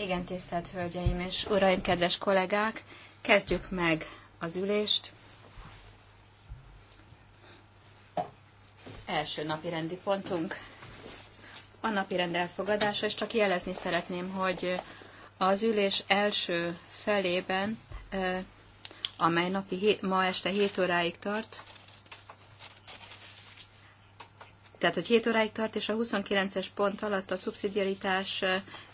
Igen, tisztelt Hölgyeim és Uraim, kedves kollégák, kezdjük meg az ülést. Első napi rendi pontunk a napi rend elfogadása, és csak jelezni szeretném, hogy az ülés első felében, eh, amely napi ma este 7 óráig tart, tehát hogy 7 óráig tart, és a 29-es pont alatt a szubszidiaritás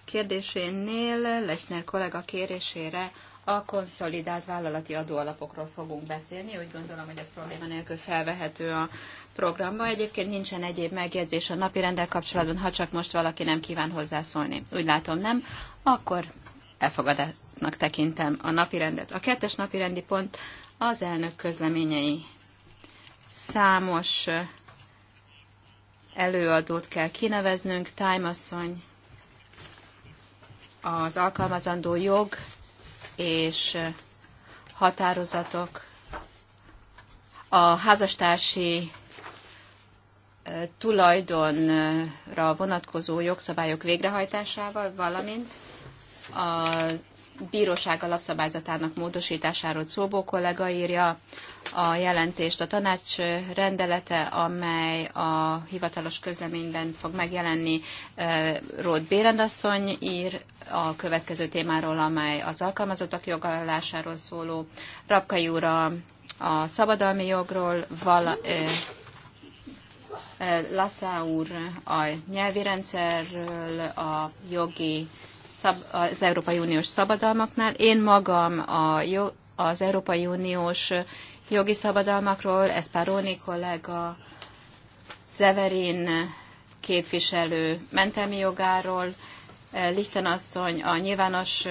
kérdésénél Lesner kollega kérésére a konszolidált vállalati adóalapokról fogunk beszélni. Úgy gondolom, hogy ez probléma nélkül felvehető a programba. Egyébként nincsen egyéb megjegyzés a napi rendel kapcsolatban, ha csak most valaki nem kíván hozzászólni. Úgy látom nem, akkor elfogadatnak tekintem a napi rendet. A kettes napi rendi pont az elnök közleményei számos előadót kell kineveznünk. Time asszony az alkalmazandó jog és határozatok, a házastársi tulajdonra vonatkozó jogszabályok végrehajtásával, valamint a bíróság alapszabályzatának módosításáról szóbó kollega írja a jelentést. A tanács rendelete, amely a hivatalos közleményben fog megjelenni, eh, Rót Bérendasszony ír a következő témáról, amely az alkalmazottak jogállásáról szóló. Rapkai úr a, a szabadalmi jogról, vala, eh, eh, Lassá úr a nyelvi rendszerről, a jogi szab, az Európai Uniós szabadalmaknál. Én magam a jó, az Európai Uniós jogi szabadalmakról, Eszpáróni kollega, Zeverin képviselő mentelmi jogáról, Lichtenasszony a nyilvános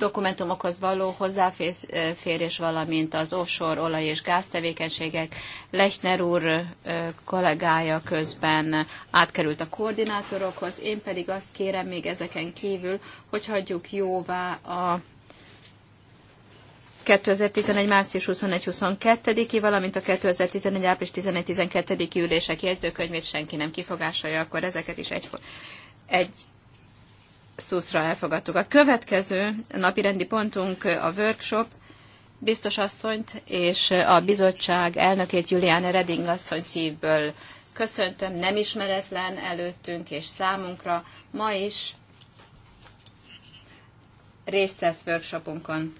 dokumentumokhoz való hozzáférés, valamint az offshore olaj- és gáztevékenységek. Lechner úr kollégája közben átkerült a koordinátorokhoz, én pedig azt kérem még ezeken kívül, hogy hagyjuk jóvá a 2011. március 21-22-i, valamint a 2011. április 11-12-i ülések jegyzőkönyvét senki nem kifogásolja, akkor ezeket is egy, egy szószra elfogadtuk. A következő napi rendi pontunk a workshop, biztos asszonyt és a bizottság elnökét Julián Reding asszony szívből köszöntöm, nem ismeretlen előttünk és számunkra. Ma is részt vesz workshopunkon.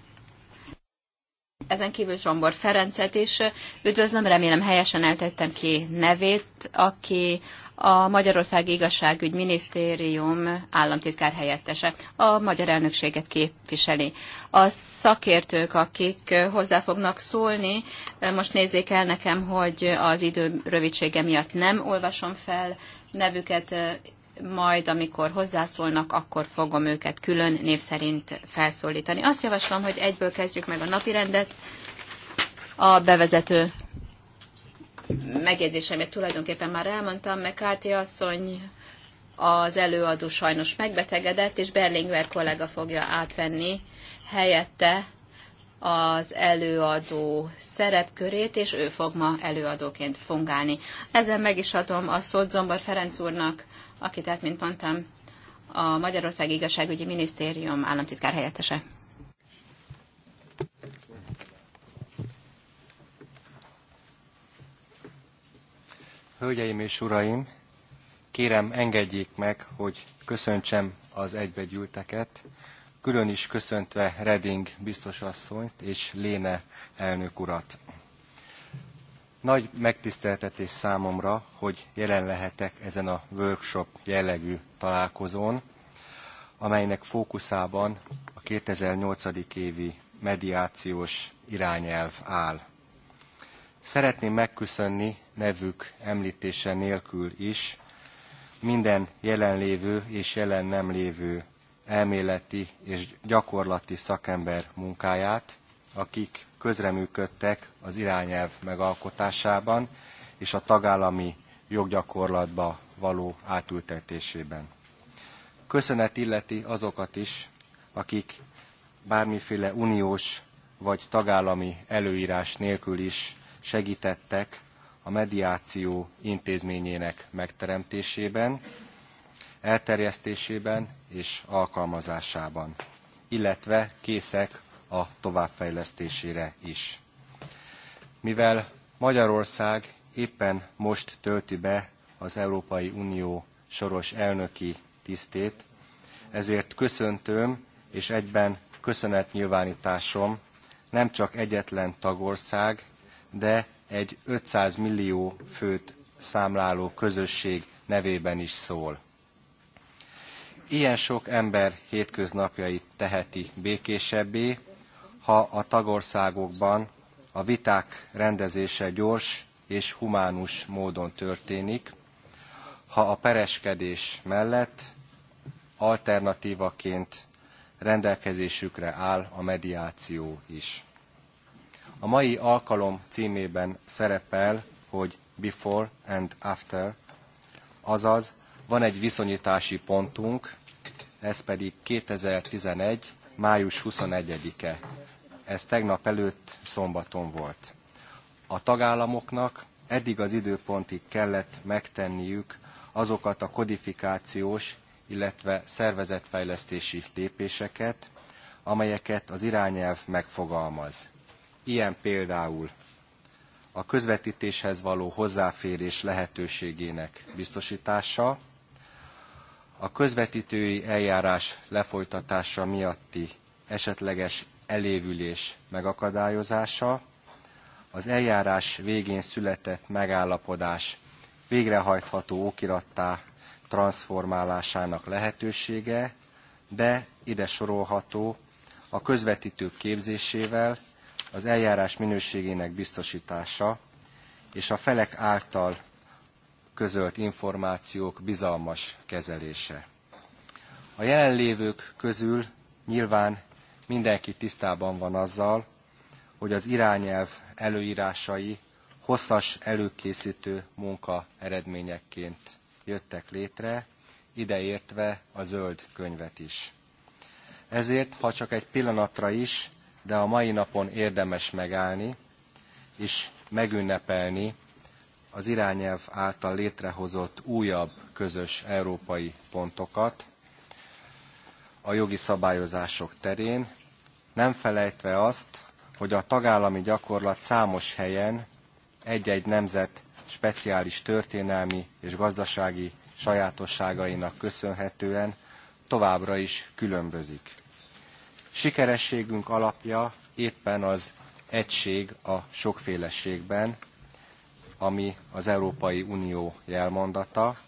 Ezen kívül Zsombor Ferencet is üdvözlöm, remélem helyesen eltettem ki nevét, aki a Magyarország Igazságügy Minisztérium államtitkár helyettese. A magyar elnökséget képviseli. A szakértők, akik hozzá fognak szólni, most nézzék el nekem, hogy az idő rövidsége miatt nem olvasom fel nevüket, majd amikor hozzászólnak, akkor fogom őket külön név szerint felszólítani. Azt javaslom, hogy egyből kezdjük meg a napirendet. A bevezető megjegyzésemet tulajdonképpen már elmondtam, McCarthy asszony az előadó sajnos megbetegedett, és Berlingver kollega fogja átvenni helyette az előadó szerepkörét, és ő fog ma előadóként fungálni. Ezen meg is adom a szót Zombor Ferenc úrnak, aki tehát, mint mondtam, a Magyarország Igazságügyi Minisztérium államtitkár helyettese. Hölgyeim és uraim, kérem engedjék meg, hogy köszöntsem az egybegyűlteket, külön is köszöntve Reding biztosasszonyt és Léne elnök urat. Nagy megtiszteltetés számomra, hogy jelen lehetek ezen a workshop jellegű találkozón, amelynek fókuszában a 2008. évi mediációs irányelv áll. Szeretném megköszönni nevük említése nélkül is minden jelenlévő és jelen nem lévő elméleti és gyakorlati szakember munkáját, akik közreműködtek az irányelv megalkotásában és a tagállami joggyakorlatba való átültetésében. Köszönet illeti azokat is, akik bármiféle uniós vagy tagállami előírás nélkül is segítettek a mediáció intézményének megteremtésében, elterjesztésében és alkalmazásában, illetve készek a továbbfejlesztésére is. Mivel Magyarország éppen most tölti be az Európai Unió soros elnöki tisztét, ezért köszöntöm és egyben köszönetnyilvánításom nem csak egyetlen tagország, de egy 500 millió főt számláló közösség nevében is szól. Ilyen sok ember hétköznapjait teheti békésebbé, ha a tagországokban a viták rendezése gyors és humánus módon történik, ha a pereskedés mellett alternatívaként rendelkezésükre áll a mediáció is. A mai alkalom címében szerepel, hogy before and after, azaz van egy viszonyítási pontunk, ez pedig 2011. május 21-e. Ez tegnap előtt szombaton volt. A tagállamoknak eddig az időpontig kellett megtenniük azokat a kodifikációs, illetve szervezetfejlesztési lépéseket, amelyeket az irányelv megfogalmaz ilyen például a közvetítéshez való hozzáférés lehetőségének biztosítása, a közvetítői eljárás lefolytatása miatti esetleges elévülés megakadályozása, az eljárás végén született megállapodás végrehajtható okirattá transformálásának lehetősége, de ide sorolható a közvetítők képzésével az eljárás minőségének biztosítása és a felek által közölt információk bizalmas kezelése. A jelenlévők közül nyilván mindenki tisztában van azzal, hogy az irányelv előírásai hosszas előkészítő munka eredményeként jöttek létre, ideértve a zöld könyvet is. Ezért, ha csak egy pillanatra is de a mai napon érdemes megállni és megünnepelni az irányelv által létrehozott újabb közös európai pontokat a jogi szabályozások terén, nem felejtve azt, hogy a tagállami gyakorlat számos helyen egy-egy nemzet speciális történelmi és gazdasági sajátosságainak köszönhetően továbbra is különbözik. Sikerességünk alapja éppen az egység a sokféleségben, ami az Európai Unió jelmondata,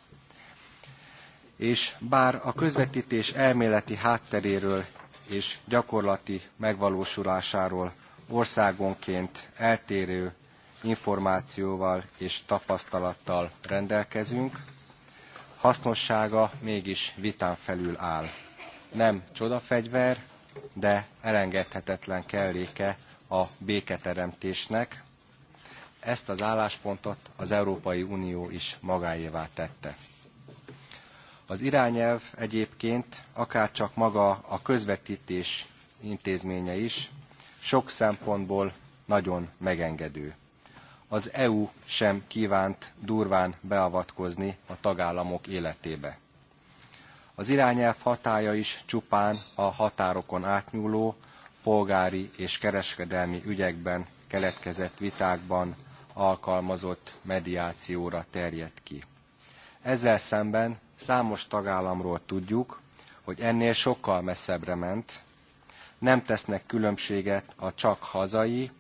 és bár a közvetítés elméleti hátteréről és gyakorlati megvalósulásáról országonként eltérő információval és tapasztalattal rendelkezünk, hasznossága mégis vitán felül áll. Nem csodafegyver, de elengedhetetlen kelléke a béketeremtésnek. Ezt az álláspontot az Európai Unió is magáévá tette. Az irányelv egyébként, akárcsak maga a közvetítés intézménye is, sok szempontból nagyon megengedő. Az EU sem kívánt durván beavatkozni a tagállamok életébe. Az irányelv hatálya is csupán a határokon átnyúló polgári és kereskedelmi ügyekben keletkezett vitákban alkalmazott mediációra terjed ki. Ezzel szemben számos tagállamról tudjuk, hogy ennél sokkal messzebbre ment, nem tesznek különbséget a csak hazai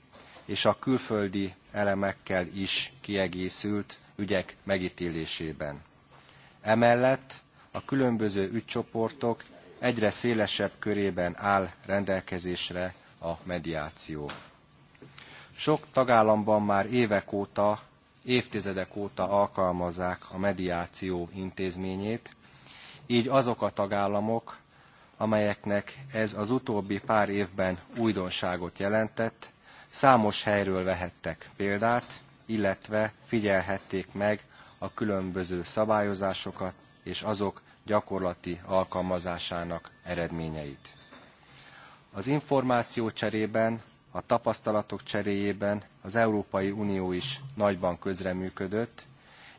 és a külföldi elemekkel is kiegészült ügyek megítélésében. Emellett a különböző ügycsoportok egyre szélesebb körében áll rendelkezésre a mediáció. Sok tagállamban már évek óta, évtizedek óta alkalmazzák a mediáció intézményét, így azok a tagállamok, amelyeknek ez az utóbbi pár évben újdonságot jelentett, számos helyről vehettek példát, illetve figyelhették meg a különböző szabályozásokat, és azok gyakorlati alkalmazásának eredményeit. Az információ cserében, a tapasztalatok cseréjében az Európai Unió is nagyban közreműködött,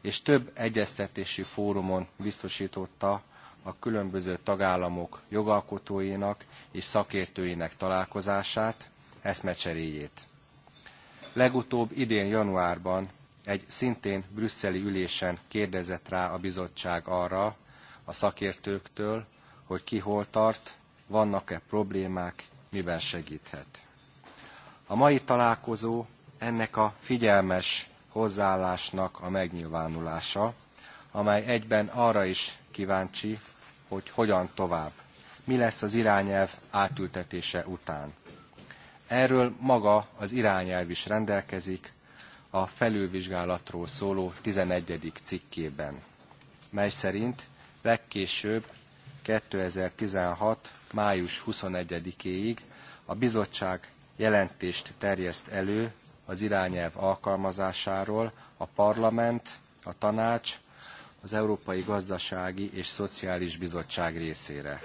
és több egyeztetési fórumon biztosította a különböző tagállamok jogalkotóinak és szakértőinek találkozását, eszmecseréjét. Legutóbb idén januárban egy szintén brüsszeli ülésen kérdezett rá a bizottság arra a szakértőktől, hogy ki hol tart, vannak-e problémák, miben segíthet. A mai találkozó ennek a figyelmes hozzáállásnak a megnyilvánulása, amely egyben arra is kíváncsi, hogy hogyan tovább, mi lesz az irányelv átültetése után. Erről maga az irányelv is rendelkezik, a felülvizsgálatról szóló 11. cikkében, mely szerint legkésőbb 2016. május 21-éig a bizottság jelentést terjeszt elő az irányelv alkalmazásáról a parlament, a tanács, az Európai Gazdasági és Szociális Bizottság részére.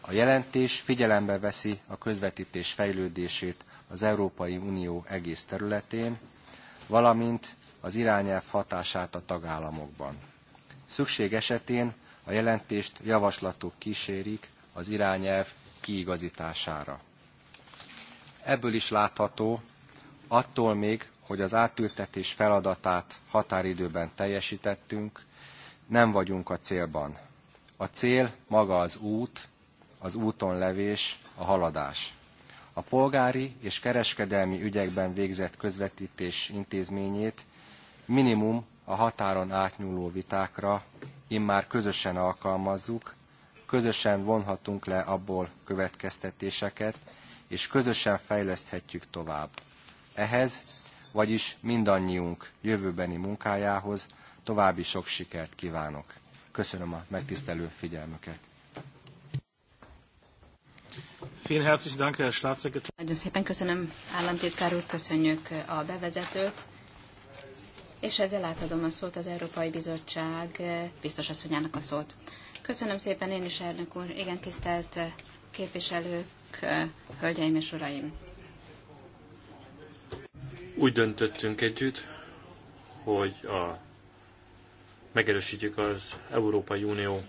A jelentés figyelembe veszi a közvetítés fejlődését az Európai Unió egész területén, valamint az irányelv hatását a tagállamokban. Szükség esetén a jelentést javaslatok kísérik az irányelv kiigazítására. Ebből is látható, attól még, hogy az átültetés feladatát határidőben teljesítettünk, nem vagyunk a célban. A cél maga az út, az úton levés, a haladás a polgári és kereskedelmi ügyekben végzett közvetítés intézményét minimum a határon átnyúló vitákra immár közösen alkalmazzuk, közösen vonhatunk le abból következtetéseket, és közösen fejleszthetjük tovább. Ehhez, vagyis mindannyiunk jövőbeni munkájához további sok sikert kívánok. Köszönöm a megtisztelő figyelmüket. Vielen herzlichen Dank, Herr Staatssekretär. Nagyon szépen köszönöm, államtitkár úr, köszönjük a bevezetőt. És ezzel átadom a szót az Európai Bizottság biztos asszonyának a szót. Köszönöm szépen én is, elnök úr. Igen, tisztelt képviselők, hölgyeim és uraim. Úgy döntöttünk együtt, hogy a, megerősítjük az Európai Unió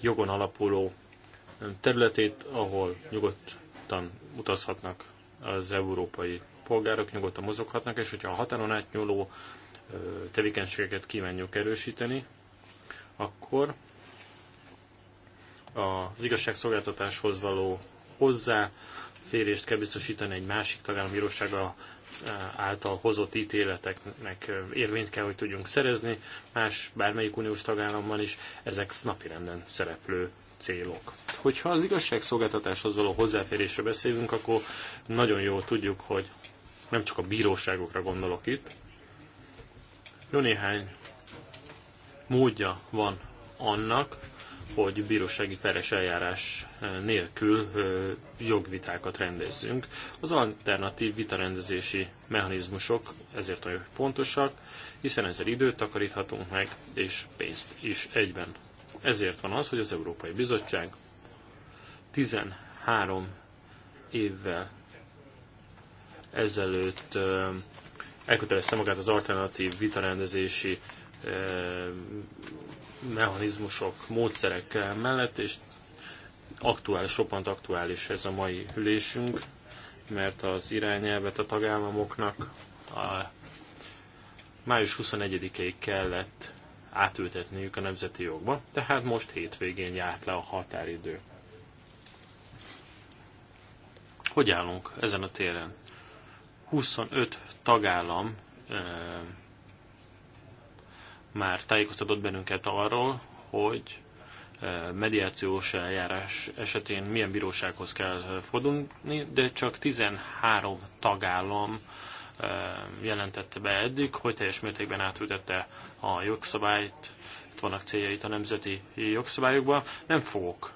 jogon alapuló területét, ahol nyugodtan utazhatnak az európai polgárok, nyugodtan mozoghatnak, és hogyha a határon átnyúló tevékenységeket kívánjuk erősíteni, akkor az igazságszolgáltatáshoz való hozzáférést kell biztosítani egy másik tagállam bírósága által hozott ítéleteknek érvényt kell, hogy tudjunk szerezni, más bármelyik uniós tagállamban is ezek napirenden szereplő célok. Hogyha az igazságszolgáltatáshoz való hozzáférésre beszélünk, akkor nagyon jól tudjuk, hogy nem csak a bíróságokra gondolok itt. Jó néhány módja van annak, hogy bírósági peres eljárás eh, nélkül eh, jogvitákat rendezzünk. Az alternatív vitarendezési mechanizmusok ezért nagyon fontosak, hiszen ezzel időt takaríthatunk meg, és pénzt is egyben. Ezért van az, hogy az Európai Bizottság 13 évvel ezelőtt elkötelezte magát az alternatív vitarendezési mechanizmusok, módszerek mellett, és aktuális, roppant aktuális ez a mai ülésünk, mert az irányelvet a tagállamoknak a május 21-ig kellett átültetniük a nemzeti jogba, tehát most hétvégén járt le a határidő. Hogy állunk ezen a téren? 25 tagállam e, már tájékoztatott bennünket arról, hogy mediációs eljárás esetén milyen bírósághoz kell fordulni, de csak 13 tagállam jelentette be eddig, hogy teljes mértékben átültette a jogszabályt, itt vannak céljait a nemzeti jogszabályokban. Nem fogok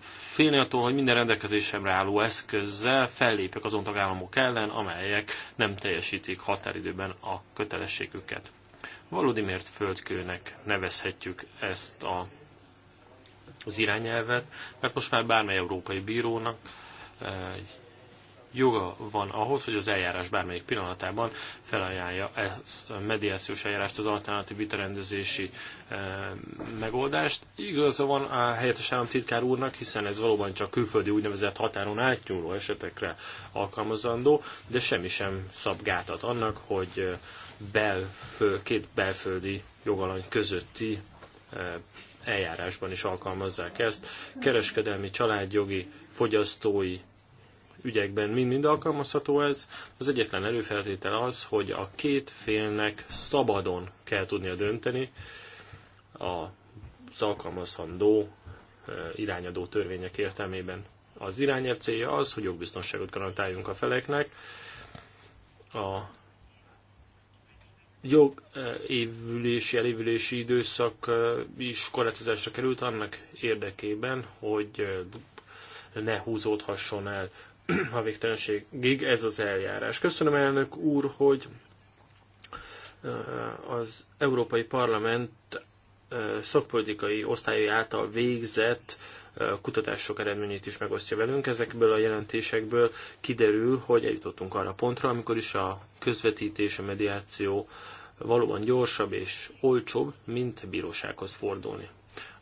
félni attól, hogy minden rendelkezésemre álló eszközzel fellépek azon tagállamok ellen, amelyek nem teljesítik határidőben a kötelességüket. Valódi mért földkőnek nevezhetjük ezt a, az irányelvet, mert most már bármely európai bírónak Eh, joga van ahhoz, hogy az eljárás bármelyik pillanatában felajánlja ezt a mediációs eljárást, az alternatív vitarendezési eh, megoldást. Igaza van a helyettes államtitkár úrnak, hiszen ez valóban csak külföldi úgynevezett határon átnyúló esetekre alkalmazandó, de semmi sem szab gátat annak, hogy eh, belfő, két belföldi jogalany közötti eljárásban is alkalmazzák ezt. Kereskedelmi, családjogi, fogyasztói, ügyekben mind-mind alkalmazható ez. Az egyetlen előfeltétel az, hogy a két félnek szabadon kell tudnia dönteni az alkalmazandó irányadó törvények értelmében. Az irányelv célja az, hogy jogbiztonságot garantáljunk a feleknek. A jog évülési, elévülési időszak is korlátozásra került annak érdekében, hogy ne húzódhasson el a végtelenségig ez az eljárás. Köszönöm elnök úr, hogy az Európai Parlament szakpolitikai osztályai által végzett kutatások eredményét is megosztja velünk. Ezekből a jelentésekből kiderül, hogy eljutottunk arra pontra, amikor is a közvetítés, a mediáció valóban gyorsabb és olcsóbb, mint bírósághoz fordulni.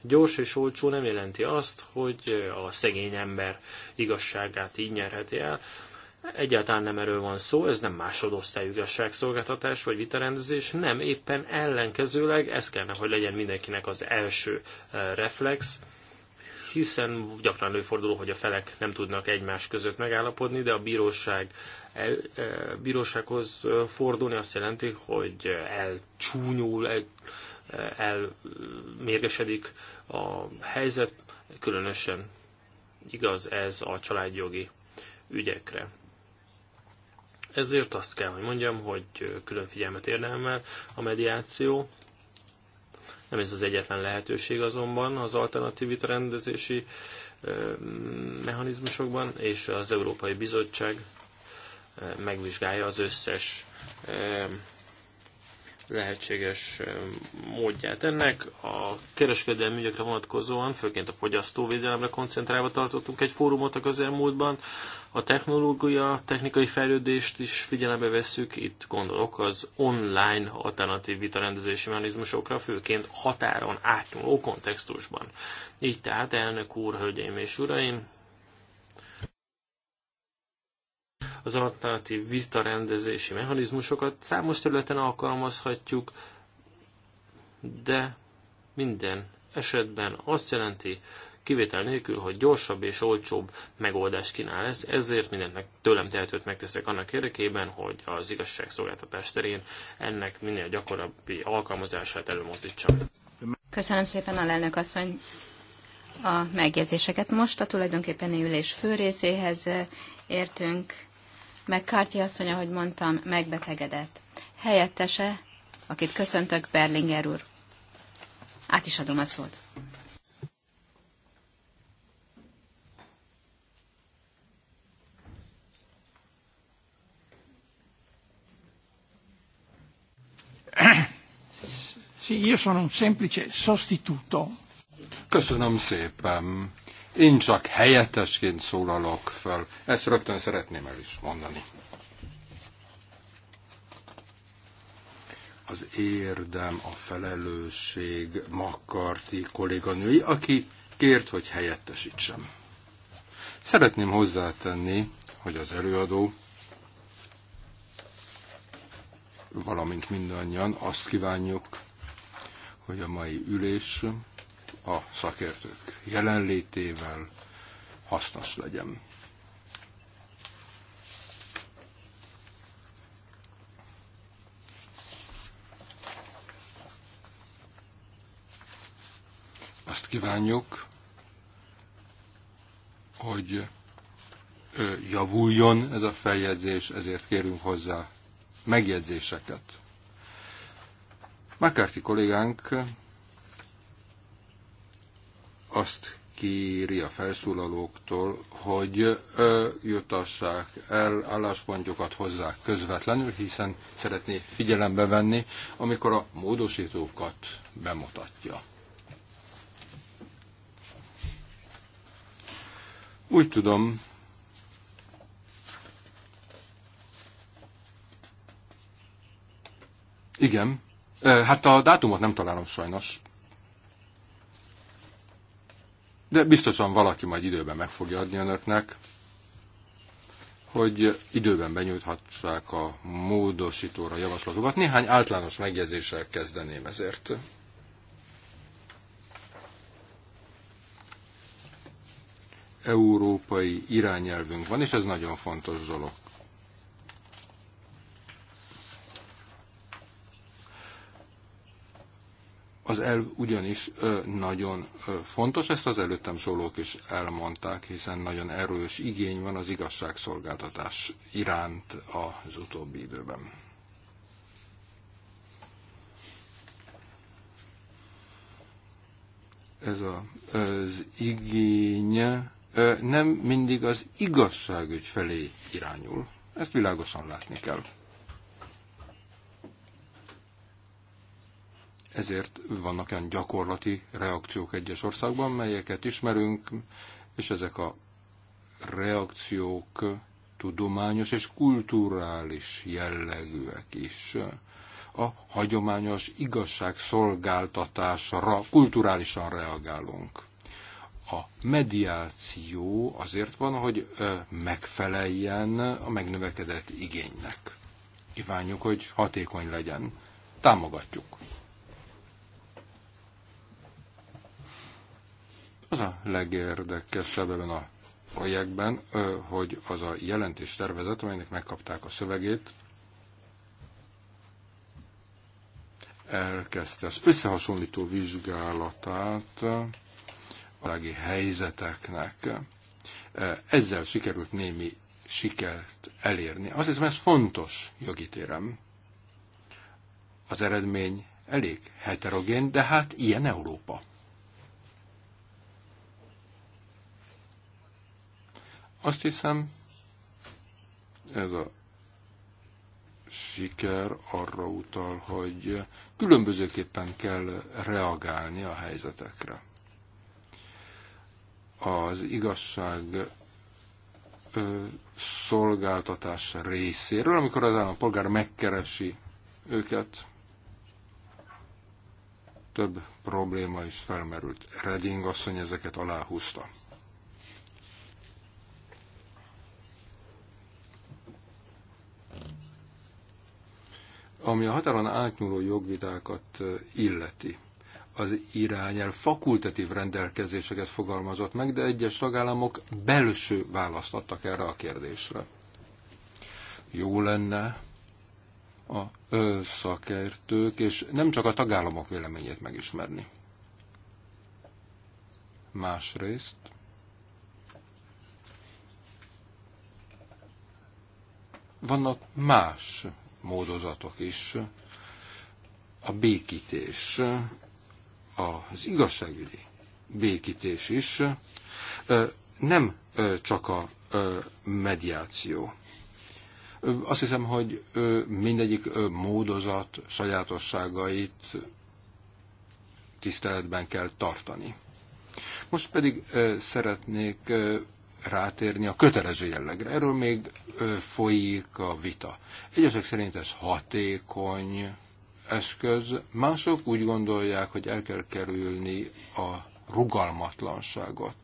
Gyors és olcsó nem jelenti azt, hogy a szegény ember igazságát így nyerheti el. Egyáltalán nem erről van szó, ez nem másodosztályú igazságszolgáltatás vagy vitarendezés, nem, éppen ellenkezőleg ez kellene, hogy legyen mindenkinek az első eh, reflex, hiszen gyakran előfordul, hogy a felek nem tudnak egymás között megállapodni, de a bíróság el, eh, bírósághoz eh, fordulni azt jelenti, hogy elcsúnyul, el, elmérgesedik a helyzet, különösen igaz ez a családjogi ügyekre. Ezért azt kell, hogy mondjam, hogy külön figyelmet érdemel a mediáció. Nem ez az egyetlen lehetőség azonban az alternatív rendezési mechanizmusokban, és az Európai Bizottság megvizsgálja az összes lehetséges módját ennek. A kereskedelmi ügyekre vonatkozóan, főként a fogyasztóvédelemre koncentrálva tartottunk egy fórumot a közelmúltban. A technológia, technikai fejlődést is figyelembe vesszük, itt gondolok az online alternatív vitarendezési mechanizmusokra, főként határon átnyúló kontextusban. Így tehát, elnök úr, hölgyeim és uraim, az alternatív vitarendezési mechanizmusokat számos területen alkalmazhatjuk, de minden esetben azt jelenti, kivétel nélkül, hogy gyorsabb és olcsóbb megoldást kínál ez, ezért mindent meg, tőlem tehetőt megteszek annak érdekében, hogy az igazságszolgáltatás terén ennek minél gyakorabbi alkalmazását előmozdítsam. Köszönöm szépen, a lelnök asszony, a megjegyzéseket. Most a tulajdonképpen ülés fő részéhez eh, értünk. Kártya asszony, ahogy mondtam, megbetegedett. Helyettese, akit köszöntök, Berlinger úr. Át is adom a szót. Sì, io sono un semplice sostituto. Köszönöm szépen. Én csak helyettesként szólalok föl. Ezt rögtön szeretném el is mondani. Az érdem, a felelősség Makkarti kolléganői, aki kért, hogy helyettesítsem. Szeretném hozzátenni, hogy az előadó, valamint mindannyian azt kívánjuk, hogy a mai ülés a szakértők jelenlétével hasznos legyen. Azt kívánjuk, hogy javuljon ez a feljegyzés, ezért kérünk hozzá megjegyzéseket. McCarthy kollégánk azt kéri a felszólalóktól, hogy ö, jutassák el álláspontjukat hozzá közvetlenül, hiszen szeretné figyelembe venni, amikor a módosítókat bemutatja. Úgy tudom, igen, hát a dátumot nem találom sajnos de biztosan valaki majd időben meg fogja adni önöknek, hogy időben benyújthassák a módosítóra javaslatokat. Néhány általános megjegyzéssel kezdeném ezért. Európai irányelvünk van, és ez nagyon fontos dolog. Az elv ugyanis nagyon fontos, ezt az előttem szólók is elmondták, hiszen nagyon erős igény van az igazságszolgáltatás iránt az utóbbi időben. Ez a, az igény nem mindig az igazságügy felé irányul. Ezt világosan látni kell. Ezért vannak olyan gyakorlati reakciók egyes országban, melyeket ismerünk, és ezek a reakciók tudományos és kulturális jellegűek is. A hagyományos igazságszolgáltatásra kulturálisan reagálunk. A mediáció azért van, hogy megfeleljen a megnövekedett igénynek. Kívánjuk, hogy hatékony legyen. Támogatjuk. Az a legérdekesebb ebben a projektben, hogy az a jelentés tervezet, amelynek megkapták a szövegét, elkezdte az összehasonlító vizsgálatát a helyzeteknek. Ezzel sikerült némi sikert elérni. Azt hiszem, ez fontos jogi térem. Az eredmény elég heterogén, de hát ilyen Európa. Azt hiszem, ez a siker arra utal, hogy különbözőképpen kell reagálni a helyzetekre. Az igazság szolgáltatás részéről, amikor az állampolgár megkeresi őket, több probléma is felmerült. Reding asszony ezeket aláhúzta. Ami a határon átnyúló jogvitákat illeti, az irányel fakultatív rendelkezéseket fogalmazott meg, de egyes tagállamok belső választ adtak erre a kérdésre. Jó lenne a szakértők, és nem csak a tagállamok véleményét megismerni. Másrészt vannak más módozatok is. A békítés, az igazságügyi békítés is, nem csak a mediáció. Azt hiszem, hogy mindegyik módozat sajátosságait tiszteletben kell tartani. Most pedig szeretnék rátérni a kötelező jellegre. Erről még folyik a vita. Egyesek szerint ez hatékony eszköz, mások úgy gondolják, hogy el kell kerülni a rugalmatlanságot,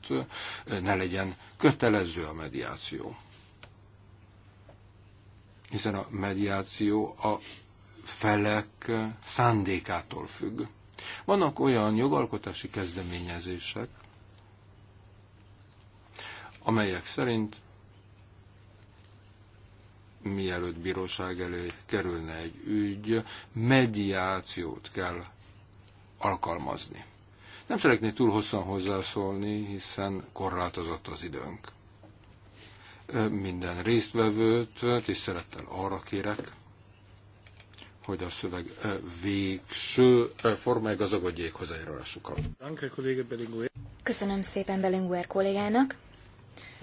ne legyen kötelező a mediáció. Hiszen a mediáció a felek szándékától függ. Vannak olyan jogalkotási kezdeményezések, amelyek szerint mielőtt bíróság elé kerülne egy ügy, mediációt kell alkalmazni. Nem szeretnék túl hosszan hozzászólni, hiszen korlátozott az időnk. Minden résztvevőt tisztelettel arra kérek, hogy a szöveg végső formáig gazdagodjék hozzájárulásukkal. Köszönöm szépen Belinguer kollégának.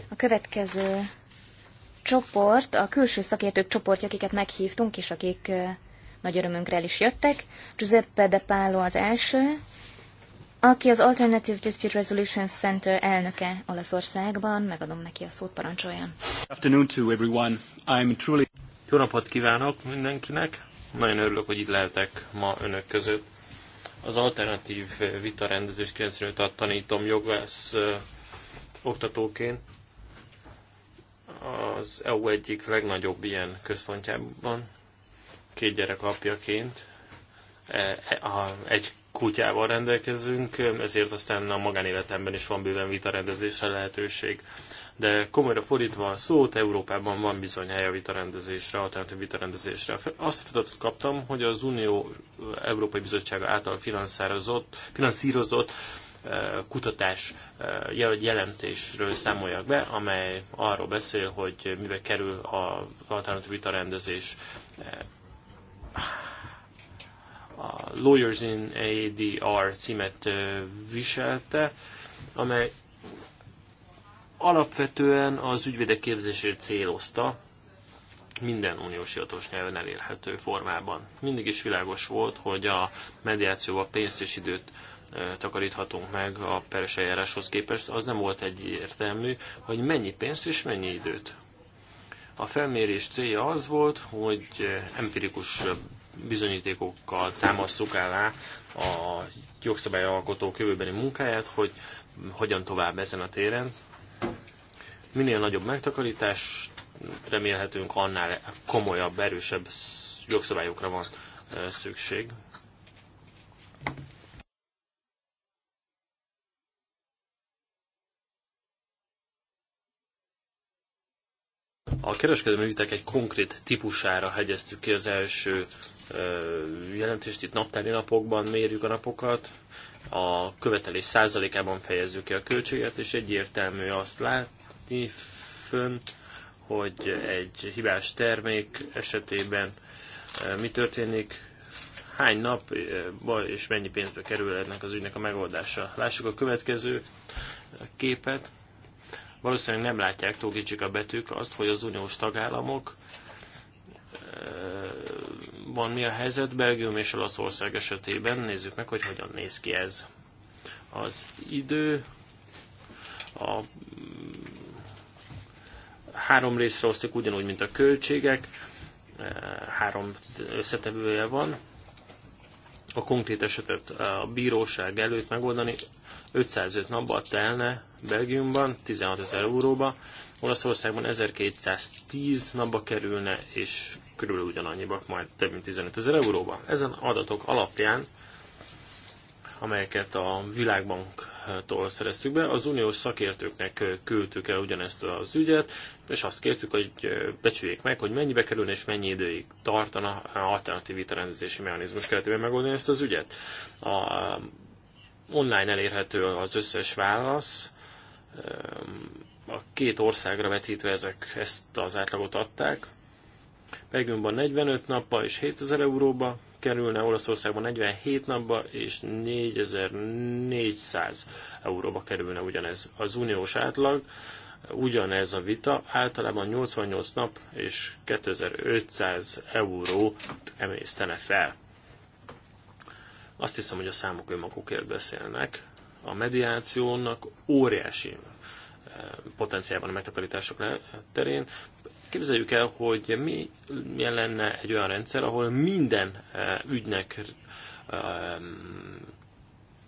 A következő csoport, a külső szakértők csoportja, akiket meghívtunk, és akik nagy örömünkre el is jöttek. Giuseppe De Palo az első, aki az Alternative Dispute Resolution Center elnöke Olaszországban. Megadom neki a szót, parancsoljon. Afternoon to everyone. I'm truly... Jó napot kívánok mindenkinek! Nagyon örülök, hogy itt lehetek ma önök között. Az alternatív vitarendezés 95 at tanítom jogász oktatóként, az EU egyik legnagyobb ilyen központjában, két gyerek apjaként, e, e, egy kutyával rendelkezünk, ezért aztán a magánéletemben is van bőven vitarendezésre lehetőség. De komolyra fordítva a szót, Európában van bizony hely a vitarendezésre, alternatív vitarendezésre. Azt a feladatot kaptam, hogy az Unió Európai Bizottsága által finanszírozott, finanszírozott kutatás jelentésről számoljak be, amely arról beszél, hogy mibe kerül az alternatív rendezés a Lawyers in ADR címet viselte, amely alapvetően az ügyvédek képzését célozta, minden uniós hivatalos nyelven elérhető formában. Mindig is világos volt, hogy a mediációval pénzt és időt takaríthatunk meg a peres eljáráshoz képest, az nem volt egyértelmű, hogy mennyi pénzt és mennyi időt. A felmérés célja az volt, hogy empirikus bizonyítékokkal támasszuk alá a jogszabályalkotók jövőbeni munkáját, hogy hogyan tovább ezen a téren. Minél nagyobb megtakarítás remélhetünk, annál komolyabb, erősebb jogszabályokra van szükség. A kereskedelmi ügyek egy konkrét típusára hegyeztük ki az első jelentést, itt naptári napokban mérjük a napokat, a követelés százalékában fejezzük ki a költséget, és egyértelmű azt látni fönn, hogy egy hibás termék esetében mi történik, hány nap és mennyi pénzbe kerül ennek az ügynek a megoldása. Lássuk a következő képet. Valószínűleg nem látják túl kicsik a betűk azt, hogy az uniós tagállamok eh, van mi a helyzet Belgium és Olaszország esetében. Nézzük meg, hogy hogyan néz ki ez. Az idő a mm, három részre osztik ugyanúgy, mint a költségek. Eh, három összetevője van. A konkrét esetet a bíróság előtt megoldani 505 napba telne Belgiumban, 16 ezer euróba, Olaszországban 1210 napba kerülne, és körülbelül ugyanannyiba, majd több mint 15 ezer euróba. Ezen adatok alapján, amelyeket a Világbanktól szereztük be, az uniós szakértőknek küldtük el ugyanezt az ügyet, és azt kértük, hogy becsüljék meg, hogy mennyibe kerülne és mennyi időig tartana alternatív vitarendezési mechanizmus keretében megoldani ezt az ügyet. A Online elérhető az összes válasz. A két országra vetítve ezek ezt az átlagot adták. Belgiumban 45 nappa és 7000 euróba kerülne, Olaszországban 47 napba és 4400 euróba kerülne ugyanez az uniós átlag. Ugyanez a vita, általában 88 nap és 2500 eurót emésztene fel. Azt hiszem, hogy a számok önmagukért beszélnek. A mediációnak óriási van eh, a megtakarítások terén. Képzeljük el, hogy mi lenne egy olyan rendszer, ahol minden eh, ügynek eh,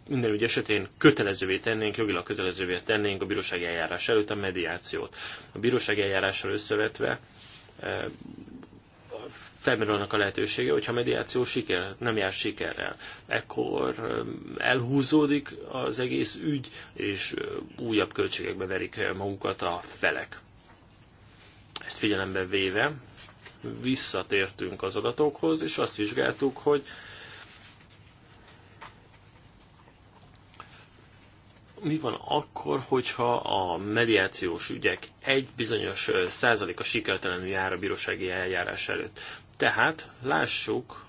minden ügy esetén kötelezővé tennénk, jogilag kötelezővé tennénk a bírósági eljárás előtt a mediációt. A bírósági eljárással összevetve felmerül annak a lehetősége, hogyha a mediáció siker, nem jár sikerrel. Ekkor elhúzódik az egész ügy, és újabb költségekbe verik magukat a felek. Ezt figyelembe véve visszatértünk az adatokhoz, és azt vizsgáltuk, hogy mi van akkor, hogyha a mediációs ügyek egy bizonyos százaléka sikertelenül jár a bírósági eljárás előtt. Tehát lássuk,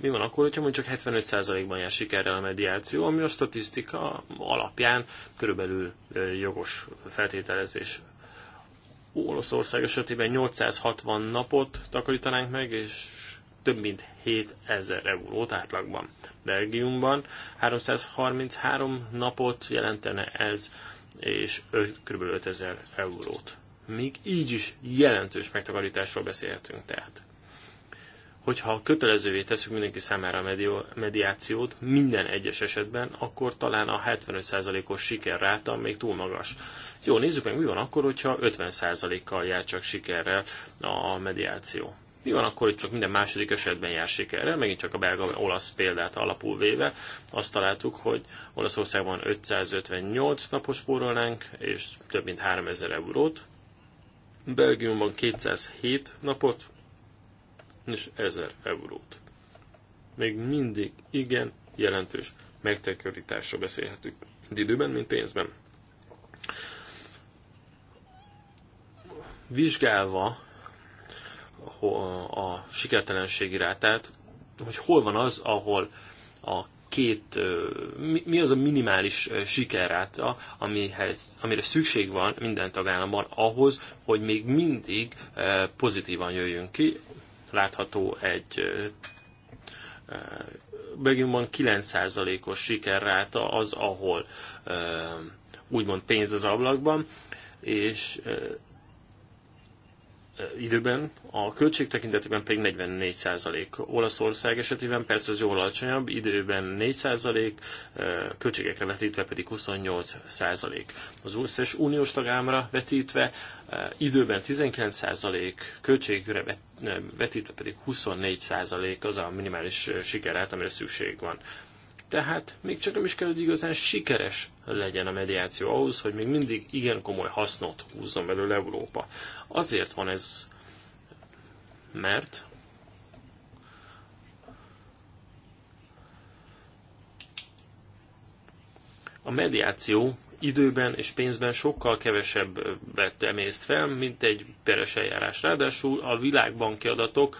mi van akkor, hogyha mondjuk csak 75%-ban jár sikerrel a mediáció, ami a statisztika alapján körülbelül jogos feltételezés. Olaszország esetében 860 napot takarítanánk meg, és több mint 7000 eurót átlagban. Belgiumban 333 napot jelentene ez, és kb. 5000 eurót még így is jelentős megtakarításról beszélhetünk tehát. Hogyha kötelezővé teszünk mindenki számára a mediációt minden egyes esetben, akkor talán a 75%-os sikerráta még túl magas. Jó, nézzük meg, mi van akkor, hogyha 50%-kal jár csak sikerrel a mediáció. Mi van akkor, hogy csak minden második esetben jár sikerrel? Megint csak a belga-olasz példát alapul véve azt találtuk, hogy Olaszországban 558 napos spórolnánk, és több mint 3000 eurót, Belgiumban 207 napot és 1000 eurót. Még mindig igen jelentős megtakarításról beszélhetünk. Időben, mint pénzben. Vizsgálva a sikertelenségi rátát, hogy hol van az, ahol a két, mi az a minimális sikerráta, amihez, amire szükség van minden tagállamban ahhoz, hogy még mindig pozitívan jöjjünk ki. Látható egy Belgiumban 9%-os sikerráta az, ahol úgymond pénz az ablakban, és Eh, időben, a költség tekintetében pedig 44%. Olaszország esetében persze az jóval alacsonyabb, időben 4%, eh, költségekre vetítve pedig 28%. Az összes uniós tagállamra vetítve eh, időben 19%, költségre vetítve pedig 24% az a minimális sikerát, amire szükség van. Tehát még csak nem is kell, hogy igazán sikeres legyen a mediáció ahhoz, hogy még mindig igen komoly hasznot húzzon belőle Európa. Azért van ez, mert a mediáció időben és pénzben sokkal vett emészt fel, mint egy peres eljárás. Ráadásul a világbanki adatok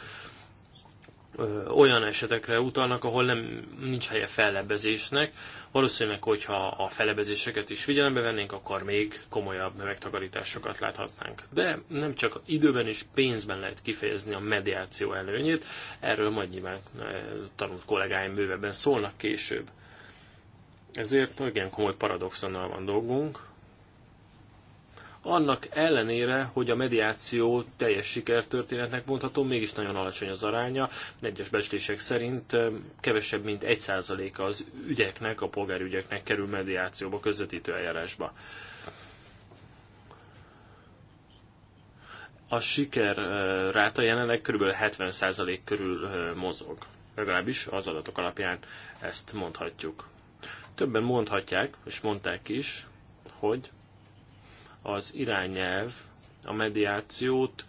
olyan esetekre utalnak, ahol nem nincs helye fellebezésnek. Valószínűleg, hogyha a fellebezéseket is figyelembe vennénk, akkor még komolyabb megtakarításokat láthatnánk. De nem csak időben és pénzben lehet kifejezni a mediáció előnyét, erről majd nyilván tanult kollégáim bővebben szólnak később. Ezért igen komoly paradoxonnal van dolgunk, annak ellenére, hogy a mediáció teljes sikertörténetnek mondható, mégis nagyon alacsony az aránya. Egyes becslések szerint kevesebb, mint 1%-a az ügyeknek, a polgári ügyeknek kerül mediációba, közvetítő eljárásba. A siker ráta jelenleg kb. 70% körül mozog. Legalábbis az adatok alapján ezt mondhatjuk. Többen mondhatják, és mondták is, hogy az irányelv a mediációt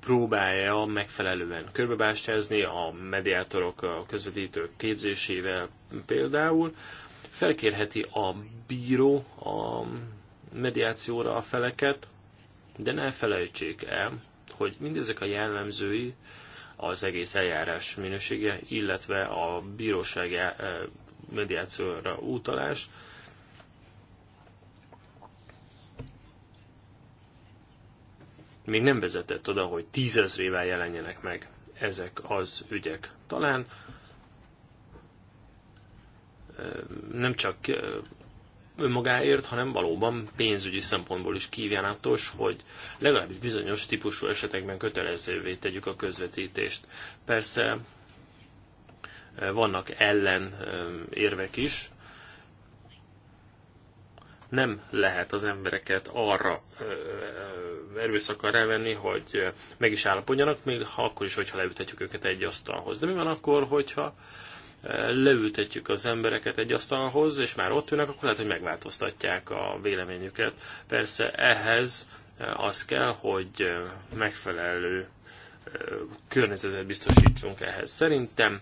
próbálja megfelelően körbebástyázni a mediátorok, a közvetítők képzésével például. Felkérheti a bíró a mediációra a feleket, de ne felejtsék el, hogy mindezek a jellemzői az egész eljárás minősége, illetve a bíróság eh, mediációra utalás még nem vezetett oda, hogy tízezrével jelenjenek meg ezek az ügyek. Talán nem csak önmagáért, hanem valóban pénzügyi szempontból is kívánatos, hogy legalábbis bizonyos típusú esetekben kötelezővé tegyük a közvetítést. Persze vannak ellen érvek is, nem lehet az embereket arra erőszakkal rávenni, hogy eh, meg is állapodjanak, még ha akkor is, hogyha leültetjük őket egy asztalhoz. De mi van akkor, hogyha eh, leültetjük az embereket egy asztalhoz, és már ott ülnek, akkor lehet, hogy megváltoztatják a véleményüket. Persze ehhez eh, az kell, hogy megfelelő környezetet biztosítsunk ehhez. Szerintem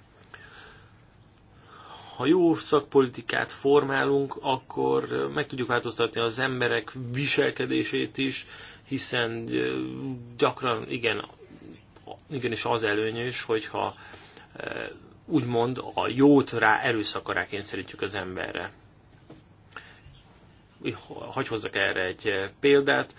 ha jó szakpolitikát formálunk, akkor meg tudjuk változtatni az emberek viselkedését is, hiszen gyakran igen, igenis az előnyös, hogyha úgymond a jót rá erőszakra rá kényszerítjük az emberre. Hagy hozzak erre egy példát,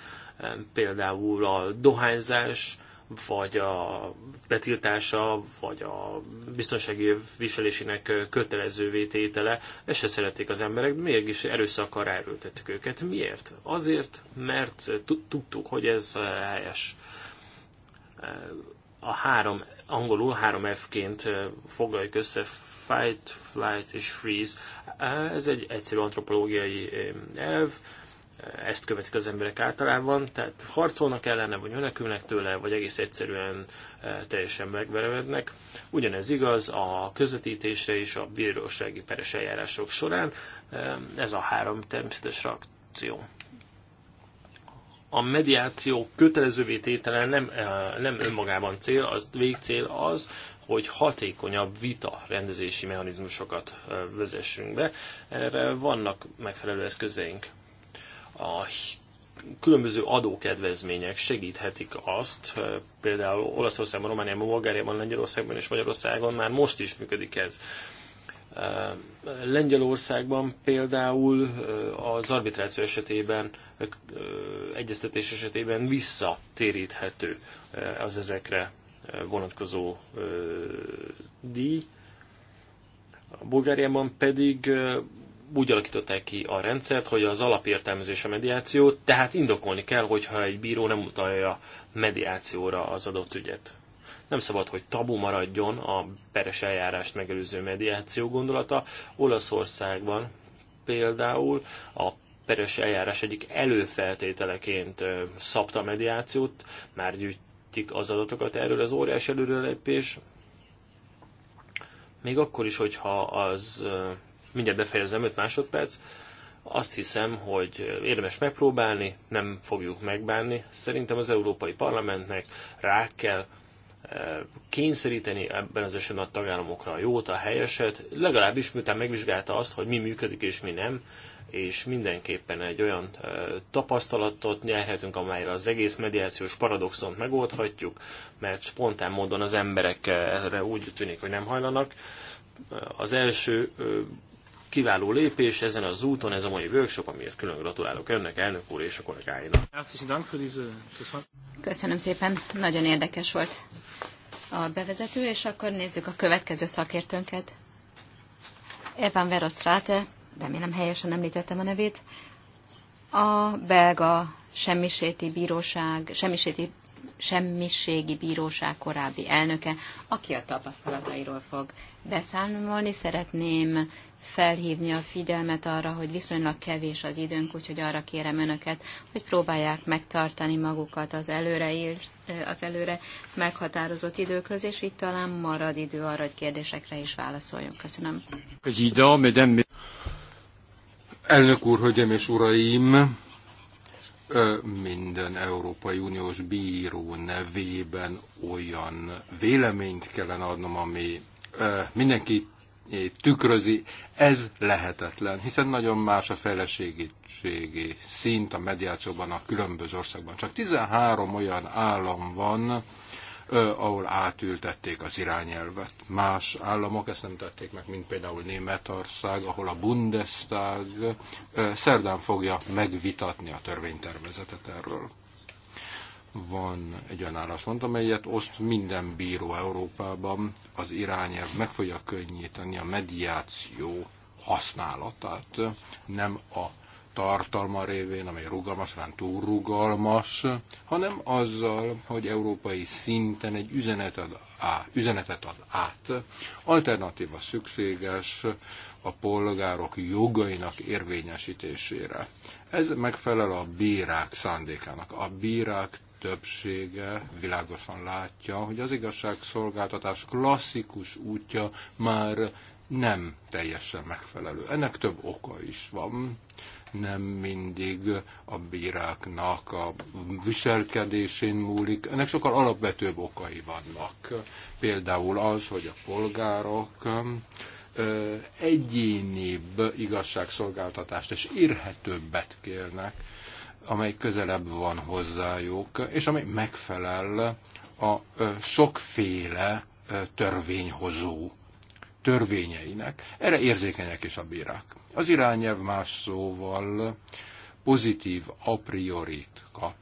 például a dohányzás, vagy a betiltása, vagy a biztonsági viselésének kötelező vététele, ezt se szerették az emberek, de mégis erőszakkal ráerőltettük őket. Miért? Azért, mert tudtuk, hogy ez eh, helyes. Eh, a három, angolul három F-ként eh, foglaljuk össze, fight, flight és freeze. Ez egy egyszerű antropológiai elv, ezt követik az emberek általában, tehát harcolnak ellene, vagy menekülnek tőle, vagy egész egyszerűen e, teljesen megverevednek. Ugyanez igaz a közvetítésre és a bírósági peres eljárások során. E, ez a három természetes reakció. A mediáció kötelezővé tétele nem, e, nem önmagában cél, az végcél az, hogy hatékonyabb vita rendezési mechanizmusokat vezessünk be. Erre vannak megfelelő eszközeink a különböző adókedvezmények segíthetik azt, eh, például Olaszországban, Romániában, Bulgáriában, Lengyelországban és Magyarországon már most is működik ez. Eh, Lengyelországban például eh, az arbitráció esetében, egyeztetés esetében visszatéríthető az ezekre vonatkozó díj. A Bulgáriában pedig úgy alakították ki a rendszert, hogy az alapértelmezés a mediáció, tehát indokolni kell, hogyha egy bíró nem utalja mediációra az adott ügyet. Nem szabad, hogy tabu maradjon a peres eljárást megelőző mediáció gondolata. Olaszországban például a peres eljárás egyik előfeltételeként szabta mediációt, már gyűjtik az adatokat erről az óriás előrelépés, még akkor is, hogyha az mindjárt befejezem 5 másodperc, azt hiszem, hogy érdemes megpróbálni, nem fogjuk megbánni. Szerintem az Európai Parlamentnek rá kell eh, kényszeríteni ebben az esetben a tagállamokra a jót, a helyeset, legalábbis miután megvizsgálta azt, hogy mi működik és mi nem, és mindenképpen egy olyan eh, tapasztalatot nyerhetünk, amelyre az egész mediációs paradoxont megoldhatjuk, mert spontán módon az emberek eh, erre úgy tűnik, hogy nem hajlanak. Az első kiváló lépés ezen az úton, ez a mai workshop, amiért külön gratulálok önnek, elnök úr és a kollégáinak. Köszönöm szépen, nagyon érdekes volt a bevezető, és akkor nézzük a következő szakértőnket. Evan Verostrate, remélem helyesen említettem a nevét, a belga semmiséti bíróság, semmiséti semmiségi bíróság korábbi elnöke, aki a tapasztalatairól fog beszámolni. Szeretném felhívni a figyelmet arra, hogy viszonylag kevés az időnk, úgyhogy arra kérem önöket, hogy próbálják megtartani magukat az előre, ír, az előre meghatározott időköz, és itt talán marad idő arra, hogy kérdésekre is válaszoljunk. Köszönöm. Elnök úr, hölgyem és uraim! minden Európai Uniós bíró nevében olyan véleményt kellene adnom, ami mindenkit tükrözi, ez lehetetlen, hiszen nagyon más a fejlettségi szint a mediációban a különböző országban. Csak 13 olyan állam van, ahol átültették az irányelvet. Más államok ezt nem tették meg, mint például Németország, ahol a Bundestag szerdán fogja megvitatni a törvénytervezetet erről van egy olyan álláspont, amelyet oszt minden bíró Európában az irányelv meg fogja könnyíteni a mediáció használatát, nem a tartalma révén, amely rugalmas, hanem túl rugalmas, hanem azzal, hogy európai szinten egy üzenetet ad, á, üzenetet ad át. Alternatíva szükséges a polgárok jogainak érvényesítésére. Ez megfelel a bírák szándékának. A bírák többsége világosan látja, hogy az igazságszolgáltatás klasszikus útja már nem teljesen megfelelő. Ennek több oka is van. Nem mindig a bíráknak a viselkedésén múlik. Ennek sokkal alapvetőbb okai vannak. Például az, hogy a polgárok egyénibb igazságszolgáltatást és érhetőbbet kérnek, amely közelebb van hozzájuk, és amely megfelel a sokféle törvényhozó törvényeinek. Erre érzékenyek is a bírák. Az irányelv más szóval pozitív a priorit kap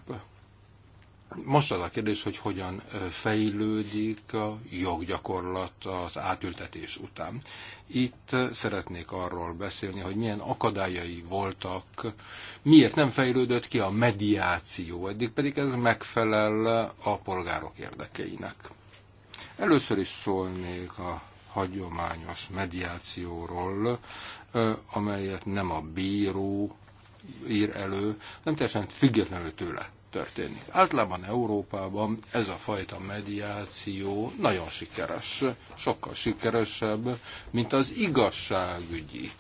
most az a kérdés, hogy hogyan fejlődik a joggyakorlat az átültetés után. Itt szeretnék arról beszélni, hogy milyen akadályai voltak, miért nem fejlődött ki a mediáció, eddig pedig ez megfelel a polgárok érdekeinek. Először is szólnék a hagyományos mediációról, amelyet nem a bíró ír elő, nem teljesen függetlenül tőle történik. Általában Európában ez a fajta mediáció nagyon sikeres, sokkal sikeresebb, mint az igazságügyi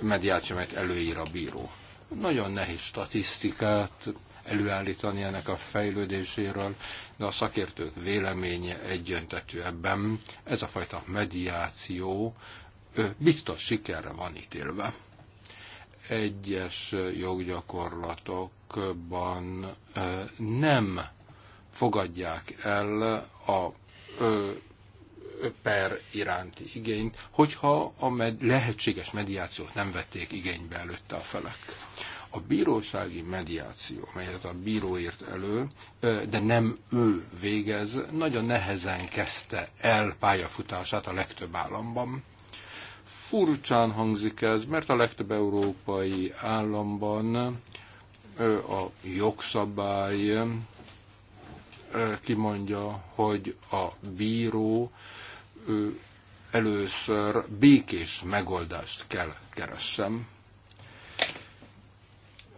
mediáció, amelyet előír a bíró. Nagyon nehéz statisztikát előállítani ennek a fejlődéséről, de a szakértők véleménye egyöntetű ebben. Ez a fajta mediáció biztos sikerre van ítélve. Egyes joggyakorlatok országokban nem fogadják el a per iránti igényt, hogyha a med- lehetséges mediációt nem vették igénybe előtte a felek. A bírósági mediáció, melyet a bíró írt elő, de nem ő végez, nagyon nehezen kezdte el pályafutását a legtöbb államban. Furcsán hangzik ez, mert a legtöbb európai államban a jogszabály kimondja, hogy a bíró először békés megoldást kell keressem.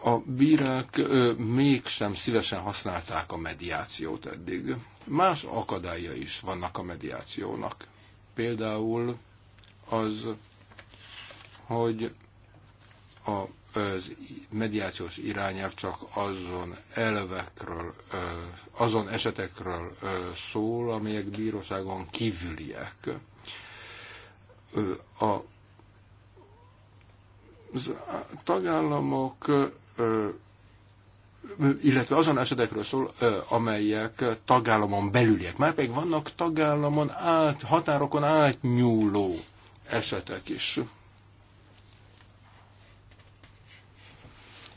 A bírák mégsem szívesen használták a mediációt eddig. Más akadálya is vannak a mediációnak. Például az, hogy a az mediációs irányelv csak azon elvekről, azon esetekről szól, amelyek bíróságon kívüliek. A tagállamok illetve azon esetekről szól, amelyek tagállamon belüliek. Már pedig vannak tagállamon át, határokon átnyúló esetek is.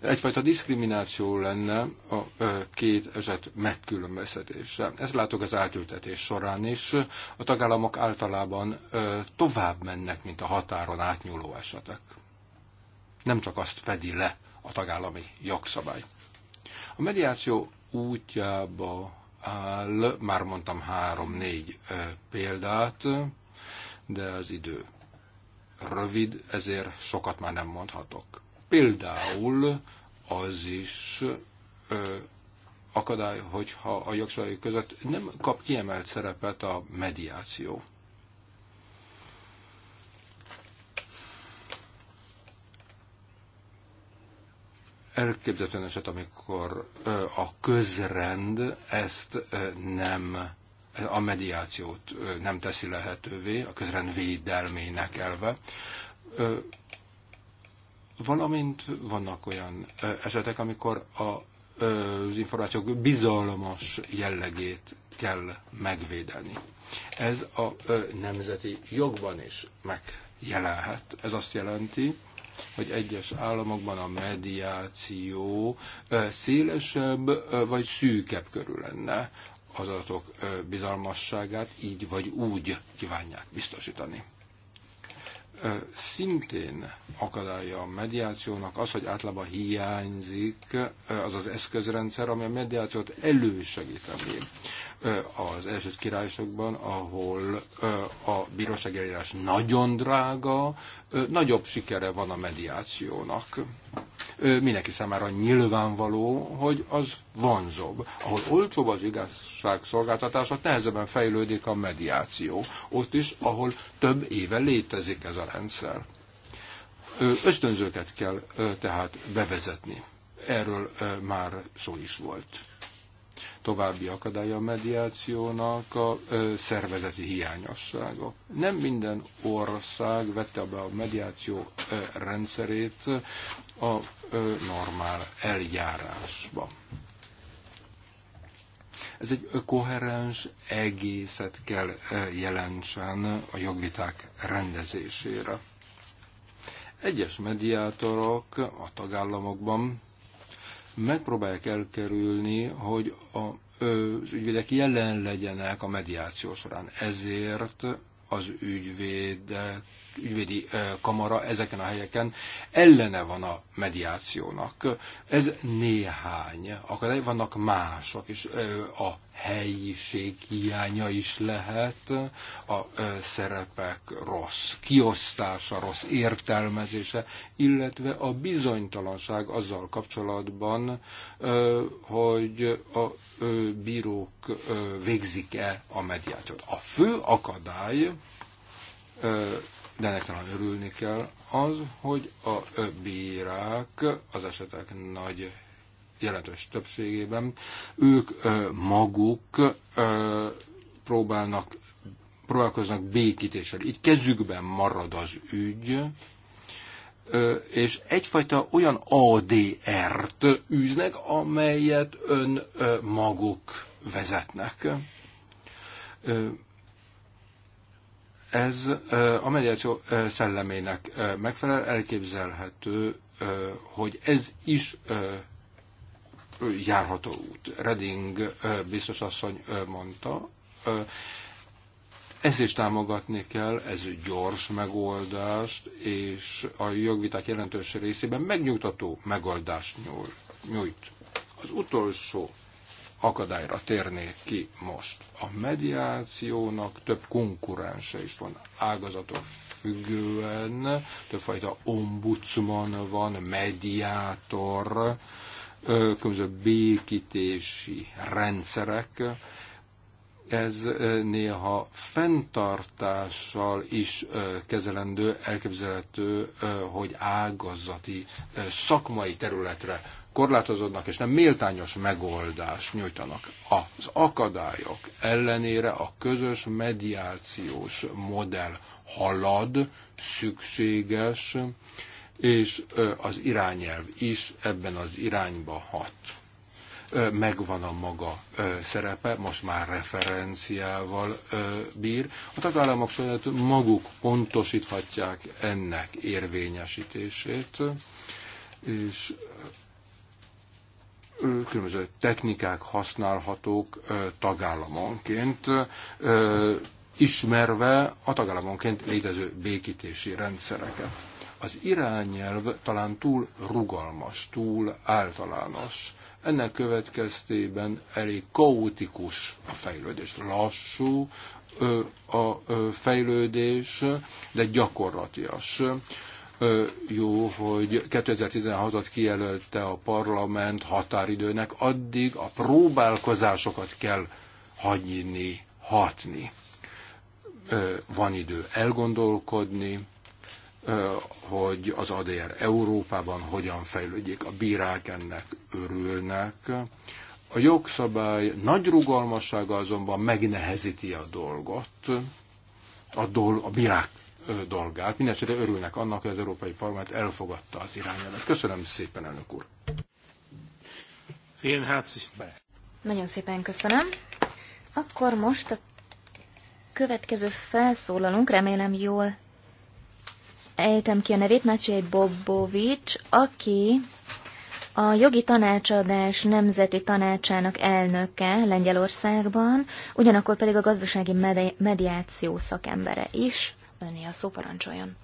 egyfajta diszkrimináció lenne a két eset megkülönböztetése. Ezt látok az átültetés során is. A tagállamok általában tovább mennek, mint a határon átnyúló esetek. Nem csak azt fedi le a tagállami jogszabály. A mediáció útjába áll, már mondtam három-négy példát, de az idő rövid, ezért sokat már nem mondhatok. Például az is akadály, hogyha a jogszabályok között nem kap kiemelt szerepet a mediáció. Elképzelhetően eset, amikor a közrend ezt nem, a mediációt nem teszi lehetővé, a közrend védelmének elve. Valamint vannak olyan esetek, amikor a, az információk bizalmas jellegét kell megvédeni. Ez a nemzeti jogban is megjelenhet. Ez azt jelenti, hogy egyes államokban a mediáció szélesebb vagy szűkebb körül lenne az adatok bizalmasságát így vagy úgy kívánják biztosítani szintén akadálya a mediációnak az, hogy általában hiányzik az az eszközrendszer, ami a mediációt elősegíteni az első királyságban, ahol a bírósági eljárás nagyon drága, nagyobb sikere van a mediációnak. Mindenki számára nyilvánvaló, hogy az vonzóbb. Ahol olcsóbb az igazság szolgáltatása, nehezebben fejlődik a mediáció. Ott is, ahol több éve létezik ez a rendszer. Ösztönzőket kell tehát bevezetni. Erről már szó is volt További akadálya a mediációnak a ö, szervezeti hiányossága. Nem minden ország vette be a mediáció ö, rendszerét a ö, normál eljárásba. Ez egy koherens egészet kell jelentsen a jogviták rendezésére. Egyes mediátorok a tagállamokban megpróbálják elkerülni, hogy a, az ügyvédek jelen legyenek a mediáció során. Ezért az ügyvédek ügyvédi kamara ezeken a helyeken ellene van a mediációnak. Ez néhány akadály, vannak mások, és a helyiség hiánya is lehet, a szerepek rossz kiosztása, rossz értelmezése, illetve a bizonytalanság azzal kapcsolatban, hogy a bírók végzik-e a mediációt. A fő akadály de ennek talán örülni kell, az, hogy a bírák az esetek nagy jelentős többségében ők maguk próbálnak, próbálkoznak békítéssel. Így kezükben marad az ügy, és egyfajta olyan ADR-t űznek, amelyet ön maguk vezetnek ez a mediáció szellemének megfelel, elképzelhető, hogy ez is járható út. Reding biztos asszony mondta, ezt is támogatni kell, ez gyors megoldást, és a jogviták jelentős részében megnyugtató megoldást nyújt. Az utolsó akadályra térnék ki most. A mediációnak több konkurense is van ágazatok függően, többfajta ombudsman van, mediátor, különböző békítési rendszerek, ez néha fenntartással is kezelendő, elképzelhető, hogy ágazati szakmai területre korlátozódnak és nem méltányos megoldást nyújtanak. Az akadályok ellenére a közös mediációs modell halad, szükséges, és az irányelv is ebben az irányba hat. Megvan a maga szerepe, most már referenciával bír. A tagállamok saját maguk pontosíthatják ennek érvényesítését, és különböző technikák használhatók tagállamonként, ismerve a tagállamonként létező békítési rendszereket. Az irányelv talán túl rugalmas, túl általános. Ennek következtében elég kaotikus a fejlődés, lassú a fejlődés, de gyakorlatias jó, hogy 2016-ot kijelölte a parlament határidőnek, addig a próbálkozásokat kell hagyni, hatni. Van idő elgondolkodni, hogy az ADR Európában hogyan fejlődjék. A bírák ennek örülnek. A jogszabály nagy rugalmassága azonban megnehezíti a dolgot, a, dol- a bírák dolgát. Mindenesetre örülnek annak, hogy az Európai Parlament elfogadta az irányelvet. Köszönöm szépen, elnök úr! Nagyon szépen köszönöm. Akkor most a következő felszólalunk, remélem jól ejtem ki a nevét, Maciej Bobovics, aki a jogi tanácsadás nemzeti tanácsának elnöke Lengyelországban, ugyanakkor pedig a gazdasági mediáció szakembere is öné a szó, parancsoljon.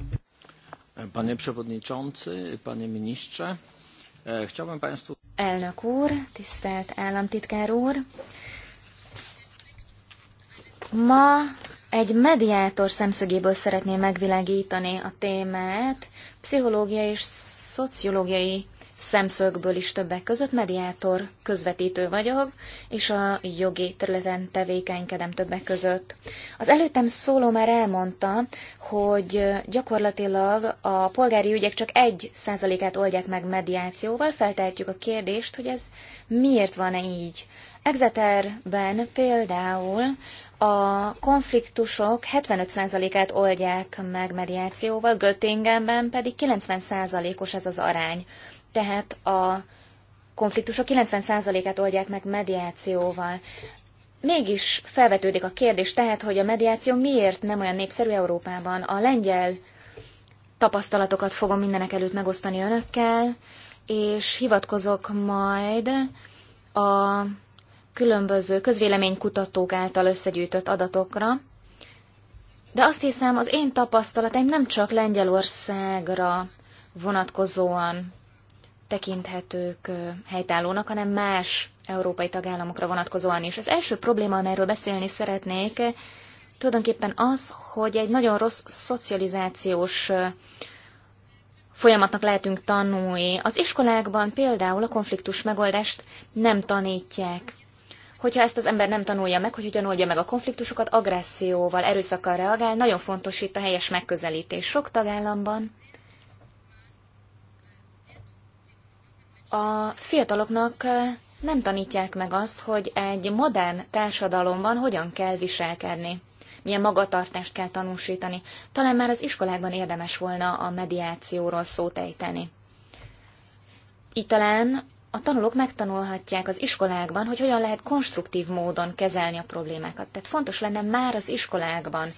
Panie przewodniczący, panie ministrze, e, chciałbym państwu... Elnök úr, tisztelt államtitkár úr, ma egy mediátor szemszögéből szeretném megvilágítani a témát, pszichológiai és szociológiai szemszögből is többek között mediátor, közvetítő vagyok, és a jogi területen tevékenykedem többek között. Az előttem szóló már elmondta, hogy gyakorlatilag a polgári ügyek csak egy százalékát oldják meg mediációval, feltehetjük a kérdést, hogy ez miért van-e így. Exeterben például a konfliktusok 75%-át oldják meg mediációval, Göttingenben pedig 90%-os ez az arány tehát a konfliktusok 90%-át oldják meg mediációval. Mégis felvetődik a kérdés tehát, hogy a mediáció miért nem olyan népszerű Európában. A lengyel tapasztalatokat fogom mindenek előtt megosztani önökkel, és hivatkozok majd a különböző közvéleménykutatók által összegyűjtött adatokra. De azt hiszem, az én tapasztalataim nem csak Lengyelországra vonatkozóan tekinthetők helytállónak, hanem más európai tagállamokra vonatkozóan is. Az első probléma, amelyről beszélni szeretnék, tulajdonképpen az, hogy egy nagyon rossz szocializációs folyamatnak lehetünk tanulni. Az iskolákban például a konfliktus megoldást nem tanítják. Hogyha ezt az ember nem tanulja meg, hogy hogyan oldja meg a konfliktusokat, agresszióval, erőszakkal reagál, nagyon fontos itt a helyes megközelítés. Sok tagállamban a fiataloknak eh, nem tanítják meg azt, hogy egy modern társadalomban hogyan kell viselkedni, milyen magatartást kell tanúsítani. Talán már az iskolákban érdemes volna a mediációról szót ejteni. Így talán a tanulók megtanulhatják az iskolákban, hogy hogyan lehet konstruktív módon kezelni a problémákat. Tehát fontos lenne már az iskolákban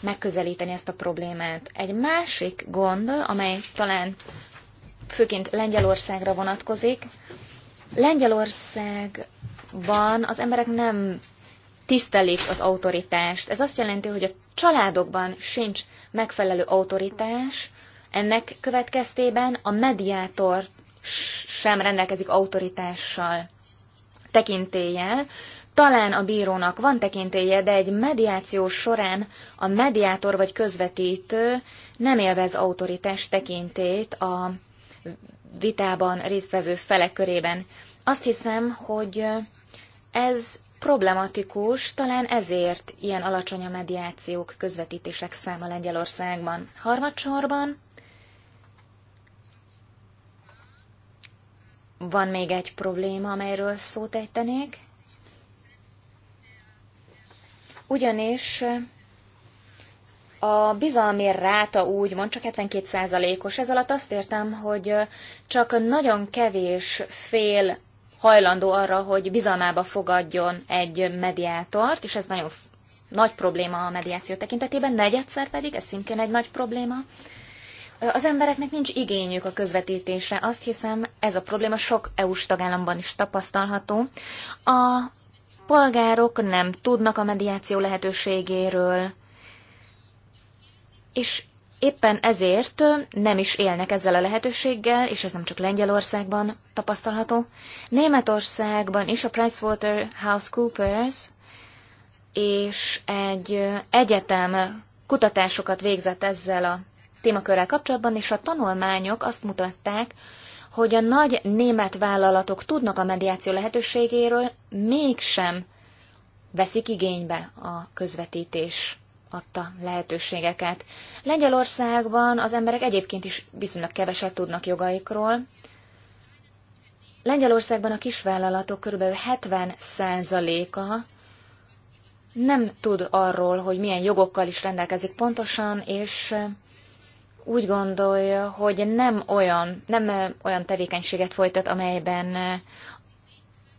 megközelíteni ezt a problémát. Egy másik gond, amely talán főként Lengyelországra vonatkozik. Lengyelországban az emberek nem tisztelik az autoritást. Ez azt jelenti, hogy a családokban sincs megfelelő autoritás, ennek következtében a mediátor sem rendelkezik autoritással, tekintéllyel. Talán a bírónak van tekintélye, de egy mediáció során a mediátor vagy közvetítő nem élvez autoritás tekintét a vitában résztvevő felek körében. Azt hiszem, hogy ez problematikus, talán ezért ilyen alacsony a mediációk, közvetítések száma Lengyelországban. Harmadsorban van még egy probléma, amelyről szót ejtenék. Ugyanis a bizalmi ráta úgy van, csak 72%-os. Ez alatt azt értem, hogy csak nagyon kevés fél hajlandó arra, hogy bizalmába fogadjon egy mediátort, és ez nagyon nagy probléma a mediáció tekintetében, negyedszer pedig, ez szintén egy nagy probléma. Az embereknek nincs igényük a közvetítésre. Azt hiszem, ez a probléma sok EU-s tagállamban is tapasztalható. A polgárok nem tudnak a mediáció lehetőségéről, és éppen ezért nem is élnek ezzel a lehetőséggel, és ez nem csak Lengyelországban tapasztalható. Németországban is a PricewaterhouseCoopers és egy egyetem kutatásokat végzett ezzel a témakörrel kapcsolatban, és a tanulmányok azt mutatták, hogy a nagy német vállalatok tudnak a mediáció lehetőségéről, mégsem veszik igénybe a közvetítés adta lehetőségeket. Lengyelországban az emberek egyébként is viszonylag keveset tudnak jogaikról. Lengyelországban a kisvállalatok kb. 70%-a nem tud arról, hogy milyen jogokkal is rendelkezik pontosan, és úgy gondolja, hogy nem olyan, nem olyan tevékenységet folytat, amelyben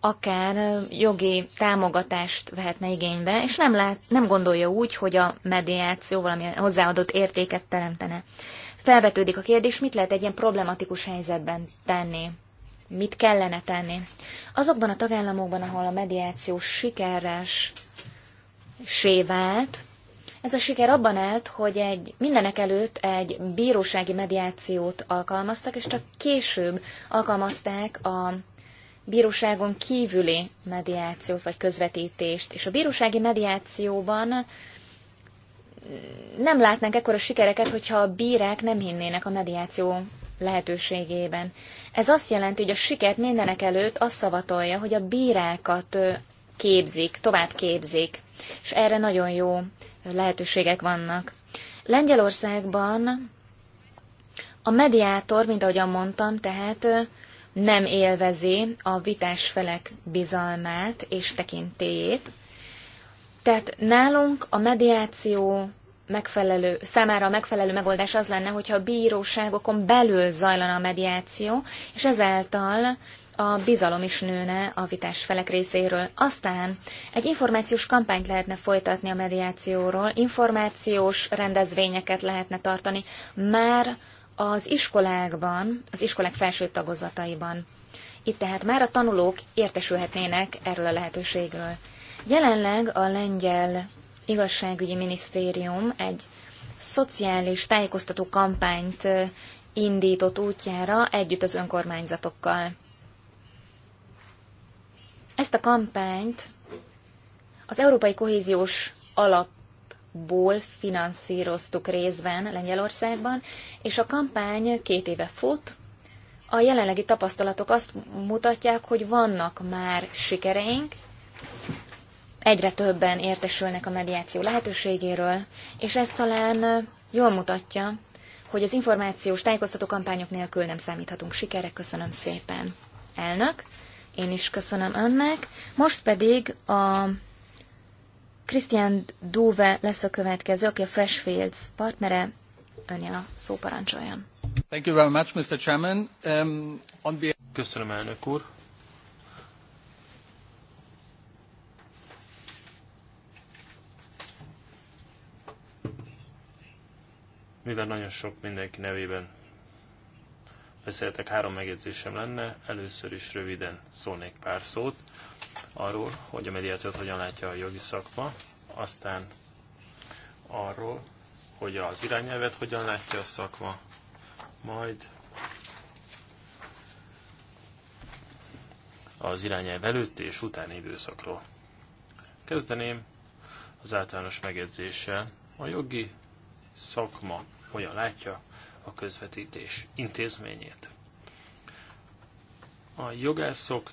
akár jogi támogatást vehetne igénybe, és nem, lát, nem gondolja úgy, hogy a mediáció valami hozzáadott értéket teremtene. Felvetődik a kérdés, mit lehet egy ilyen problematikus helyzetben tenni? Mit kellene tenni? Azokban a tagállamokban, ahol a mediáció sikeres sévált, ez a siker abban állt, hogy egy, mindenek előtt egy bírósági mediációt alkalmaztak, és csak később alkalmazták a bíróságon kívüli mediációt vagy közvetítést. És a bírósági mediációban nem látnánk ekkora sikereket, hogyha a bírák nem hinnének a mediáció lehetőségében. Ez azt jelenti, hogy a sikert mindenek előtt azt szavatolja, hogy a bírákat képzik, tovább képzik, és erre nagyon jó lehetőségek vannak. Lengyelországban a mediátor, mint ahogyan mondtam, tehát nem élvezi a vitás felek bizalmát és tekintélyét. Tehát nálunk a mediáció megfelelő, számára a megfelelő megoldás az lenne, hogyha a bíróságokon belül zajlana a mediáció, és ezáltal a bizalom is nőne a vitás felek részéről. Aztán egy információs kampányt lehetne folytatni a mediációról, információs rendezvényeket lehetne tartani, már az iskolákban, az iskolák felső tagozataiban. Itt tehát már a tanulók értesülhetnének erről a lehetőségről. Jelenleg a lengyel igazságügyi minisztérium egy szociális tájékoztató kampányt indított útjára együtt az önkormányzatokkal. Ezt a kampányt az Európai Kohéziós Alap ból finanszíroztuk részben Lengyelországban, és a kampány két éve fut. A jelenlegi tapasztalatok azt mutatják, hogy vannak már sikereink, egyre többen értesülnek a mediáció lehetőségéről, és ez talán jól mutatja, hogy az információs tájékoztató kampányok nélkül nem számíthatunk sikerre. Köszönöm szépen, elnök. Én is köszönöm önnek. Most pedig a Christian Dove lesz a következő, aki a Freshfields partnere. Önje a szó parancsoljon. Thank you very much, Mr. Chairman. Um, on behalf... Köszönöm, elnök úr. Mivel nagyon sok mindenki nevében beszéltek, három megjegyzésem lenne. Először is röviden szólnék pár szót arról, hogy a mediációt hogyan látja a jogi szakma, aztán arról, hogy az irányelvet hogyan látja a szakma, majd az irányelv előtt és utáni időszakról. Kezdeném az általános megjegyzéssel. A jogi szakma hogyan látja a közvetítés intézményét. A jogászok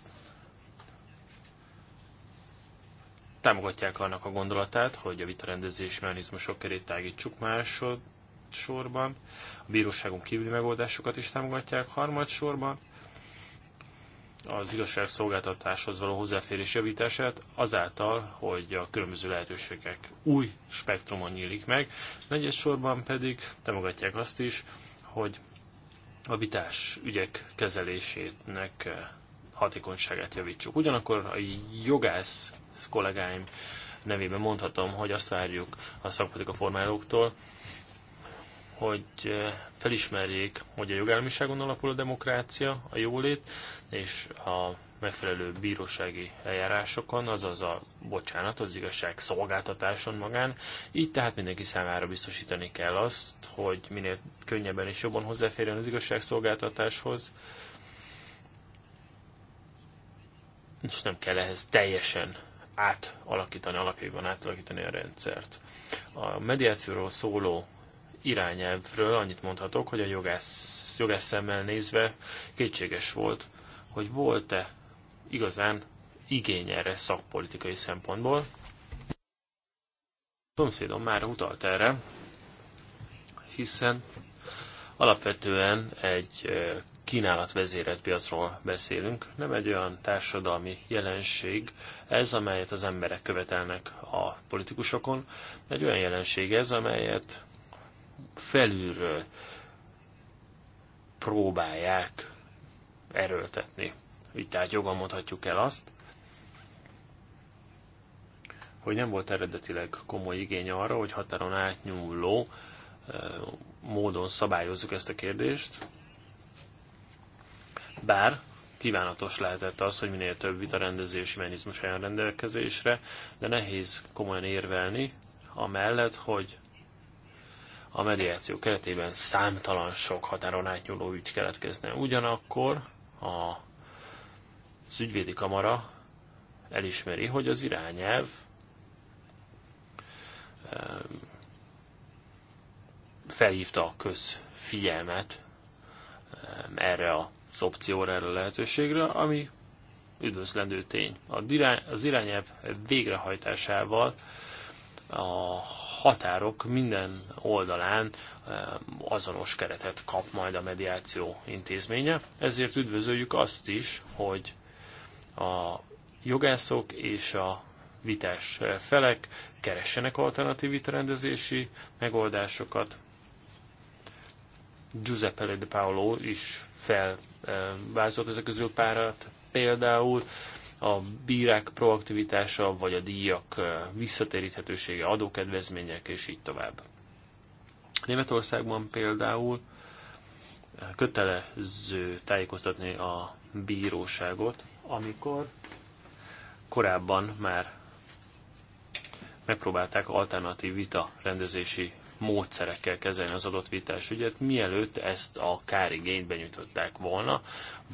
támogatják annak a gondolatát, hogy a vitarendezési mechanizmusok körét tágítsuk másodszorban, a bíróságon kívüli megoldásokat is támogatják harmadsorban, az igazságszolgáltatáshoz való hozzáférés javítását azáltal, hogy a különböző lehetőségek új spektrumon nyílik meg, negyes sorban pedig támogatják azt is, hogy a vitás ügyek kezelésének eh, hatékonyságát javítsuk. Ugyanakkor a jogász kollégáim nevében mondhatom, hogy azt várjuk a szakpolitika formálóktól, hogy felismerjék, hogy a jogállamiságon alapul a demokrácia, a jólét, és a megfelelő bírósági eljárásokon, azaz a bocsánat, az igazság szolgáltatáson magán. Így tehát mindenki számára biztosítani kell azt, hogy minél könnyebben és jobban hozzáférjen az igazság szolgáltatáshoz, és nem kell ehhez teljesen átalakítani, alapjában átalakítani a rendszert. A mediációról szóló irányelvről annyit mondhatok, hogy a jogász, jogász szemmel nézve kétséges volt, hogy volt-e igazán igény erre szakpolitikai szempontból. A szomszédom már utalt erre, hiszen alapvetően egy kínálatvezérelt piacról beszélünk, nem egy olyan társadalmi jelenség ez, amelyet az emberek követelnek a politikusokon, egy olyan jelenség ez, amelyet felülről próbálják erőltetni. Így tehát jogon mondhatjuk el azt, hogy nem volt eredetileg komoly igény arra, hogy határon átnyúló eh, módon szabályozzuk ezt a kérdést, bár kívánatos lehetett az, hogy minél több vitarendezési mechanizmus álljon rendelkezésre, de nehéz komolyan érvelni, amellett, hogy a mediáció keretében számtalan sok határon átnyúló ügy keletkezne. Ugyanakkor a az ügyvédi kamara elismeri, hogy az irányelv felhívta a közfigyelmet erre a az opcióra erre a lehetőségre, ami üdvözlendő tény. Az irányelv végrehajtásával a határok minden oldalán eh, azonos keretet kap majd a mediáció intézménye. Ezért üdvözöljük azt is, hogy a jogászok és a vitás felek keressenek alternatív vitarendezési megoldásokat. Giuseppe de Paolo is fel vázolt ezek közül párat, például a bírák proaktivitása, vagy a díjak visszatéríthetősége, adókedvezmények, és így tovább. Németországban például kötelező tájékoztatni a bíróságot, amikor korábban már megpróbálták alternatív vita rendezési módszerekkel kezelni az adott vitás ügyet, mielőtt ezt a kárigényt benyújtották volna,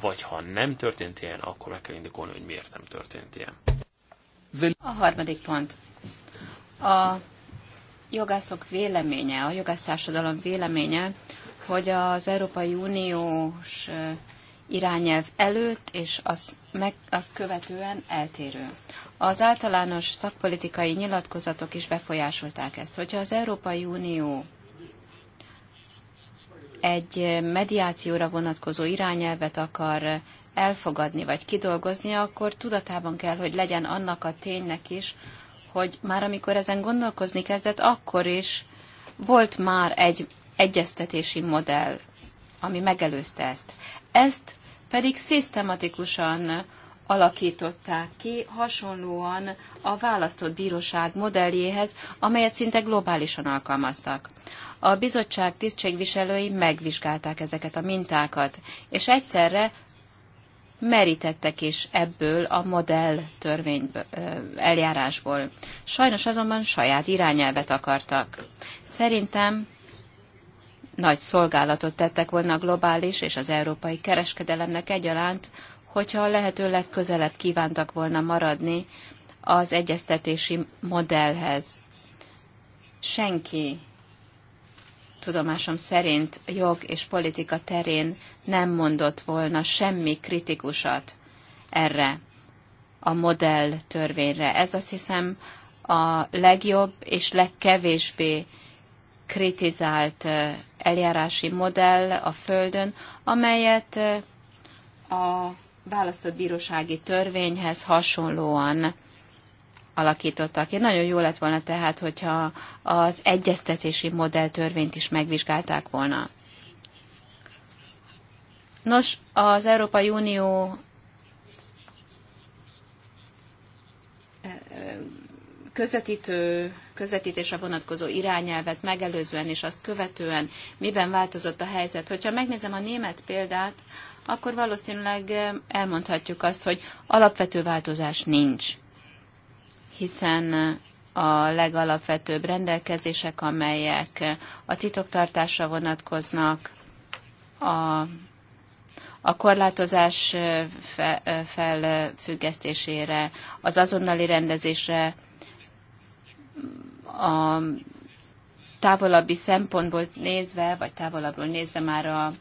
vagy ha nem történt ilyen, akkor meg kell indikolni, hogy miért nem történt ilyen. A harmadik pont. A jogászok véleménye, a jogásztársadalom véleménye, hogy az Európai Uniós irányelv előtt és azt meg azt követően eltérő. Az általános szakpolitikai nyilatkozatok is befolyásolták ezt. Hogyha az Európai Unió egy mediációra vonatkozó irányelvet akar elfogadni vagy kidolgozni, akkor tudatában kell, hogy legyen annak a ténynek is, hogy már amikor ezen gondolkozni kezdett, akkor is volt már egy egyeztetési modell, ami megelőzte ezt. Ezt pedig szisztematikusan alakították ki, hasonlóan a választott bíróság modelljéhez, amelyet szinte globálisan alkalmaztak. A bizottság tisztségviselői megvizsgálták ezeket a mintákat, és egyszerre merítettek is ebből a modell törvény eljárásból. Sajnos azonban saját irányelvet akartak. Szerintem nagy szolgálatot tettek volna a globális és az európai kereskedelemnek egyaránt, hogyha a lehető legközelebb kívántak volna maradni az egyeztetési modellhez. Senki tudomásom szerint jog és politika terén nem mondott volna semmi kritikusat erre a modell törvényre. Ez azt hiszem a legjobb és legkevésbé kritizált eljárási modell a Földön, amelyet a választott bírósági törvényhez hasonlóan alakítottak. Én nagyon jó lett volna tehát, hogyha az egyeztetési törvényt is megvizsgálták volna. Nos, az Európai Unió közvetítő közvetítésre vonatkozó irányelvet megelőzően és azt követően miben változott a helyzet. Hogyha megnézem a német példát, akkor valószínűleg elmondhatjuk azt, hogy alapvető változás nincs, hiszen a legalapvetőbb rendelkezések, amelyek a titoktartásra vonatkoznak, a, a korlátozás felfüggesztésére, az azonnali rendezésre a távolabbi szempontból nézve, vagy távolabbról nézve már a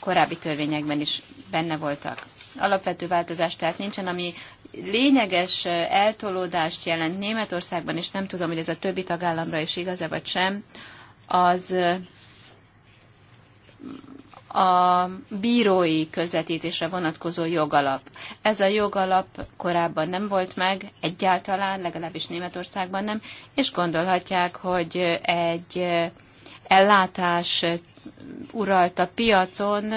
korábbi törvényekben is benne voltak. Alapvető változás tehát nincsen, ami lényeges eh, eltolódást jelent Németországban, és nem tudom, hogy ez a többi tagállamra is igaz-e vagy sem, az eh, a bírói közvetítésre vonatkozó jogalap. Ez a jogalap korábban nem volt meg, egyáltalán, legalábbis Németországban nem, és gondolhatják, hogy egy ellátás uralta piacon,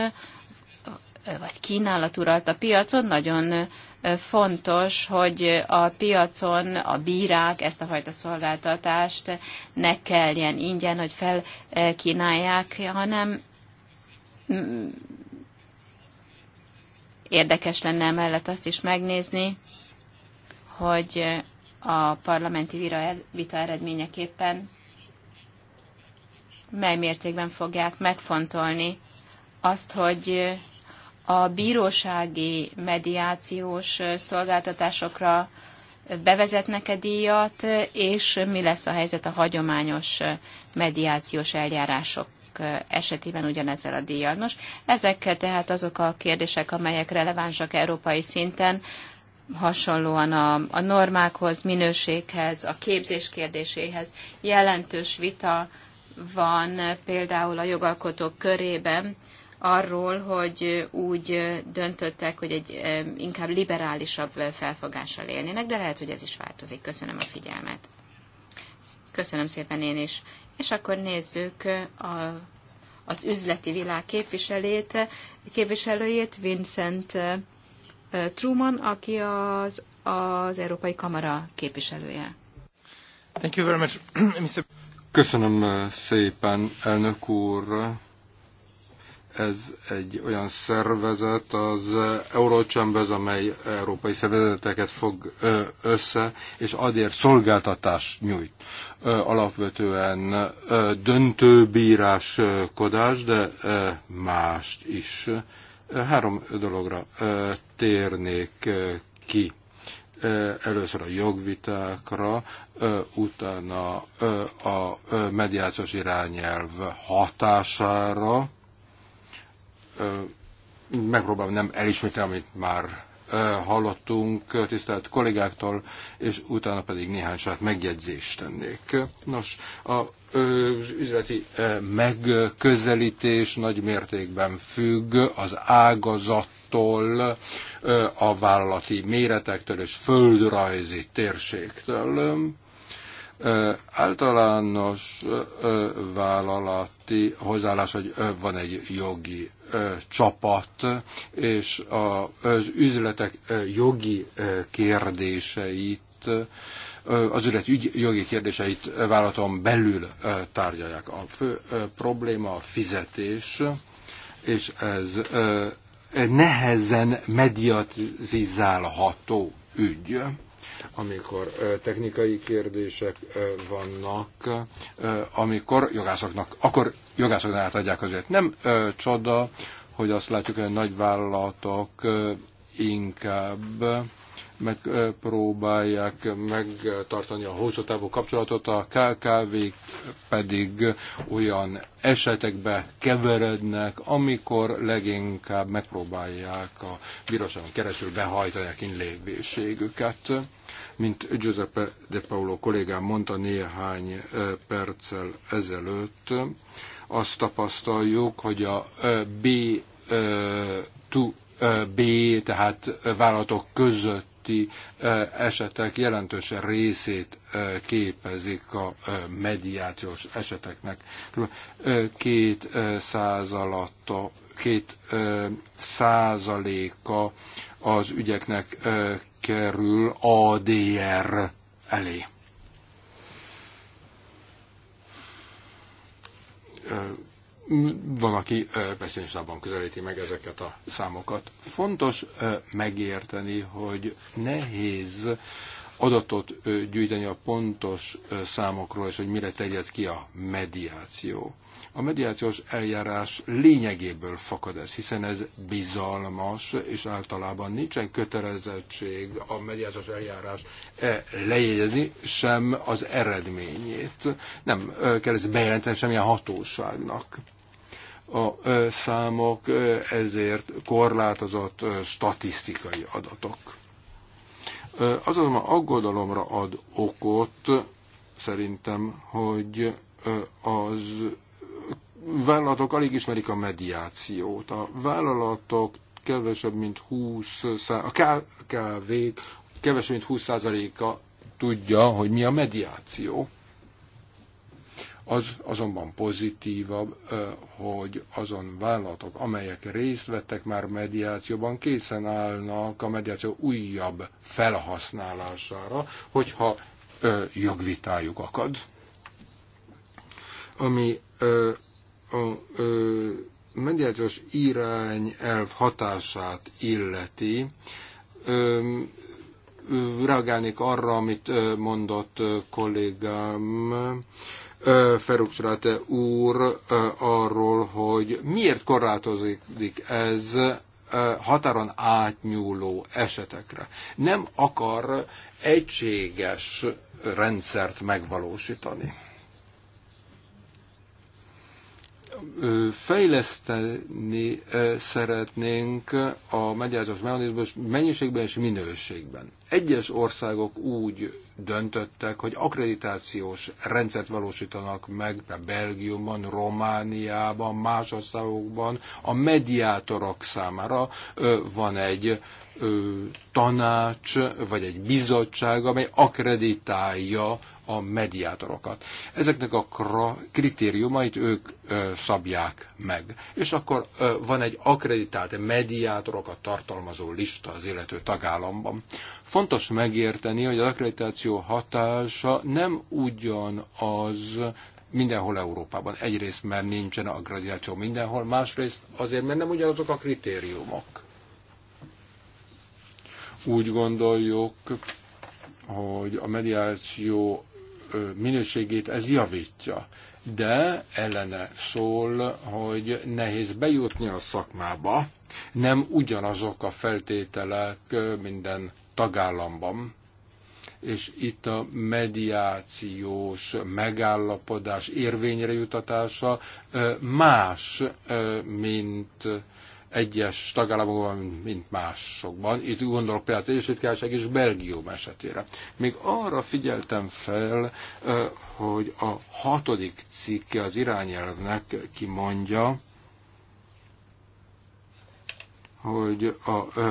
vagy kínálat uralta piacon nagyon fontos, hogy a piacon a bírák ezt a fajta szolgáltatást ne kelljen ingyen, hogy felkínálják, hanem Érdekes lenne emellett azt is megnézni, hogy a parlamenti vita eredményeképpen mely mértékben fogják megfontolni azt, hogy a bírósági mediációs szolgáltatásokra bevezetnek-e díjat, és mi lesz a helyzet a hagyományos mediációs eljárások esetében ugyanezzel a díjjal. Nos, ezek tehát azok a kérdések, amelyek relevánsak európai szinten, hasonlóan a, a normákhoz, minőséghez, a képzés kérdéséhez jelentős vita van például a jogalkotók körében arról, hogy úgy döntöttek, hogy egy inkább liberálisabb felfogással élnének, de lehet, hogy ez is változik. Köszönöm a figyelmet. Köszönöm szépen én is és akkor nézzük a, az üzleti világ képviselőjét, képviselőjét, Vincent Truman, aki az, az Európai Kamara képviselője. Thank you very much, Köszönöm szépen, elnök úr. Ez egy olyan szervezet, az Eurocsembez, amely európai szervezeteket fog össze, és adért szolgáltatást nyújt. Alapvetően kodás, de mást is. Három dologra térnék ki először a jogvitákra, utána a mediációs irányelv hatására, megpróbálom nem elismételni, amit már hallottunk tisztelt kollégáktól, és utána pedig néhány saját megjegyzést tennék. Nos, a az üzleti megközelítés nagy mértékben függ az ágazattól, a vállalati méretektől és földrajzi térségtől. Általános vállalat közötti hozzáállás, hogy van egy jogi csapat, és az üzletek jogi kérdéseit az üzlet jogi kérdéseit vállalaton belül tárgyalják. A fő probléma a fizetés, és ez nehezen mediatizálható ügy amikor technikai kérdések vannak, amikor jogászoknak, akkor jogászoknak átadják azért. Nem csoda, hogy azt látjuk, hogy a nagyvállalatok inkább megpróbálják megtartani a hosszú távú kapcsolatot, a kkv pedig olyan esetekbe keverednek, amikor leginkább megpróbálják a bíróságon keresztül behajtani a kínlévőségüket. Mint Giuseppe de Paolo kollégám mondta néhány eh, perccel ezelőtt, azt tapasztaljuk, hogy a eh, B eh, to B, tehát vállalatok közötti esetek jelentős részét képezik a mediációs eseteknek. Két százalata, két százaléka az ügyeknek kerül a DR elé. Van, aki pessimistában közelíti meg ezeket a számokat. Fontos megérteni, hogy nehéz adatot gyűjteni a pontos számokról, és hogy mire tegyed ki a mediáció. A mediációs eljárás lényegéből fakad ez, hiszen ez bizalmas, és általában nincsen kötelezettség a mediációs eljárás e lejegyezni sem az eredményét. Nem kell ezt bejelenteni semmilyen hatóságnak. A számok ezért korlátozott statisztikai adatok. Az azonban aggodalomra ad okot, szerintem, hogy az vállalatok alig ismerik a mediációt. A vállalatok kevesebb, mint 20 a KKV kevesebb, mint 20%-a tudja, hogy mi a mediáció. Az azonban pozitívabb, hogy azon vállalatok, amelyek részt vettek már mediációban, készen állnak a mediáció újabb felhasználására, hogyha jogvitájuk akad. Ami a ö, irány irányelv hatását illeti, ö, reagálnék arra, amit mondott kollégám Feruksráte úr arról, hogy miért korlátozik ez határon átnyúló esetekre. Nem akar egységes rendszert megvalósítani fejleszteni szeretnénk a megyázsos mechanizmus mennyiségben és minőségben. Egyes országok úgy döntöttek, hogy akkreditációs rendszert valósítanak meg Belgiumban, Romániában, más országokban a mediátorok számára. Van egy tanács, vagy egy bizottság, amely akkreditálja a mediátorokat. Ezeknek a kritériumait ők szabják meg. És akkor van egy akkreditált mediátorokat tartalmazó lista az illető tagállamban. Fontos megérteni, hogy az akkreditáció hatása nem ugyanaz mindenhol Európában. Egyrészt, mert nincsen akkreditáció mindenhol, másrészt azért, mert nem ugyanazok a kritériumok. Úgy gondoljuk, hogy a mediáció minőségét ez javítja, de ellene szól, hogy nehéz bejutni a szakmába, nem ugyanazok a feltételek minden tagállamban, és itt a mediációs megállapodás érvényre jutatása más, mint egyes tagállamokban, mint másokban. Itt gondolok például az Egyesült Királyság és Belgium esetére. Még arra figyeltem fel, hogy a hatodik cikke az irányelvnek kimondja, hogy a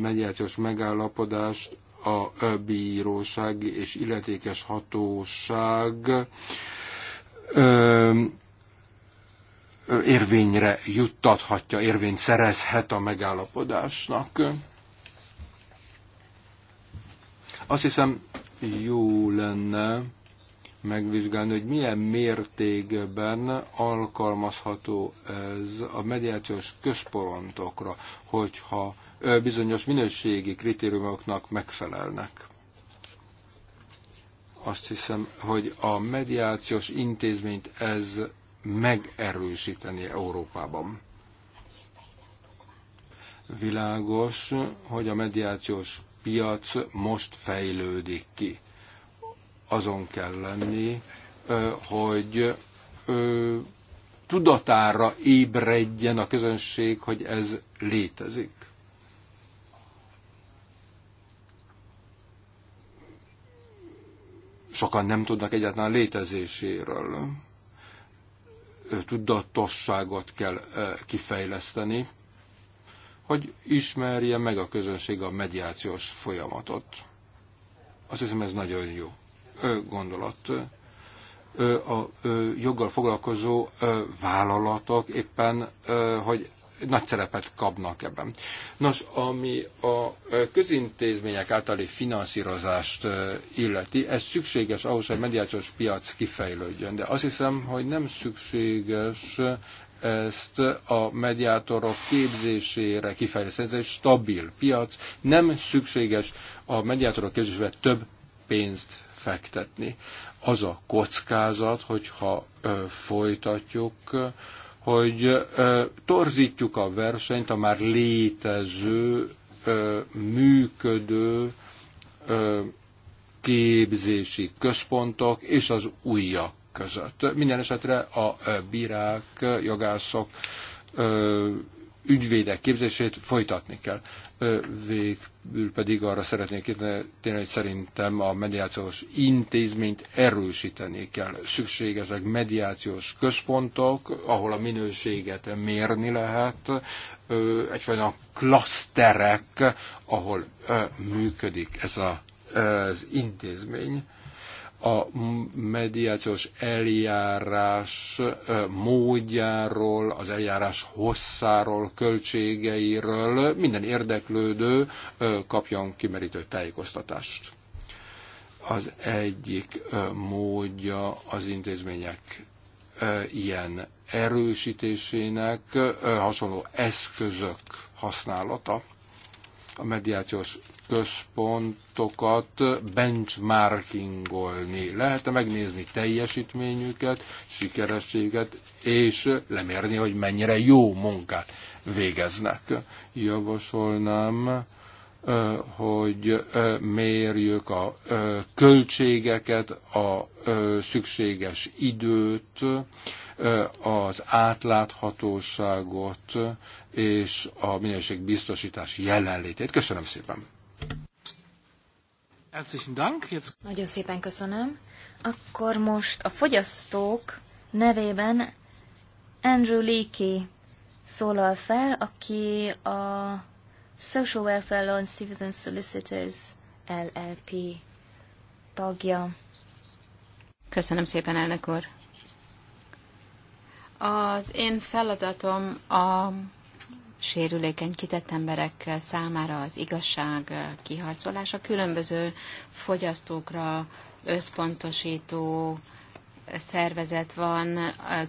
mediációs megállapodást a bíróság és illetékes hatóság érvényre juttathatja, érvényt szerezhet a megállapodásnak. Azt hiszem, jó lenne, megvizsgálni, hogy milyen mértékben alkalmazható ez a mediációs központokra, hogyha bizonyos minőségi kritériumoknak megfelelnek. Azt hiszem, hogy a mediációs intézményt ez megerősíteni Európában. Világos, hogy a mediációs piac most fejlődik ki azon kell lenni, hogy tudatára ébredjen a közönség, hogy ez létezik. Sokan nem tudnak egyáltalán létezéséről. Tudatosságot kell kifejleszteni, hogy ismerje meg a közönség a mediációs folyamatot. Azt hiszem, ez nagyon jó gondolat. A joggal foglalkozó vállalatok éppen, hogy nagy szerepet kapnak ebben. Nos, ami a közintézmények általi finanszírozást illeti, ez szükséges ahhoz, hogy mediációs piac kifejlődjön, de azt hiszem, hogy nem szükséges ezt a mediátorok képzésére kifejleszteni. Ez egy stabil piac, nem szükséges a mediátorok képzésére több pénzt fektetni. Az a kockázat, hogyha folytatjuk, hogy torzítjuk a versenyt a már létező, működő képzési központok és az újak között. Minden esetre a bírák, jogászok ügyvédek képzését folytatni kell. Végül pedig arra szeretnék kérni, hogy szerintem a mediációs intézményt erősíteni kell. Szükségesek mediációs központok, ahol a minőséget mérni lehet, egyfajta klaszterek, ahol működik ez a, az intézmény a mediációs eljárás módjáról, az eljárás hosszáról, költségeiről minden érdeklődő kapjon kimerítő tájékoztatást. Az egyik módja az intézmények ilyen erősítésének hasonló eszközök használata. A mediációs központokat benchmarkingolni. Lehet-e megnézni teljesítményüket, sikerességet, és lemérni, hogy mennyire jó munkát végeznek. Javasolnám, hogy mérjük a költségeket, a szükséges időt, az átláthatóságot és a minőségbiztosítás jelenlétét. Köszönöm szépen! Herzlichen Dank. Jetzt... Nagyon szépen köszönöm. Akkor most a fogyasztók nevében Andrew Leakey szólal fel, aki a Social Welfare Law and Citizen Solicitors LLP tagja. Köszönöm szépen, elnök úr. Az én feladatom a sérülékeny kitett emberek számára az igazság kiharcolása különböző fogyasztókra összpontosító szervezet van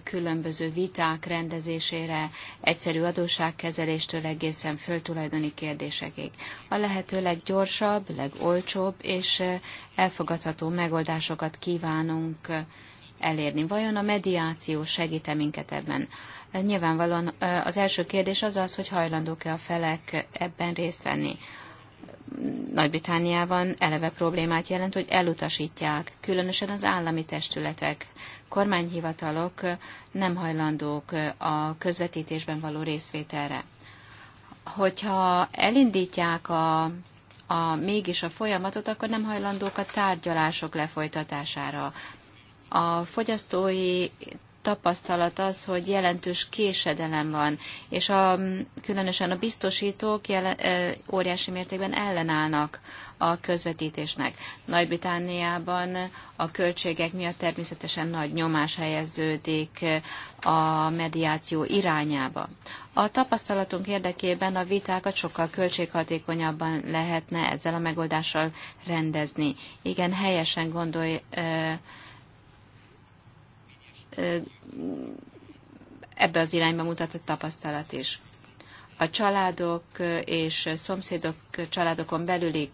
különböző viták rendezésére, egyszerű adósságkezeléstől egészen föltulajdoni kérdésekig. A lehető leggyorsabb, legolcsóbb és elfogadható megoldásokat kívánunk elérni. Vajon a mediáció segít -e minket ebben? Nyilvánvalóan az első kérdés az az, hogy hajlandók-e a felek ebben részt venni. Nagy-Britániában eleve problémát jelent, hogy elutasítják, különösen az állami testületek, kormányhivatalok nem hajlandók a közvetítésben való részvételre. Hogyha elindítják a, a, mégis a folyamatot, akkor nem hajlandók a tárgyalások lefolytatására. A fogyasztói tapasztalat az, hogy jelentős késedelem van, és a, különösen a biztosítók jelen, óriási mértékben ellenállnak a közvetítésnek. Nagy-Britániában a költségek miatt természetesen nagy nyomás helyeződik a mediáció irányába. A tapasztalatunk érdekében a vitákat sokkal költséghatékonyabban lehetne ezzel a megoldással rendezni. Igen, helyesen gondolj, ebbe az irányba mutatott tapasztalat is. A családok és szomszédok, családokon belüli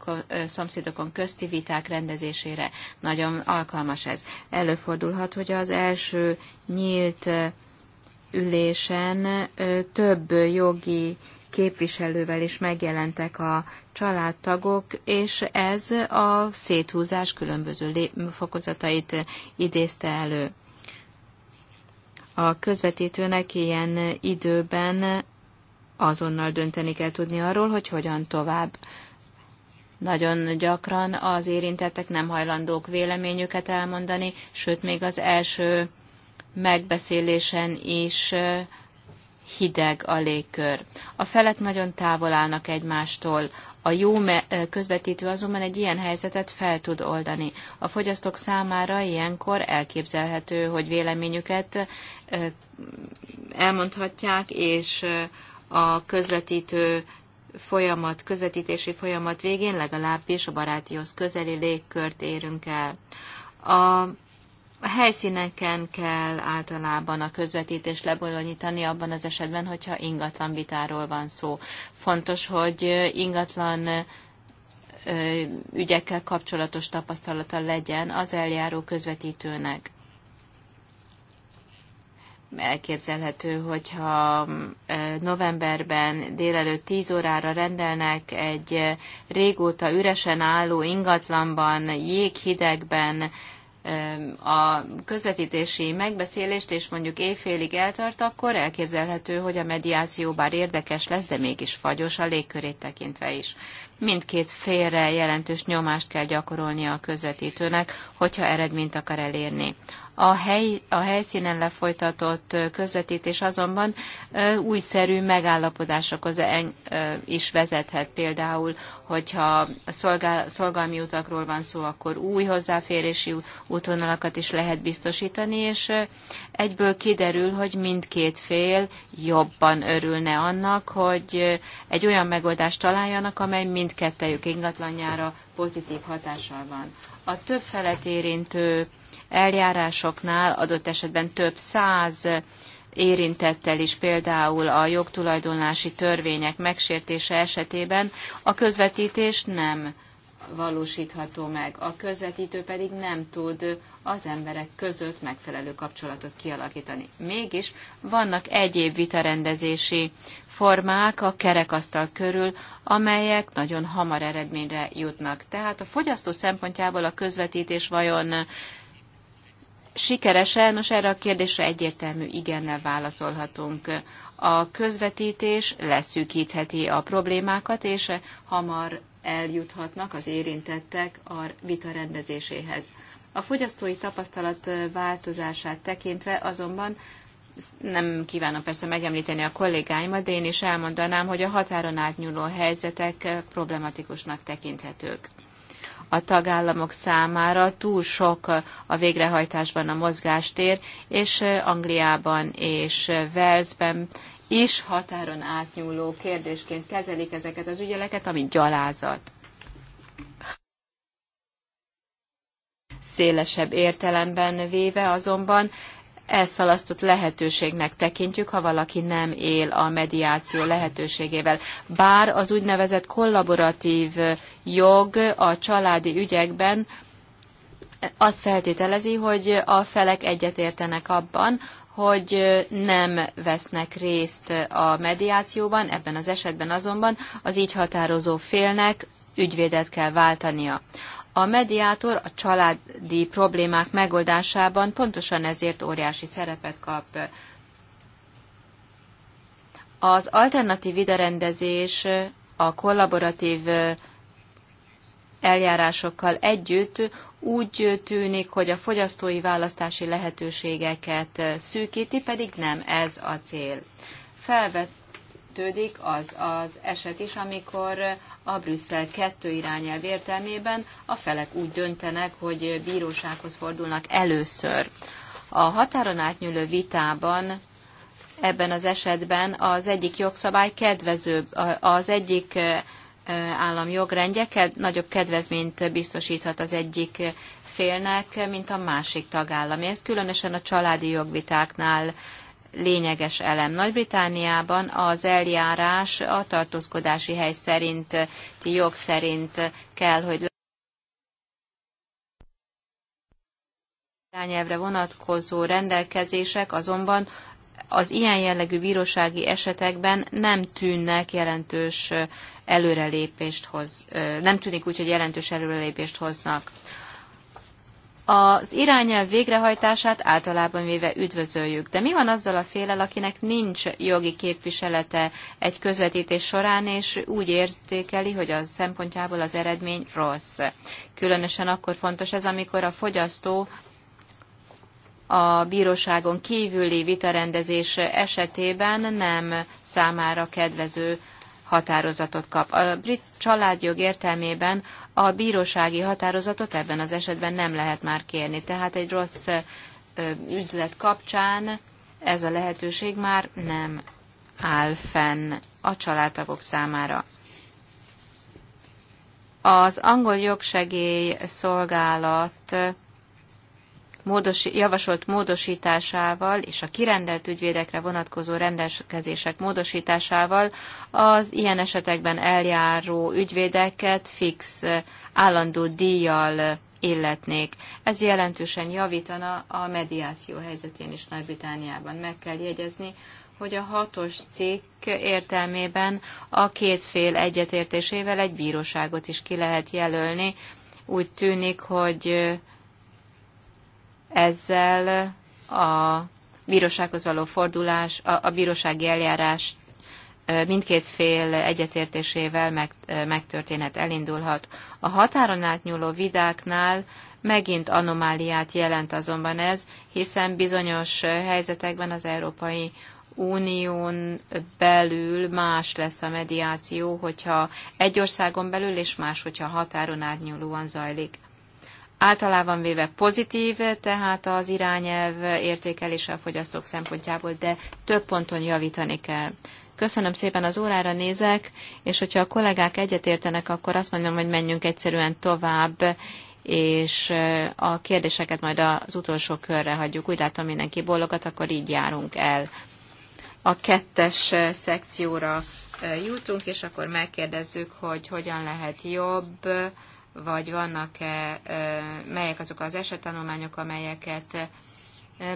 szomszédokon közti viták rendezésére nagyon alkalmas ez. Előfordulhat, hogy az első nyílt ülésen több jogi képviselővel is megjelentek a családtagok, és ez a széthúzás különböző fokozatait idézte elő a közvetítőnek ilyen időben azonnal dönteni kell tudni arról, hogy hogyan tovább. Nagyon gyakran az érintettek nem hajlandók véleményüket elmondani, sőt még az első megbeszélésen is hideg a légkör. A felek nagyon távol állnak egymástól. A jó közvetítő azonban egy ilyen helyzetet fel tud oldani. A fogyasztók számára ilyenkor elképzelhető, hogy véleményüket elmondhatják, és a közvetítő folyamat, közvetítési folyamat végén legalábbis a barátihoz közeli légkört érünk el. A a helyszíneken kell általában a közvetítést lebonyolítani abban az esetben, hogyha ingatlan vitáról van szó. Fontos, hogy ingatlan ügyekkel kapcsolatos tapasztalata legyen az eljáró közvetítőnek. Elképzelhető, hogyha novemberben délelőtt 10 órára rendelnek egy régóta üresen álló ingatlanban, jéghidegben, a közvetítési megbeszélést, és mondjuk évfélig eltart, akkor elképzelhető, hogy a mediáció bár érdekes lesz, de mégis fagyos a légkörét tekintve is. Mindkét félre jelentős nyomást kell gyakorolnia a közvetítőnek, hogyha eredményt akar elérni. A, hely, a helyszínen lefolytatott közvetítés azonban újszerű megállapodásokhoz is vezethet például, hogyha szolgál, szolgálmi utakról van szó, akkor új hozzáférési útvonalakat is lehet biztosítani, és egyből kiderül, hogy mindkét fél jobban örülne annak, hogy egy olyan megoldást találjanak, amely mindkettejük ingatlanjára pozitív hatással van. A több felet érintő eljárásoknál adott esetben több száz érintettel is, például a jogtulajdonlási törvények megsértése esetében a közvetítés nem valósítható meg, a közvetítő pedig nem tud az emberek között megfelelő kapcsolatot kialakítani. Mégis vannak egyéb vitarendezési formák a kerekasztal körül, amelyek nagyon hamar eredményre jutnak. Tehát a fogyasztó szempontjából a közvetítés vajon sikeresen, nos erre a kérdésre egyértelmű igennel válaszolhatunk. A közvetítés leszűkítheti a problémákat, és hamar eljuthatnak az érintettek a vita rendezéséhez. A fogyasztói tapasztalat változását tekintve azonban nem kívánom persze megemlíteni a kollégáimat, de én is elmondanám, hogy a határon átnyúló helyzetek problematikusnak tekinthetők a tagállamok számára túl sok a végrehajtásban a mozgástér, és Angliában és Velszben is határon átnyúló kérdésként kezelik ezeket az ügyeleket, ami gyalázat. Szélesebb értelemben véve azonban elszalasztott lehetőségnek tekintjük, ha valaki nem él a mediáció lehetőségével. Bár az úgynevezett kollaboratív jog a családi ügyekben azt feltételezi, hogy a felek egyetértenek abban, hogy nem vesznek részt a mediációban, ebben az esetben azonban az így határozó félnek ügyvédet kell váltania. A mediátor a családi problémák megoldásában pontosan ezért óriási szerepet kap. Az alternatív viderendezés a kollaboratív eljárásokkal együtt úgy tűnik, hogy a fogyasztói választási lehetőségeket szűkíti, pedig nem ez a cél. Felvetődik az az eset is, amikor a Brüsszel kettő irányelv értelmében a felek úgy döntenek, hogy bírósághoz fordulnak először. A határon átnyúló vitában ebben az esetben az egyik jogszabály kedvezőbb, az egyik e, e, állam jogrendje nagyobb kedvezményt biztosíthat az egyik félnek, mint a másik tagállam. Ez különösen a családi jogvitáknál lényeges elem. Nagy-Britániában az eljárás a tartózkodási hely szerint, jog szerint kell, hogy irányelvre vonatkozó rendelkezések azonban az ilyen jellegű bírósági esetekben nem tűnnek jelentős előrelépést hoz, nem tűnik úgy, hogy jelentős előrelépést hoznak. Az irányelv végrehajtását általában véve üdvözöljük, de mi van azzal a félel, akinek nincs jogi képviselete egy közvetítés során, és úgy érzékeli, hogy a szempontjából az eredmény rossz. Különösen akkor fontos ez, amikor a fogyasztó a bíróságon kívüli vitarendezés esetében nem számára kedvező határozatot kap. A brit családjog értelmében a bírósági határozatot ebben az esetben nem lehet már kérni. Tehát egy rossz üzlet kapcsán ez a lehetőség már nem áll fenn a családtagok számára. Az angol jogsegély szolgálat javasolt módosításával és a kirendelt ügyvédekre vonatkozó rendelkezések módosításával az ilyen esetekben eljáró ügyvédeket fix állandó díjjal illetnék. Ez jelentősen javítana a mediáció helyzetén is Nagy-Britániában. Meg kell jegyezni, hogy a hatos cikk értelmében a két fél egyetértésével egy bíróságot is ki lehet jelölni. Úgy tűnik, hogy ezzel a bírósághoz való fordulás, a, a bírósági eljárás mindkét fél egyetértésével meg, megtörténhet, elindulhat. A határon átnyúló vidáknál megint anomáliát jelent azonban ez, hiszen bizonyos helyzetekben az Európai Unión belül más lesz a mediáció, hogyha egy országon belül, és más, hogyha határon átnyúlóan zajlik általában véve pozitív, tehát az irányelv értékelése a fogyasztók szempontjából, de több ponton javítani kell. Köszönöm szépen, az órára nézek, és hogyha a kollégák egyetértenek, akkor azt mondom, hogy menjünk egyszerűen tovább, és a kérdéseket majd az utolsó körre hagyjuk. Úgy látom mindenki bólogat, akkor így járunk el. A kettes szekcióra jutunk, és akkor megkérdezzük, hogy hogyan lehet jobb vagy vannak-e, melyek azok az esettanulmányok, amelyeket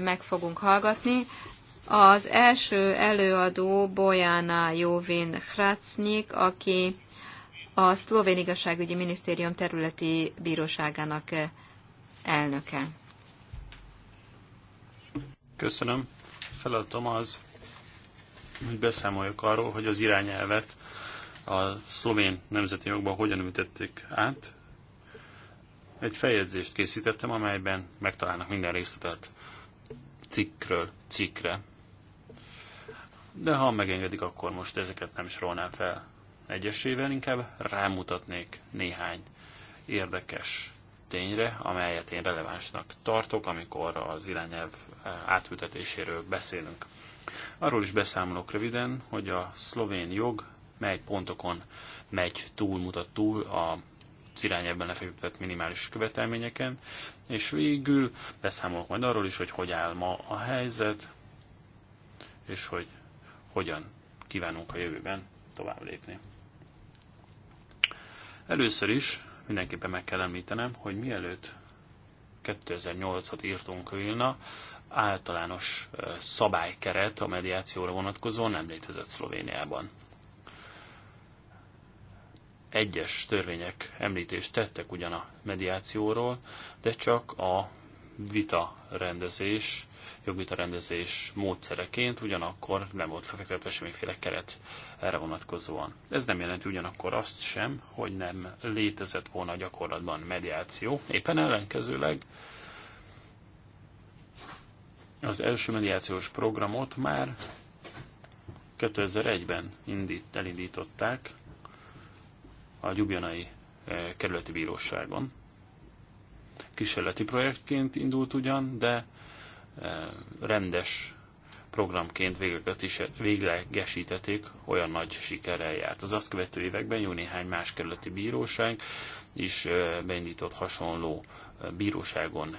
meg fogunk hallgatni. Az első előadó Bojana Jóvin Hracnik, aki a Szlovén Igazságügyi Minisztérium területi bíróságának elnöke. Köszönöm. Feladatom az, hogy beszámoljak arról, hogy az irányelvet a szlovén nemzeti jogban hogyan ültették át, egy feljegyzést készítettem, amelyben megtalálnak minden részletet cikkről cikkre. De ha megengedik, akkor most ezeket nem sorolnám fel egyesével, inkább rámutatnék néhány érdekes tényre, amelyet én relevánsnak tartok, amikor az irányelv átültetéséről beszélünk. Arról is beszámolok röviden, hogy a szlovén jog mely pontokon megy túl, mutat túl a az irányában lefektetett minimális követelményeken, és végül beszámolok majd arról is, hogy hogy áll ma a helyzet, és hogy hogyan kívánunk a jövőben tovább lépni. Először is mindenképpen meg kell említenem, hogy mielőtt 2008-at írtunk Vilna, általános szabálykeret a mediációra vonatkozóan nem létezett Szlovéniában egyes törvények említést tettek ugyan a mediációról, de csak a vita rendezés, jogvita rendezés módszereként, ugyanakkor nem volt lefektetve semmiféle keret erre vonatkozóan. Ez nem jelenti ugyanakkor azt sem, hogy nem létezett volna gyakorlatban mediáció, éppen ellenkezőleg az első mediációs programot már 2001-ben indít, elindították, a Gyubjanai e, kerületi bíróságon. Kísérleti projektként indult ugyan, de e, rendes programként véglegesítették, olyan nagy sikerrel járt. Az azt követő években jó néhány más kerületi bíróság is e, beindított hasonló bíróságon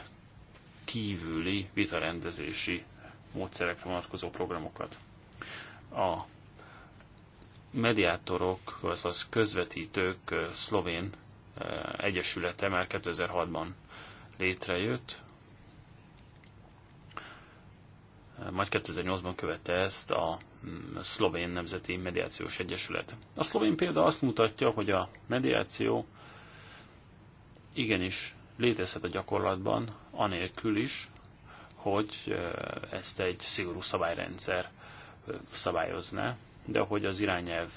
kívüli vitarendezési módszerekre vonatkozó programokat. A mediátorok, azaz közvetítők szlovén egyesülete már 2006-ban létrejött. Majd 2008-ban követte ezt a mm, Szlovén Nemzeti Mediációs Egyesület. A szlovén példa azt mutatja, hogy a mediáció igenis létezhet a gyakorlatban, anélkül is, hogy ezt egy szigorú szabályrendszer szabályozná de ahogy az irányelv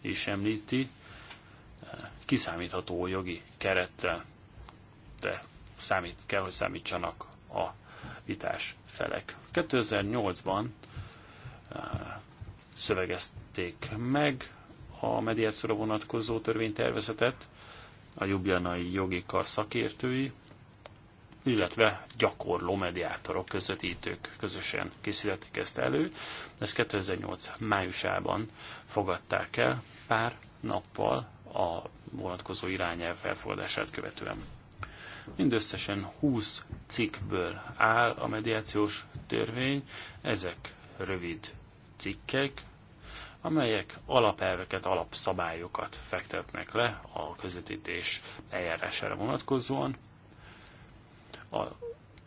is említi, kiszámítható jogi kerettel de számít, kell, hogy számítsanak a vitás felek. 2008-ban eh, szövegezték meg a mediációra vonatkozó törvénytervezetet, a jubjanai jogi kar szakértői illetve gyakorló mediátorok, közvetítők közösen készítették ezt elő. Ezt 2008 májusában fogadták el pár nappal a vonatkozó irányelv elfogadását követően. Mindösszesen 20 cikkből áll a mediációs törvény, ezek rövid cikkek, amelyek alapelveket, alapszabályokat fektetnek le a közvetítés eljárására vonatkozóan, a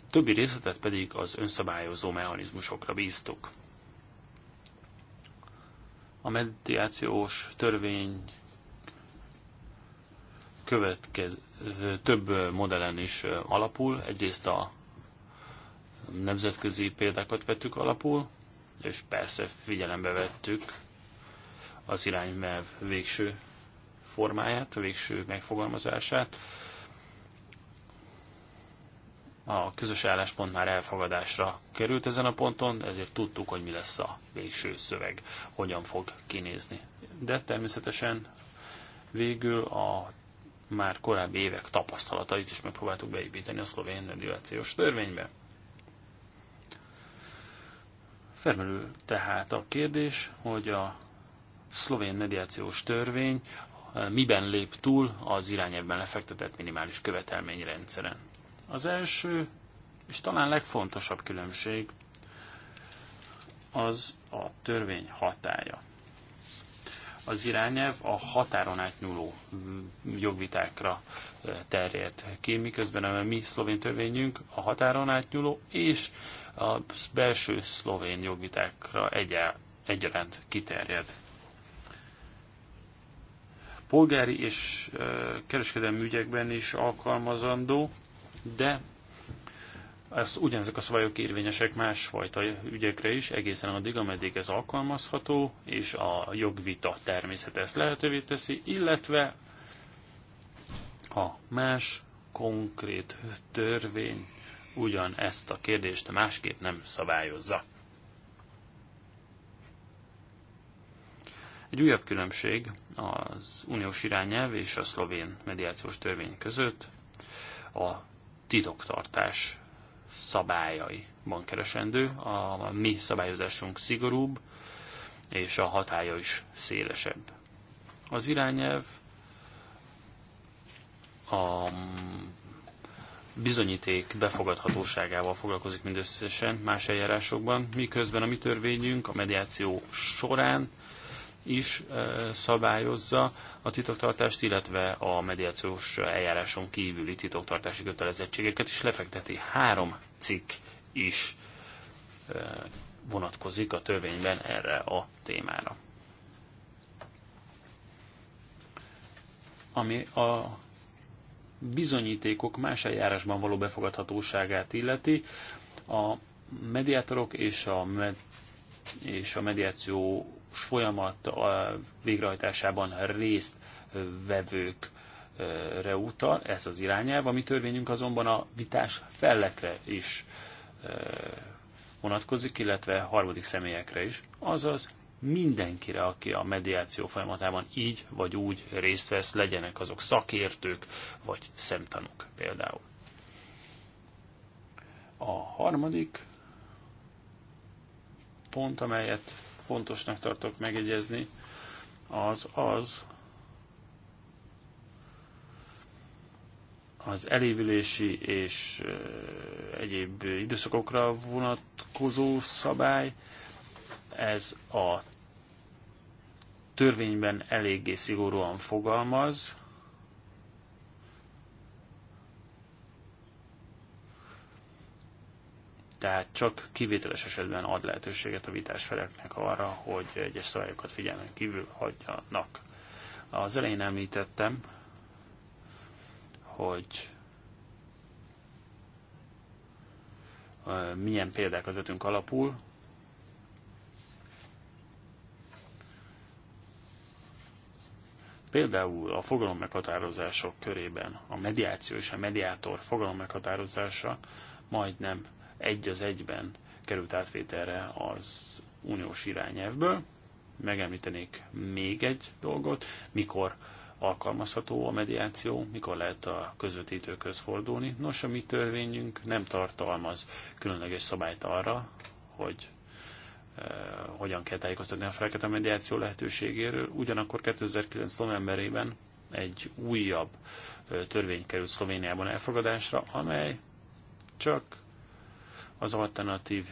többi részletet pedig az önszabályozó mechanizmusokra bíztuk. A mediációs törvény következő több modellen is alapul. Egyrészt a nemzetközi példákat vettük alapul, és persze figyelembe vettük az iránymelv végső formáját, a végső megfogalmazását a közös álláspont már elfogadásra került ezen a ponton, ezért tudtuk, hogy mi lesz a végső szöveg, hogyan fog kinézni. De természetesen végül a már korábbi évek tapasztalatait is megpróbáltuk beépíteni a szlovén regulációs törvénybe. Felmerül tehát a kérdés, hogy a szlovén mediációs törvény miben lép túl az irányelvben lefektetett minimális követelményrendszeren. Az első és talán legfontosabb különbség az a törvény hatája. Az irányelv a határon átnyúló mm, jogvitákra terjedt ki, miközben a mi szlovén törvényünk a határon átnyúló és a belső szlovén jogvitákra egyel, egyaránt kiterjed. Polgári és kereskedelmi ügyekben is alkalmazandó, de ez, ugyanezek a szabályok érvényesek másfajta ügyekre is, egészen addig, ameddig ez alkalmazható, és a jogvita természet ezt lehetővé teszi, illetve ha más konkrét törvény ugyan ezt a kérdést másképp nem szabályozza. Egy újabb különbség az uniós irányelv és a szlovén mediációs törvény között a titoktartás szabályaiban keresendő. A mi szabályozásunk szigorúbb, és a hatája is szélesebb. Az irányelv a bizonyíték befogadhatóságával foglalkozik mindösszesen más eljárásokban, miközben a mi törvényünk a mediáció során is eh, szabályozza a titoktartást, illetve a mediációs eljáráson kívüli titoktartási kötelezettségeket is lefekteti. Három cikk is eh, vonatkozik a törvényben erre a témára. Ami a bizonyítékok más eljárásban való befogadhatóságát illeti, a mediátorok és a és a mediációs folyamat végrehajtásában részt vevők re utal, ez az irányelv, a mi törvényünk azonban a vitás fellekre is vonatkozik, illetve harmadik személyekre is, azaz mindenkire, aki a mediáció folyamatában így vagy úgy részt vesz, legyenek azok szakértők vagy szemtanúk például. A harmadik pont, amelyet fontosnak tartok megjegyezni, az az, az elévülési és egyéb időszakokra vonatkozó szabály, ez a törvényben eléggé szigorúan fogalmaz, tehát csak kivételes esetben ad lehetőséget a vitás feleknek arra, hogy egyes szabályokat figyelmen kívül hagyjanak. Az elején említettem, hogy milyen példákat vetünk alapul. Például a fogalom meghatározások körében a mediáció és a mediátor fogalom meghatározása majdnem egy az egyben került átvételre az uniós irányelvből. Megemlítenék még egy dolgot, mikor alkalmazható a mediáció, mikor lehet a közvetítőköz fordulni. Nos, a mi törvényünk nem tartalmaz különleges szabályt arra, hogy e, hogyan kell tájékoztatni a feleket a mediáció lehetőségéről. Ugyanakkor 2009. novemberében egy újabb eh, törvény került Szlovéniában elfogadásra, amely csak az alternatív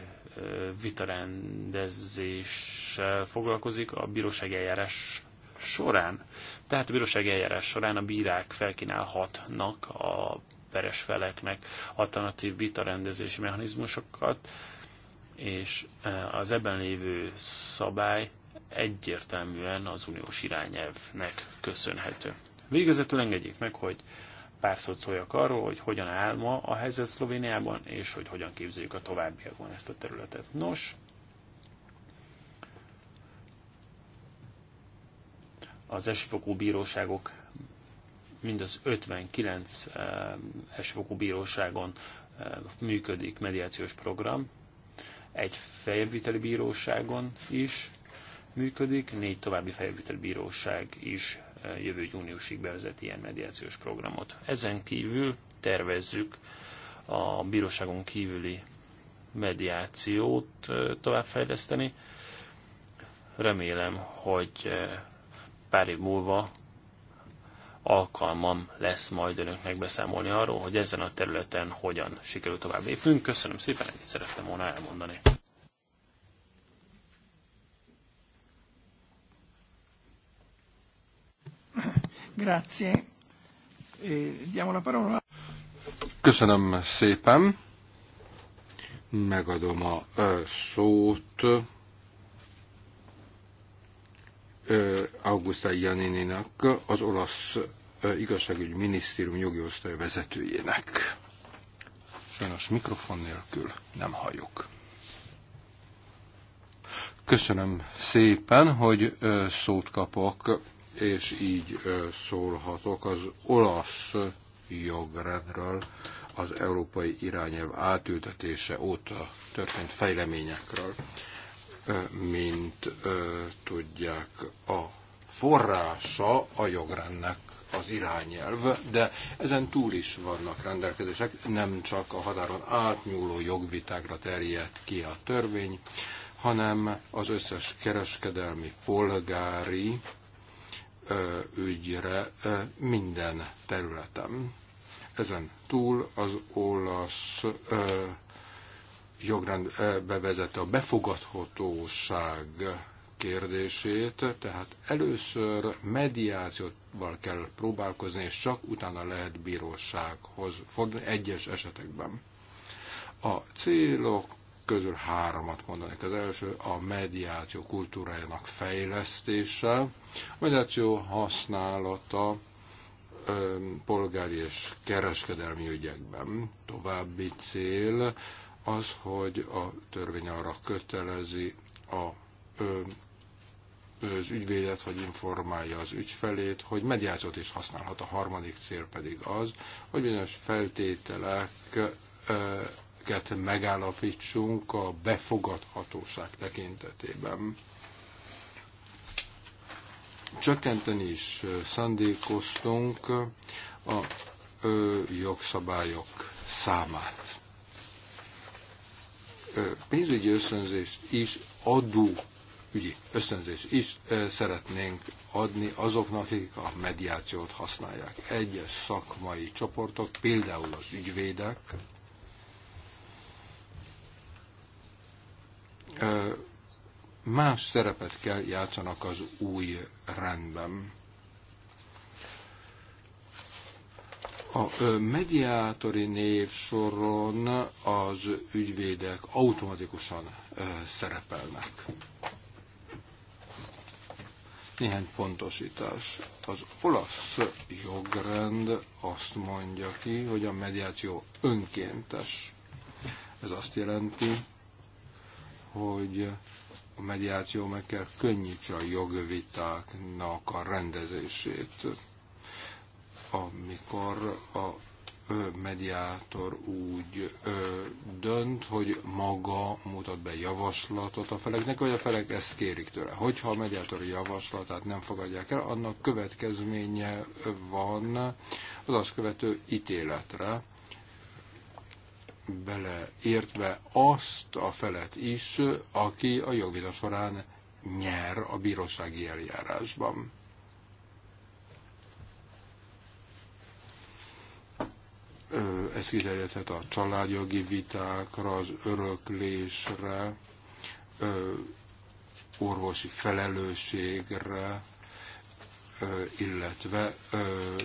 vitarendezéssel foglalkozik a bíróság eljárás során. Tehát a bíróság eljárás során a bírák felkínálhatnak a peres feleknek alternatív vitarendezési mechanizmusokat, és az ebben lévő szabály egyértelműen az uniós irányelvnek köszönhető. Végezetül engedjék meg, hogy pár szót szóljak arról, hogy hogyan áll ma a helyzet Szlovéniában, és hogy hogyan képzeljük a továbbiakban ezt a területet. Nos, az esfokú bíróságok mindaz 59 esfokú eh, bíróságon eh, működik mediációs program, egy fejviteli bíróságon is, működik, négy további felvitelt bíróság is eh, jövő júniusig bevezet ilyen mediációs programot. Ezen kívül tervezzük a bíróságon kívüli mediációt eh, továbbfejleszteni. Remélem, hogy eh, pár év múlva alkalmam lesz majd önöknek beszámolni arról, hogy ezen a területen hogyan sikerül tovább lépnünk. Köszönöm szépen, ennyit szerettem volna elmondani. Grazie. E, diamo la parola. Köszönöm szépen. Megadom a e, szót e, Augusta Janininak, az olasz igazságügyi minisztérium jogi osztály vezetőjének. Sajnos mikrofon nélkül nem halljuk. Köszönöm szépen, hogy szót kapok és így szólhatok az olasz jogrendről az európai irányelv átültetése óta történt fejleményekről. Mint tudják, a forrása a jogrendnek az irányelv, de ezen túl is vannak rendelkezések, nem csak a határon átnyúló jogvitákra terjed ki a törvény, hanem az összes kereskedelmi, polgári ügyre minden területen. Ezen túl az olasz jogrend bevezette a befogadhatóság kérdését, tehát először mediációval kell próbálkozni, és csak utána lehet bírósághoz fordulni egyes esetekben. A célok közül háromat mondanék. Az első a mediáció kultúrájának fejlesztése, a mediáció használata polgári és kereskedelmi ügyekben. További cél az, hogy a törvény arra kötelezi a az ügyvédet, hogy informálja az ügyfelét, hogy mediációt is használhat. A harmadik cél pedig az, hogy bizonyos feltételek értéket megállapítsunk a befogadhatóság tekintetében. Csökkenteni is szándékoztunk a jogszabályok számát. Pénzügyi ösztönzést is adó ügyi ösztönzés is szeretnénk adni azoknak, akik a mediációt használják. Egyes szakmai csoportok, például az ügyvédek, más szerepet kell játszanak az új rendben. A mediátori soron az ügyvédek automatikusan szerepelnek. Néhány pontosítás. Az olasz jogrend azt mondja ki, hogy a mediáció önkéntes. Ez azt jelenti, hogy a mediáció meg kell könnyítse a jogvitáknak a rendezését. Amikor a mediátor úgy dönt, hogy maga mutat be javaslatot a feleknek, vagy a felek ezt kérik tőle. Hogyha a mediátor javaslatát nem fogadják el, annak következménye van az azt követő ítéletre, beleértve azt a felet is, aki a jogvita során nyer a bírósági eljárásban. Ez kiterjedhet a családjogi vitákra, az öröklésre, orvosi felelősségre, illetve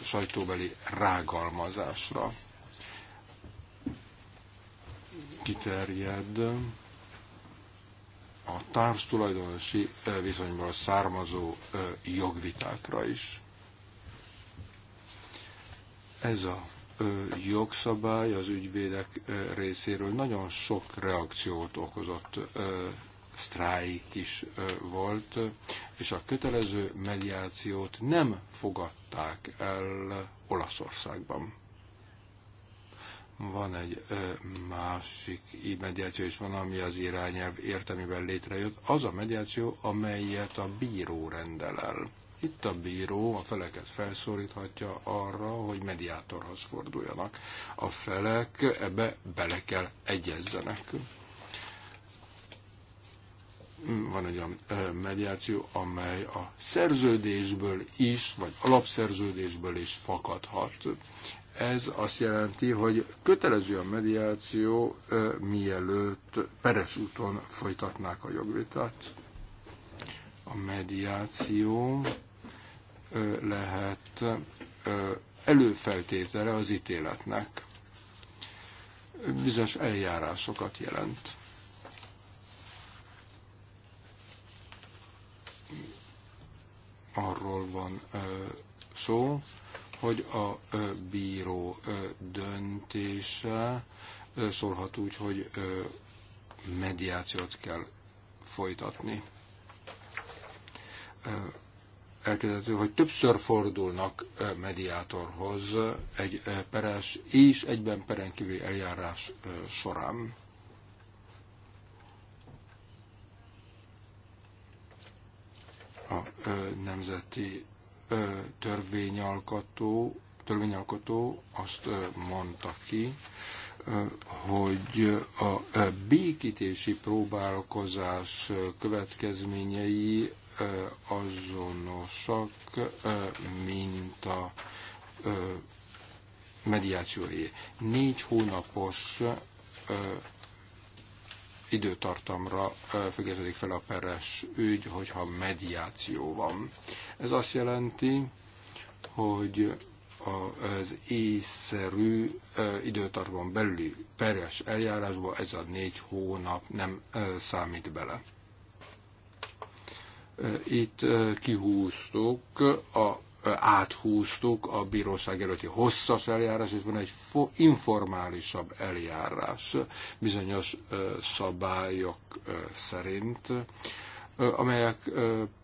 sajtóbeli rágalmazásra kiterjed a társtulajdonosi viszonyból származó jogvitákra is. Ez a jogszabály az ügyvédek részéről nagyon sok reakciót okozott, sztrájk is volt, és a kötelező mediációt nem fogadták el Olaszországban. Van egy ö, másik mediáció is, van, ami az irányelv értelmében létrejött. Az a mediáció, amelyet a bíró rendel el. Itt a bíró a feleket felszólíthatja arra, hogy mediátorhoz forduljanak. A felek ebbe bele kell egyezzenek. Van egy olyan mediáció, amely a szerződésből is, vagy alapszerződésből is fakadhat. Ez azt jelenti, hogy kötelező a mediáció, mielőtt peres úton folytatnák a jogvitát. A mediáció lehet előfeltétele az ítéletnek. Bizonyos eljárásokat jelent. Arról van szó, hogy a bíró döntése szólhat úgy, hogy mediációt kell folytatni. Elképzelhető, hogy többször fordulnak mediátorhoz egy peres és egyben perenkívüli eljárás során. a nemzeti törvényalkotó, törvényalkotó azt mondta ki, hogy a békítési próbálkozás következményei azonosak, mint a mediációi. Négy hónapos időtartamra függetődik fel a peres ügy, hogyha mediáció van. Ez azt jelenti, hogy az észszerű időtartamon belüli peres eljárásba ez a négy hónap nem számít bele. Itt kihúztuk a áthúztuk a bíróság előtti hosszas eljárás, és van egy informálisabb eljárás bizonyos szabályok szerint, amelyek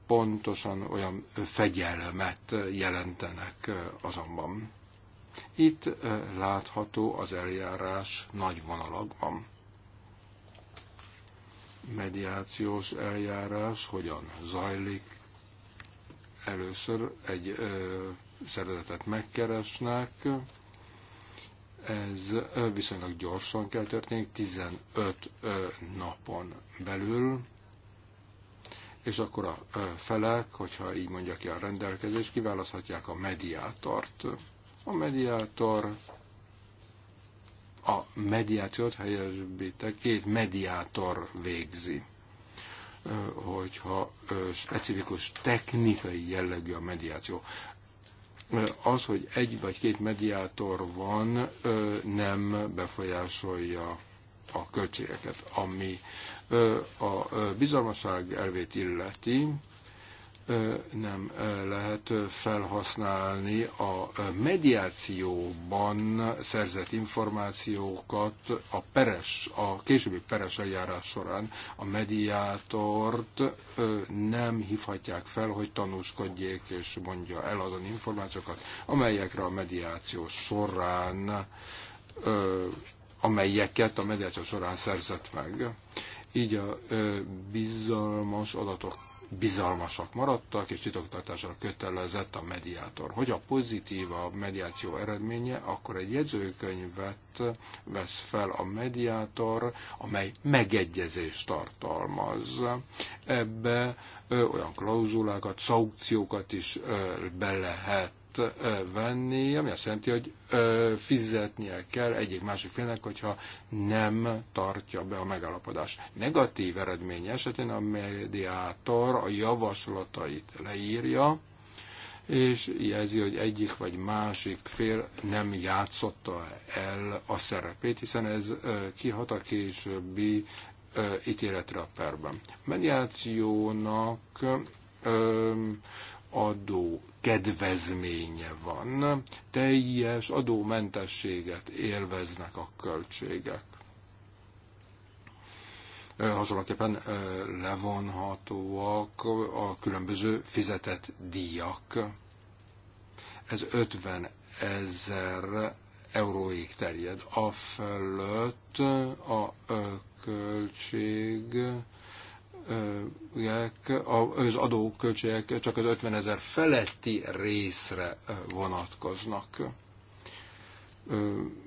pontosan olyan fegyelmet jelentenek azonban. Itt látható az eljárás nagy vonalakban. Mediációs eljárás hogyan zajlik, Először egy szervezetet megkeresnek, ez viszonylag gyorsan kell történni, 15 napon belül, és akkor a felek, hogyha így mondja ki a rendelkezés, kiválaszthatják a mediátort. A mediátor a mediációt helyesbítek, két mediátor végzi hogyha specifikus technikai jellegű a mediáció. Az, hogy egy vagy két mediátor van, nem befolyásolja a költségeket, ami a bizalmaság elvét illeti, nem lehet felhasználni a mediációban szerzett információkat a peres, a későbbi peres eljárás során a mediátort nem hívhatják fel, hogy tanúskodjék és mondja el azon információkat, amelyekre a mediáció során amelyeket a mediáció során szerzett meg. Így a bizalmas adatok bizalmasak maradtak, és titoktartásra kötelezett a mediátor. Hogy a pozitív a mediáció eredménye, akkor egy jegyzőkönyvet vesz fel a mediátor, amely megegyezést tartalmaz. Ebbe olyan klauzulákat, szaukciókat is be lehet venni, ami azt jelenti, hogy fizetnie kell egyik másik félnek, hogyha nem tartja be a megállapodást. Negatív eredmény esetén a mediátor a javaslatait leírja, és jelzi, hogy egyik vagy másik fél nem játszotta el a szerepét, hiszen ez kihat a későbbi ítéletre a perben. Mediációnak adó kedvezménye van, teljes adómentességet élveznek a költségek. Hasonlóképpen levonhatóak a különböző fizetett díjak. Ez 50 ezer euróig terjed. A fölött a költség az adóköltségek csak az 50 ezer feletti részre vonatkoznak.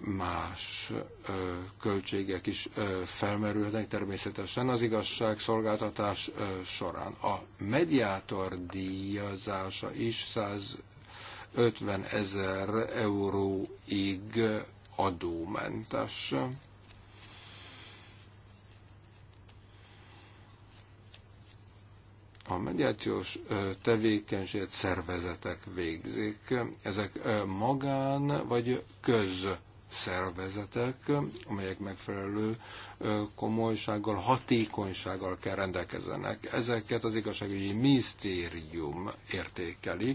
Más költségek is felmerülhetnek természetesen az igazságszolgáltatás során. A mediátor díjazása is 150 ezer euróig adómentes. A mediációs tevékenységet szervezetek végzik. Ezek magán vagy köz szervezetek, amelyek megfelelő komolysággal, hatékonysággal kell rendelkezzenek. Ezeket az igazságügyi minisztérium értékeli,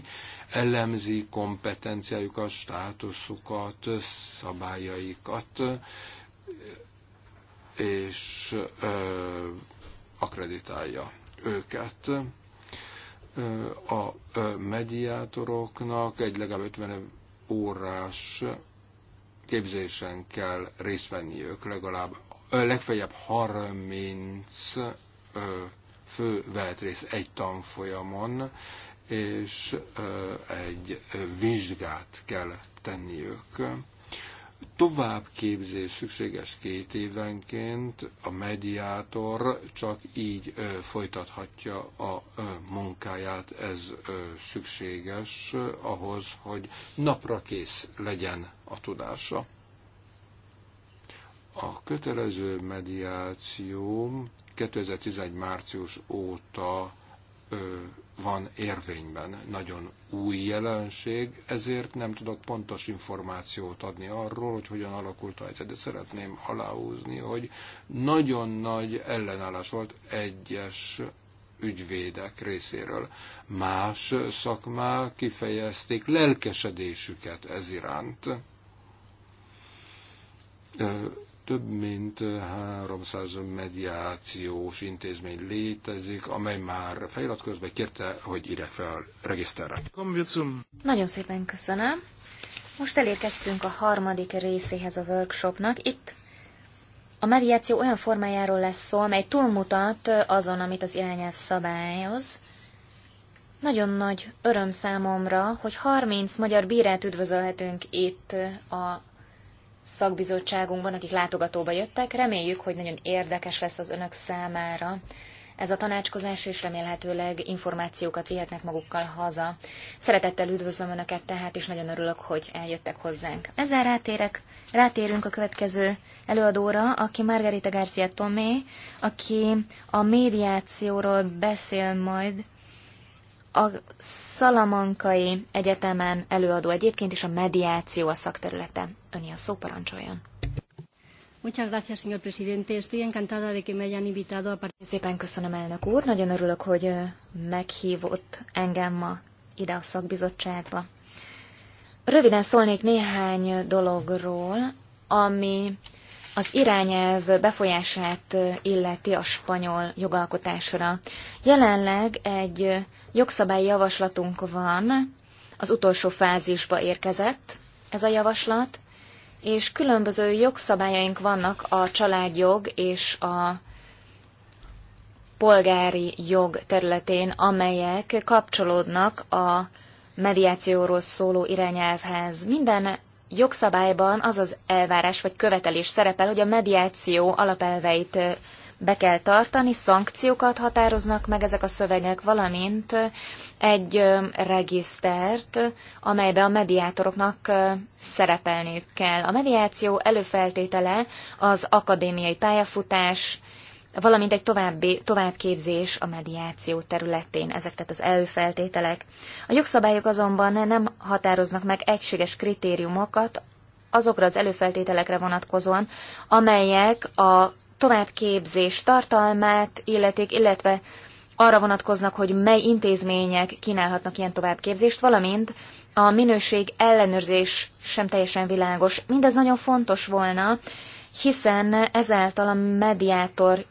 elemzi kompetenciájukat, státuszukat, szabályaikat, és ö, akreditálja őket. A mediátoroknak egy legalább 50 órás képzésen kell részt venniük, legalább legfeljebb 30 fő vehet részt egy tanfolyamon, és egy vizsgát kell tenniük továbbképzés szükséges két évenként, a mediátor csak így folytathatja a munkáját, ez szükséges ahhoz, hogy napra kész legyen a tudása. A kötelező mediáció 2011 március óta van érvényben. Nagyon új jelenség, ezért nem tudok pontos információt adni arról, hogy hogyan alakult a helyzet, de szeretném aláhúzni, hogy nagyon nagy ellenállás volt egyes ügyvédek részéről. Más szakmák kifejezték lelkesedésüket ez iránt több mint 300 mediációs intézmény létezik, amely már feliratkozva kérte, hogy írják fel regiszterre. Nagyon szépen köszönöm. Most elérkeztünk a harmadik részéhez a workshopnak. Itt a mediáció olyan formájáról lesz szó, amely túlmutat azon, amit az irányelv szabályoz. Nagyon nagy öröm számomra, hogy 30 magyar bírát üdvözölhetünk itt a szakbizottságunkban, akik látogatóba jöttek. Reméljük, hogy nagyon érdekes lesz az önök számára ez a tanácskozás, és remélhetőleg információkat vihetnek magukkal haza. Szeretettel üdvözlöm Önöket tehát, és nagyon örülök, hogy eljöttek hozzánk. Ezzel rátérek, rátérünk a következő előadóra, aki Margarita García Tomé, aki a médiációról beszél majd a Szalamankai Egyetemen előadó egyébként, is a mediáció a szakterülete. Öni a szó parancsoljon. Muchas gracias, señor presidente. Estoy encantada de que me hayan invitado a Szépen köszönöm, elnök úr. Nagyon örülök, hogy meghívott engem ma ide a szakbizottságba. Röviden szólnék néhány dologról, ami az irányelv befolyását illeti a spanyol jogalkotásra. Jelenleg egy jogszabályi javaslatunk van, az utolsó fázisba érkezett ez a javaslat, és különböző jogszabályaink vannak a családjog és a polgári jog területén, amelyek kapcsolódnak a mediációról szóló irányelvhez. Minden jogszabályban az az elvárás vagy követelés szerepel, hogy a mediáció alapelveit be kell tartani, szankciókat határoznak meg ezek a szövegek, valamint egy regisztert, amelybe a mediátoroknak szerepelniük kell. A mediáció előfeltétele az akadémiai pályafutás, valamint egy további, továbbképzés a mediáció területén, ezek tehát az előfeltételek. A jogszabályok azonban nem határoznak meg egységes kritériumokat azokra az előfeltételekre vonatkozóan, amelyek a továbbképzés tartalmát illetik, illetve arra vonatkoznak, hogy mely intézmények kínálhatnak ilyen továbbképzést, valamint a minőség ellenőrzés sem teljesen világos. Mindez nagyon fontos volna, hiszen ezáltal a mediátor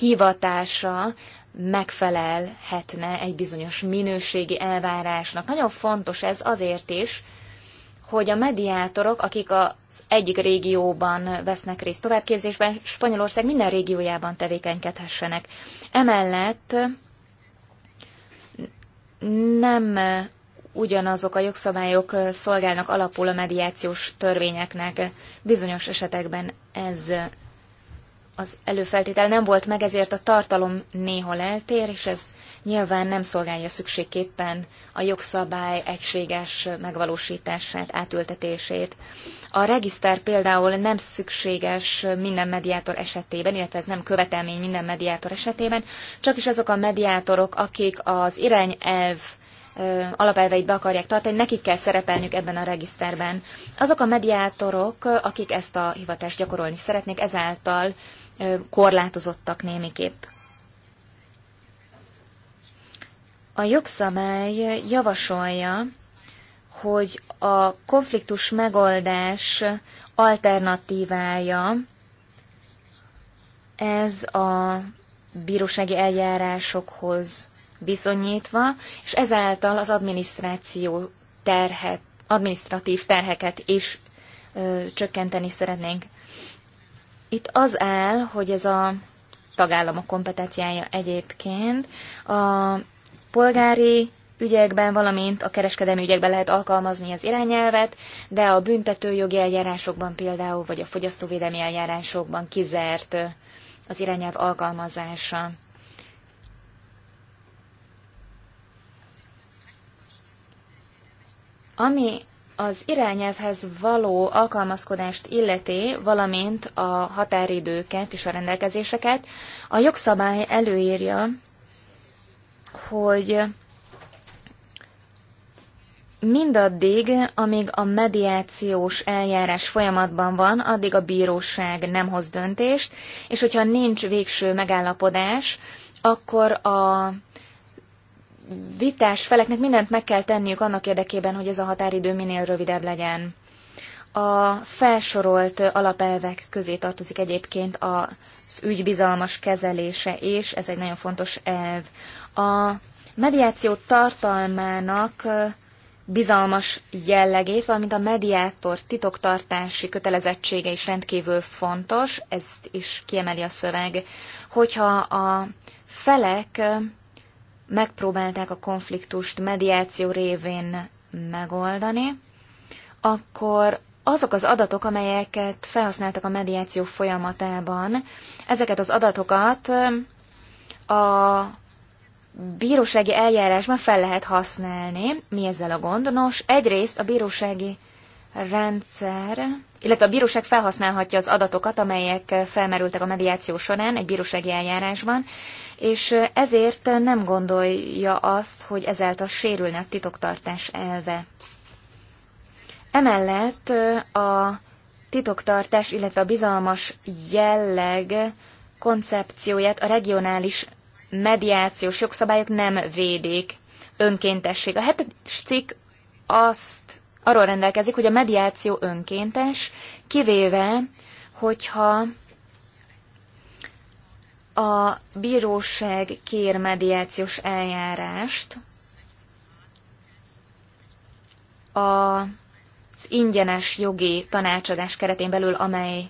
hivatása megfelelhetne egy bizonyos minőségi elvárásnak. Nagyon fontos ez azért is, hogy a mediátorok, akik az egyik régióban vesznek részt továbbképzésben, Spanyolország minden régiójában tevékenykedhessenek. Emellett nem ugyanazok a jogszabályok szolgálnak alapul a mediációs törvényeknek. Bizonyos esetekben ez az előfeltétel nem volt meg, ezért a tartalom néhol eltér, és ez nyilván nem szolgálja szükségképpen a jogszabály egységes megvalósítását, átültetését. A regiszter például nem szükséges minden mediátor esetében, illetve ez nem követelmény minden mediátor esetében, csak is azok a mediátorok, akik az irányelv alapelveit be akarják tartani, nekik kell szerepelniük ebben a regiszterben. Azok a mediátorok, akik ezt a hivatást gyakorolni szeretnék, ezáltal korlátozottak némiképp. A jogszabály javasolja, hogy a konfliktus megoldás alternatívája ez a bírósági eljárásokhoz bizonyítva, és ezáltal az adminisztráció terhet, adminisztratív terheket is ö, csökkenteni szeretnénk. Itt az áll, hogy ez a tagállamok kompetenciája egyébként a polgári ügyekben, valamint a kereskedelmi ügyekben lehet alkalmazni az irányelvet, de a büntetőjogi eljárásokban például, vagy a fogyasztóvédelmi eljárásokban kizárt az irányelv alkalmazása. Ami az irányelvhez való alkalmazkodást illeti, valamint a határidőket és a rendelkezéseket, a jogszabály előírja, hogy mindaddig, amíg a mediációs eljárás folyamatban van, addig a bíróság nem hoz döntést, és hogyha nincs végső megállapodás, akkor a vitás feleknek mindent meg kell tenniük annak érdekében, hogy ez a határidő minél rövidebb legyen. A felsorolt alapelvek közé tartozik egyébként az ügy bizalmas kezelése, és ez egy nagyon fontos elv. A mediáció tartalmának bizalmas jellegét, valamint a mediátor titoktartási kötelezettsége is rendkívül fontos, ezt is kiemeli a szöveg. Hogyha a felek megpróbálták a konfliktust mediáció révén megoldani, akkor azok az adatok, amelyeket felhasználtak a mediáció folyamatában, ezeket az adatokat a bírósági eljárásban fel lehet használni. Mi ezzel a gond? Nos, egyrészt a bírósági rendszer, illetve a bíróság felhasználhatja az adatokat, amelyek felmerültek a mediáció során egy bírósági eljárásban, és ezért nem gondolja azt, hogy ezáltal sérülne a titoktartás elve. Emellett a titoktartás, illetve a bizalmas jelleg koncepcióját a regionális mediációs jogszabályok nem védik önkéntesség. A hetes cikk azt arról rendelkezik, hogy a mediáció önkéntes, kivéve, hogyha a bíróság kér mediációs eljárást az ingyenes jogi tanácsadás keretén belül, amely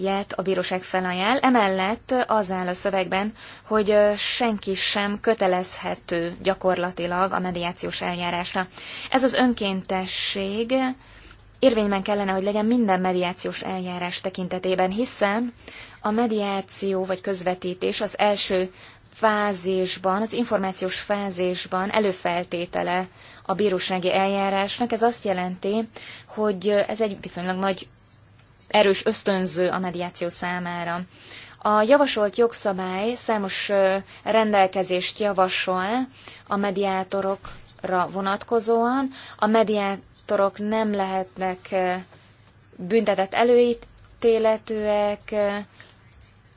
ját a bíróság felajánl. Emellett az áll a szövegben, hogy senki sem kötelezhető gyakorlatilag a mediációs eljárásra. Ez az önkéntesség érvényben kellene, hogy legyen minden mediációs eljárás tekintetében, hiszen a mediáció vagy közvetítés az első fázisban, az információs fázisban előfeltétele a bírósági eljárásnak. Ez azt jelenti, hogy ez egy viszonylag nagy erős ösztönző a mediáció számára. A javasolt jogszabály számos rendelkezést javasol a mediátorokra vonatkozóan. A mediátorok nem lehetnek büntetett előítéletűek,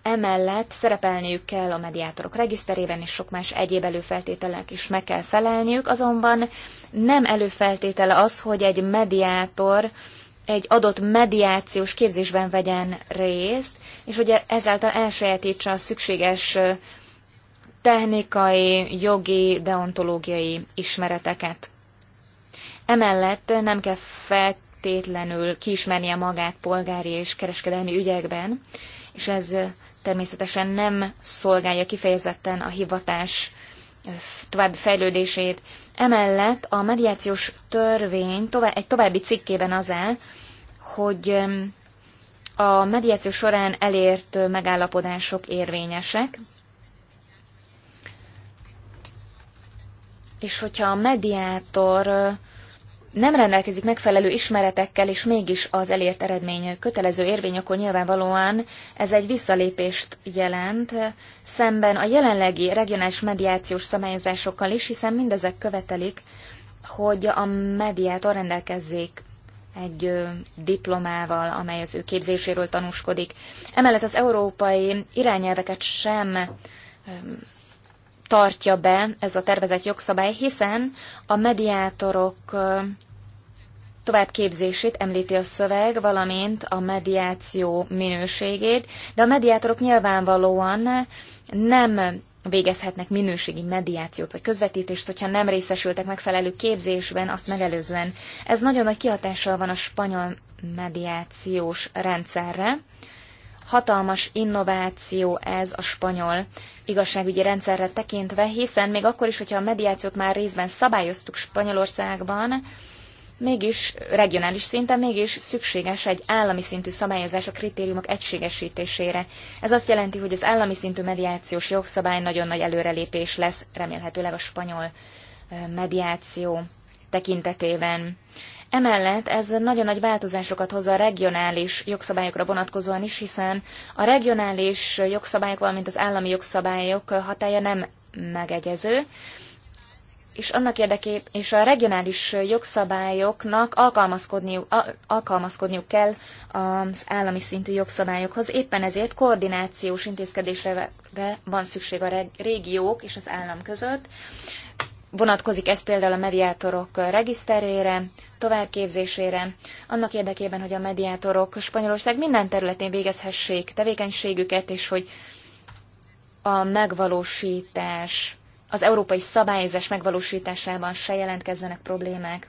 Emellett szerepelniük kell a mediátorok regiszterében, és sok más egyéb előfeltételek is meg kell felelniük, azonban nem előfeltétele az, hogy egy mediátor egy adott mediációs képzésben vegyen részt, és hogy ezáltal elsajátítsa a szükséges technikai, jogi, deontológiai ismereteket. Emellett nem kell feltétlenül kiismernie magát polgári és kereskedelmi ügyekben, és ez természetesen nem szolgálja kifejezetten a hivatás eh, további fejlődését. Emellett a mediációs törvény tovább, egy további cikkében az áll, hogy a mediáció során elért megállapodások érvényesek, és hogyha a mediátor eh, nem rendelkezik megfelelő ismeretekkel, és mégis az elért eredmény kötelező érvény, akkor nyilvánvalóan ez egy visszalépést jelent, szemben a jelenlegi regionális mediációs szabályozásokkal is, hiszen mindezek követelik, hogy a mediátor rendelkezzék egy diplomával, amely az ő képzéséről tanúskodik. Emellett az európai irányelveket sem tartja be ez a tervezett jogszabály, hiszen a mediátorok továbbképzését említi a szöveg, valamint a mediáció minőségét, de a mediátorok nyilvánvalóan nem végezhetnek minőségi mediációt vagy közvetítést, hogyha nem részesültek megfelelő képzésben, azt megelőzően. Ez nagyon nagy kihatással van a spanyol mediációs rendszerre, hatalmas innováció ez a spanyol igazságügyi rendszerre tekintve, hiszen még akkor is, hogyha a mediációt már részben szabályoztuk Spanyolországban, mégis regionális szinten mégis szükséges egy állami szintű szabályozás a kritériumok egységesítésére. Ez azt jelenti, hogy az állami szintű mediációs jogszabály nagyon nagy előrelépés lesz, remélhetőleg a spanyol mediáció tekintetében. Emellett ez nagyon nagy változásokat hoz a regionális jogszabályokra vonatkozóan is, hiszen a regionális jogszabályok, valamint az állami jogszabályok hatája nem megegyező, és annak érdekében, és a regionális jogszabályoknak alkalmazkodniuk, alkalmazkodniuk kell az állami szintű jogszabályokhoz. Éppen ezért koordinációs intézkedésre van szükség a régiók és az állam között. Vonatkozik ez például a mediátorok regiszterére, továbbképzésére, annak érdekében, hogy a mediátorok Spanyolország minden területén végezhessék tevékenységüket, és hogy a megvalósítás, az európai szabályozás megvalósításában se jelentkezzenek problémák.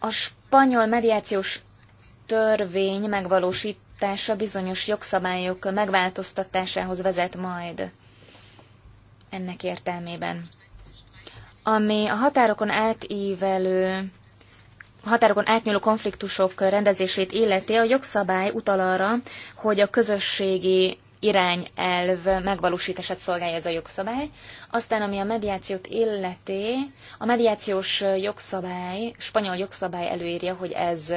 A spanyol mediációs törvény megvalósítása bizonyos jogszabályok megváltoztatásához vezet majd ennek értelmében ami a határokon átívelő határokon átnyúló konfliktusok rendezését illeti, a jogszabály utal arra, hogy a közösségi irányelv megvalósítását szolgálja ez a jogszabály. Aztán, ami a mediációt illeti, a mediációs jogszabály, spanyol jogszabály előírja, hogy ez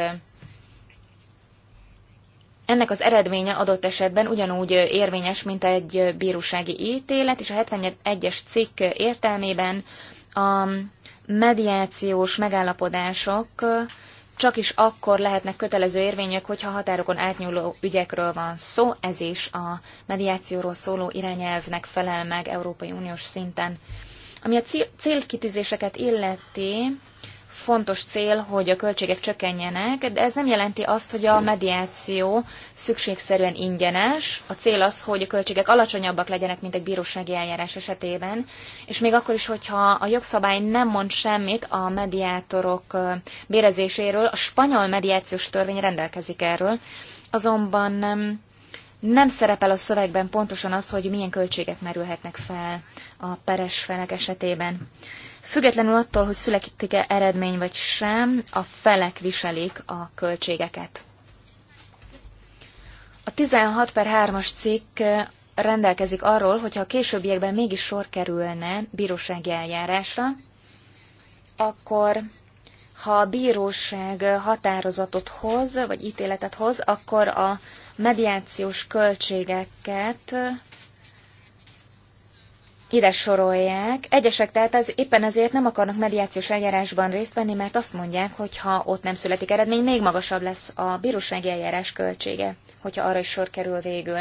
ennek az eredménye adott esetben ugyanúgy érvényes, mint egy bírósági ítélet, és a 71-es cikk értelmében a mediációs megállapodások csak is akkor lehetnek kötelező érvények, hogyha határokon átnyúló ügyekről van szó, ez is a mediációról szóló irányelvnek felel meg Európai Uniós szinten. Ami a célkitűzéseket illeti, fontos cél, hogy a költségek csökkenjenek, de ez nem jelenti azt, hogy a mediáció szükségszerűen ingyenes. A cél az, hogy a költségek alacsonyabbak legyenek, mint egy bírósági eljárás esetében, és még akkor is, hogyha a jogszabály nem mond semmit a mediátorok bérezéséről, a spanyol mediációs törvény rendelkezik erről, azonban nem, nem szerepel a szövegben pontosan az, hogy milyen költségek merülhetnek fel a peres felek esetében. Függetlenül attól, hogy születik-e eredmény vagy sem, a felek viselik a költségeket. A 16 per 3-as cikk rendelkezik arról, hogyha a későbbiekben mégis sor kerülne bírósági eljárásra, akkor ha a bíróság határozatot hoz, vagy ítéletet hoz, akkor a mediációs költségeket ide sorolják. Egyesek tehát az, éppen ezért nem akarnak mediációs eljárásban részt venni, mert azt mondják, hogy ha ott nem születik eredmény, még magasabb lesz a bírósági eljárás költsége, hogyha arra is sor kerül végül.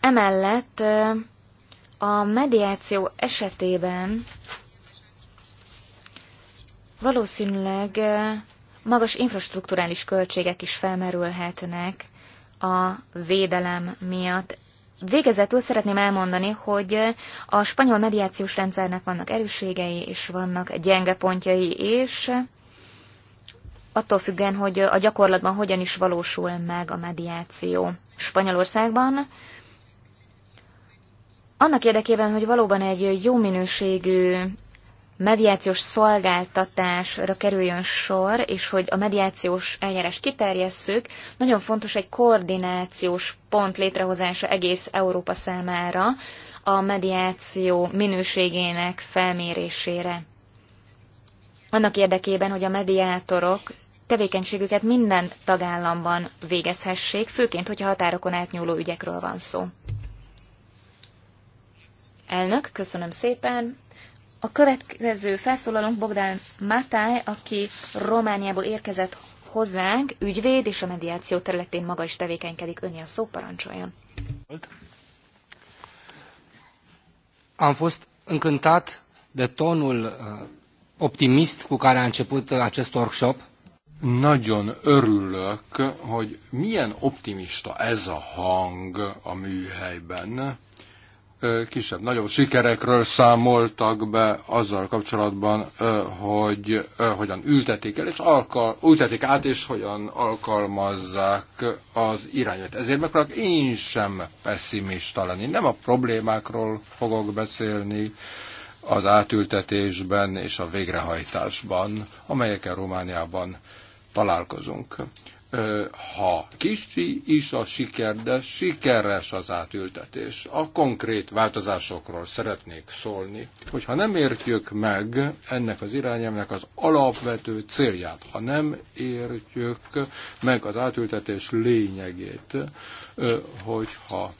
Emellett a mediáció esetében valószínűleg magas infrastruktúrális költségek is felmerülhetnek, a védelem miatt. Végezetül szeretném elmondani, hogy a spanyol mediációs rendszernek vannak erősségei, és vannak gyenge pontjai, és attól függően, hogy a gyakorlatban hogyan is valósul meg a mediáció Spanyolországban. Annak érdekében, hogy valóban egy jó minőségű mediációs szolgáltatásra kerüljön sor, és hogy a mediációs eljárás kiterjesszük, nagyon fontos egy koordinációs pont létrehozása egész Európa számára a mediáció minőségének felmérésére. Annak érdekében, hogy a mediátorok tevékenységüket minden tagállamban végezhessék, főként, hogyha határokon átnyúló ügyekről van szó. Elnök, köszönöm szépen. A következő felszólalónk Bogdán Mátály, aki Romániából érkezett hozzánk, ügyvéd és a mediáció területén maga is tevékenykedik. Önni a szó, parancsoljon. Am fost încântat de tonul uh, optimist cu care a început acest workshop. Nagyon örülök, hogy milyen optimista ez a hang a műhelyben kisebb-nagyobb sikerekről számoltak be azzal kapcsolatban, hogy hogyan ültetik el, és alkal, ültetik át, és hogyan alkalmazzák az irányt. Ezért megpróbálok én sem pessimista lenni. Nem a problémákról fogok beszélni az átültetésben és a végrehajtásban, amelyekkel Romániában találkozunk ha kicsi is a siker, de sikeres az átültetés. A konkrét változásokról szeretnék szólni, hogyha nem értjük meg ennek az irányelvnek az alapvető célját, ha nem értjük meg az átültetés lényegét, hogyha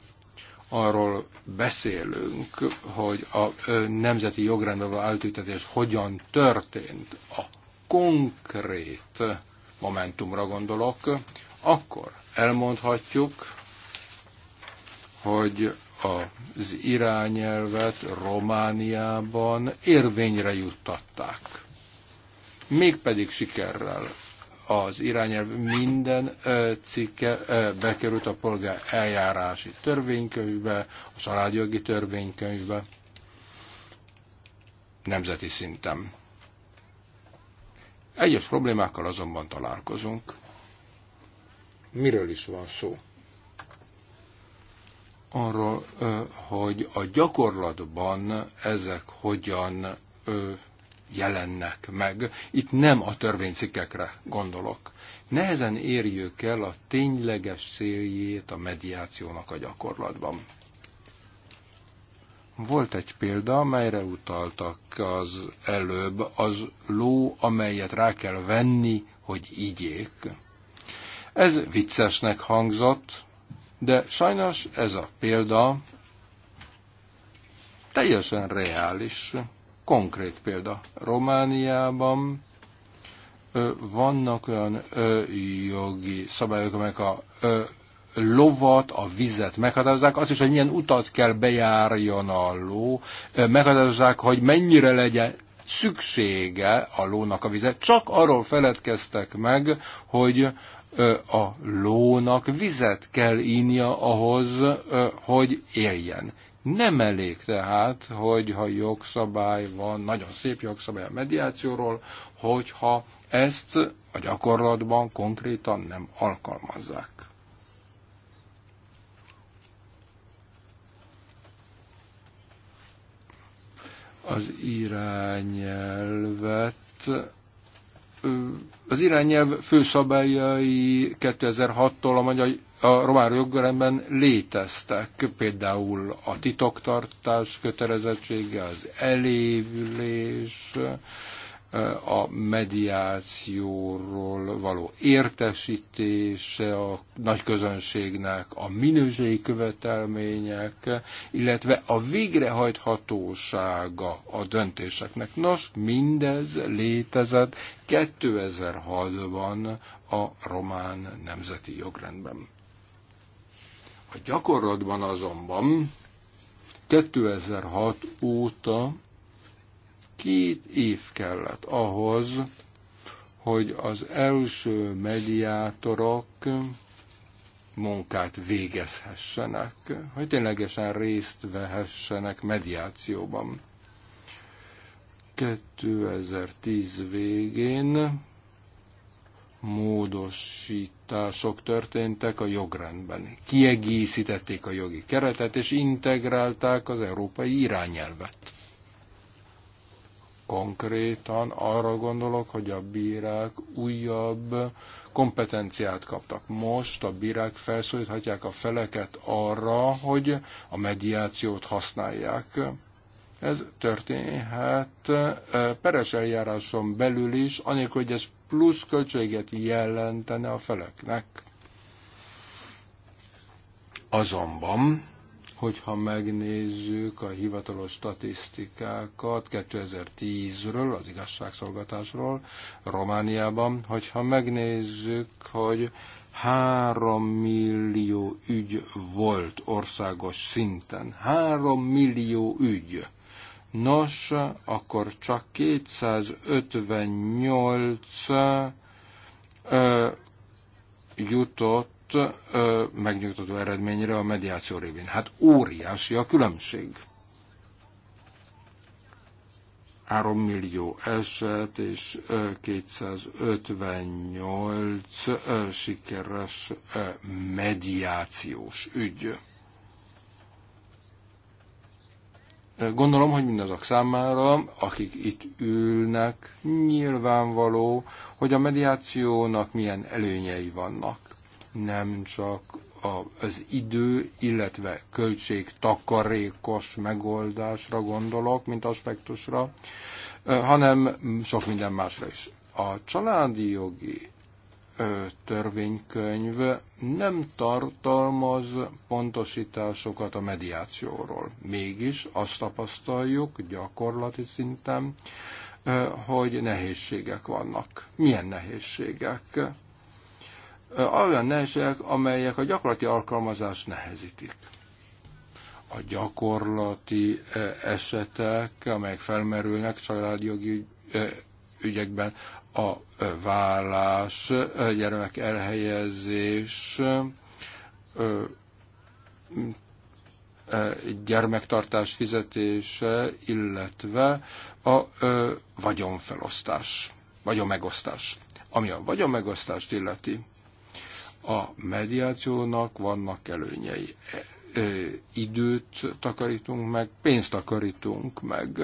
arról beszélünk, hogy a nemzeti jogrendben átültetés hogyan történt, a konkrét Momentumra gondolok, akkor elmondhatjuk, hogy az irányelvet Romániában érvényre juttatták. Mégpedig sikerrel az irányelv minden cikke bekerült a polgár eljárási törvénykönyvbe, a családjogi törvénykönyvbe, nemzeti szinten. Egyes problémákkal azonban találkozunk. Miről is van szó? Arról, hogy a gyakorlatban ezek hogyan jelennek meg. Itt nem a törvénycikkekre gondolok. Nehezen érjük el a tényleges széljét a mediációnak a gyakorlatban. Volt egy példa, amelyre utaltak az előbb, az ló, amelyet rá kell venni, hogy igyék. Ez viccesnek hangzott, de sajnos ez a példa teljesen reális, konkrét példa. Romániában vannak olyan jogi szabályok, amelyek a lovat, a vizet meghatározzák, azt is, hogy milyen utat kell bejárjon a ló, meghatározzák, hogy mennyire legyen szüksége a lónak a vizet. Csak arról feledkeztek meg, hogy a lónak vizet kell ínia ahhoz, hogy éljen. Nem elég tehát, hogyha jogszabály van, nagyon szép jogszabály a mediációról, hogyha ezt a gyakorlatban konkrétan nem alkalmazzák. az irányelvet az irányelv főszabályai 2006-tól a, magyar, a román jogrendben léteztek, például a titoktartás kötelezettsége, az elévülés, a mediációról való értesítése a nagy közönségnek, a minőségi követelmények, illetve a végrehajthatósága a döntéseknek. Nos, mindez létezett 2006-ban a román nemzeti jogrendben. A gyakorlatban azonban 2006 óta Két év kellett ahhoz, hogy az első mediátorok munkát végezhessenek, hogy ténylegesen részt vehessenek mediációban. 2010 végén módosítások történtek a jogrendben. Kiegészítették a jogi keretet, és integrálták az európai irányelvet. Konkrétan arra gondolok, hogy a bírák újabb kompetenciát kaptak. Most a bírák felszólíthatják a feleket arra, hogy a mediációt használják. Ez történhet peres eljáráson belül is, anélkül, hogy ez plusz költséget jelentene a feleknek. Azonban hogyha megnézzük a hivatalos statisztikákat 2010-ről, az igazságszolgatásról Romániában, hogyha megnézzük, hogy 3 millió ügy volt országos szinten. 3 millió ügy. Nos, akkor csak 258 ö, jutott jutott megnyugtató eredményre a mediáció révén. Hát óriási a különbség. 3 millió eset és 258 sikeres mediációs ügy. Gondolom, hogy mindazok számára, akik itt ülnek, nyilvánvaló, hogy a mediációnak milyen előnyei vannak nem csak az idő, illetve költség takarékos megoldásra gondolok, mint aspektusra, hanem sok minden másra is. A családi jogi törvénykönyv nem tartalmaz pontosításokat a mediációról. Mégis azt tapasztaljuk gyakorlati szinten, hogy nehézségek vannak. Milyen nehézségek? olyan nehézségek, amelyek a gyakorlati alkalmazást nehezítik. A gyakorlati esetek, amelyek felmerülnek családjogi ügyekben, a vállás, gyermek elhelyezés, gyermektartás fizetése, illetve a vagyonfelosztás, vagyonmegosztás. Ami a vagyonmegosztást illeti, a mediációnak vannak előnyei. E, e, időt takarítunk meg, pénzt takarítunk meg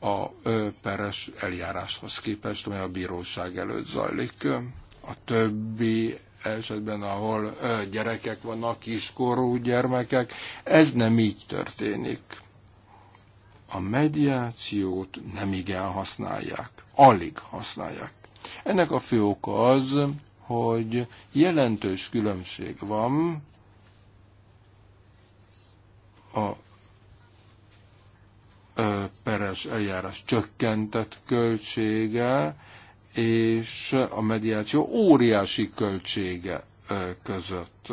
a e, peres eljáráshoz képest, amely a bíróság előtt zajlik. A többi esetben, ahol gyerekek vannak, kiskorú gyermekek, ez nem így történik. A mediációt nem igen használják, alig használják. Ennek a fő oka az, hogy jelentős különbség van a peres eljárás csökkentett költsége és a mediáció óriási költsége között.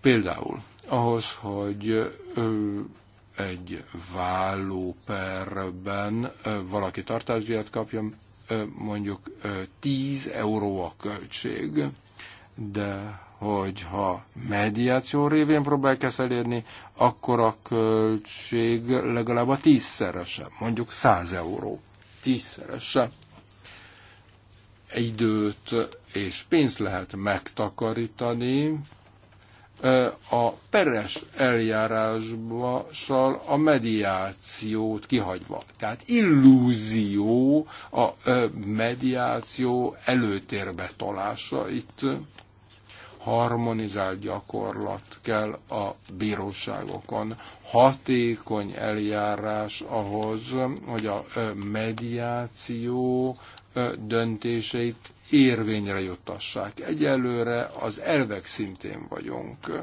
Például ahhoz, hogy egy vállóperben valaki tartásdíjat kapjon, mondjuk 10 euró a költség, de hogyha mediáció révén próbálják ezt elérni, akkor a költség legalább a tízszerese, mondjuk 100 euró. Tízszerese. Időt és pénzt lehet megtakarítani, a peres eljárással a mediációt kihagyva. Tehát illúzió a mediáció előtérbe tolása itt harmonizált gyakorlat kell a bíróságokon. Hatékony eljárás ahhoz, hogy a mediáció döntéseit érvényre juttassák. Egyelőre az elvek szintén vagyunk,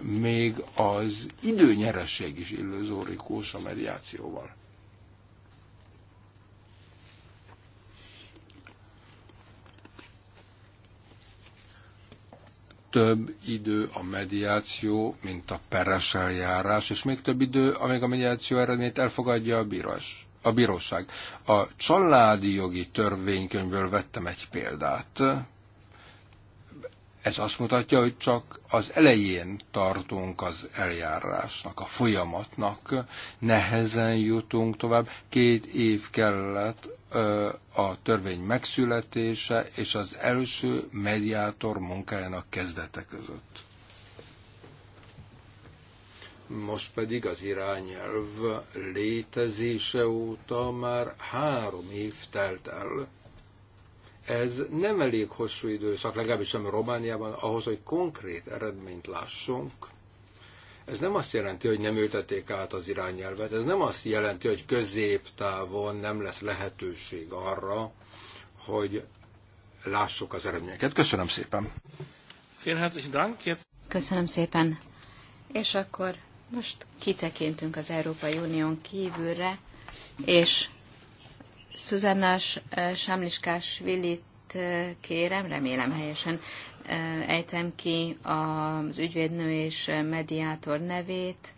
még az időnyeresség is illuzórikus a mediációval. több idő a mediáció, mint a peres eljárás, és még több idő, amíg a mediáció eredményt elfogadja a bíróság a bíróság. A családi jogi törvénykönyvből vettem egy példát. Ez azt mutatja, hogy csak az elején tartunk az eljárásnak, a folyamatnak, nehezen jutunk tovább. Két év kellett a törvény megszületése és az első mediátor munkájának kezdete között. Most pedig az irányelv létezése óta már három év telt el. Ez nem elég hosszú időszak, legalábbis nem Romániában, ahhoz, hogy konkrét eredményt lássunk. Ez nem azt jelenti, hogy nem ültették át az irányelvet, ez nem azt jelenti, hogy középtávon nem lesz lehetőség arra, hogy lássuk az eredményeket. Köszönöm szépen! Köszönöm szépen! És akkor most kitekintünk az Európai Unión kívülre, és Szuzanna Samliskás eh, Villit eh, kérem, remélem helyesen eh, ejtem ki az ügyvédnő és mediátor nevét,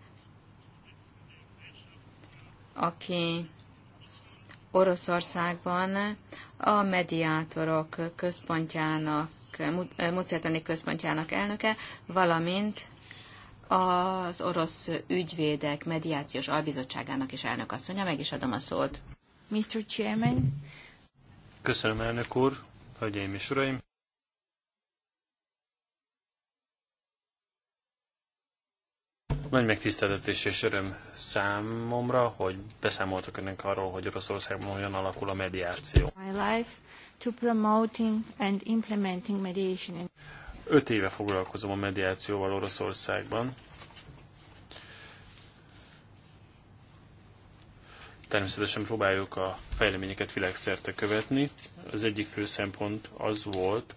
aki Oroszországban a mediátorok központjának, Mucetani központjának elnöke, valamint az orosz ügyvédek mediációs albizottságának is asszonya, Meg is adom a szót. Mr. Chairman. Köszönöm, elnök úr, hölgyeim és uraim. Nagy megtiszteltetés és öröm számomra, hogy beszámoltak önnek arról, hogy Oroszországban hogyan alakul a mediáció. My life to promoting and implementing mediation. Öt éve foglalkozom a mediációval Oroszországban. Természetesen próbáljuk a fejleményeket világszerte követni. Az egyik fő szempont az volt,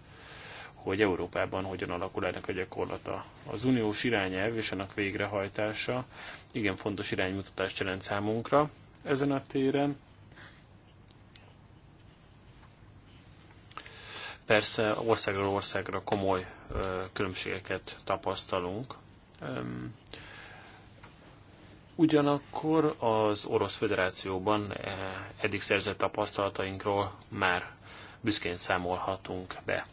hogy Európában hogyan alakul ennek a gyakorlata. Az uniós irányelv és annak végrehajtása igen fontos iránymutatást jelent számunkra ezen a téren. Persze országról országra komoly különbségeket tapasztalunk. Ugyanakkor az Orosz Föderációban e, eddig szerzett tapasztalatainkról már büszkén számolhatunk be.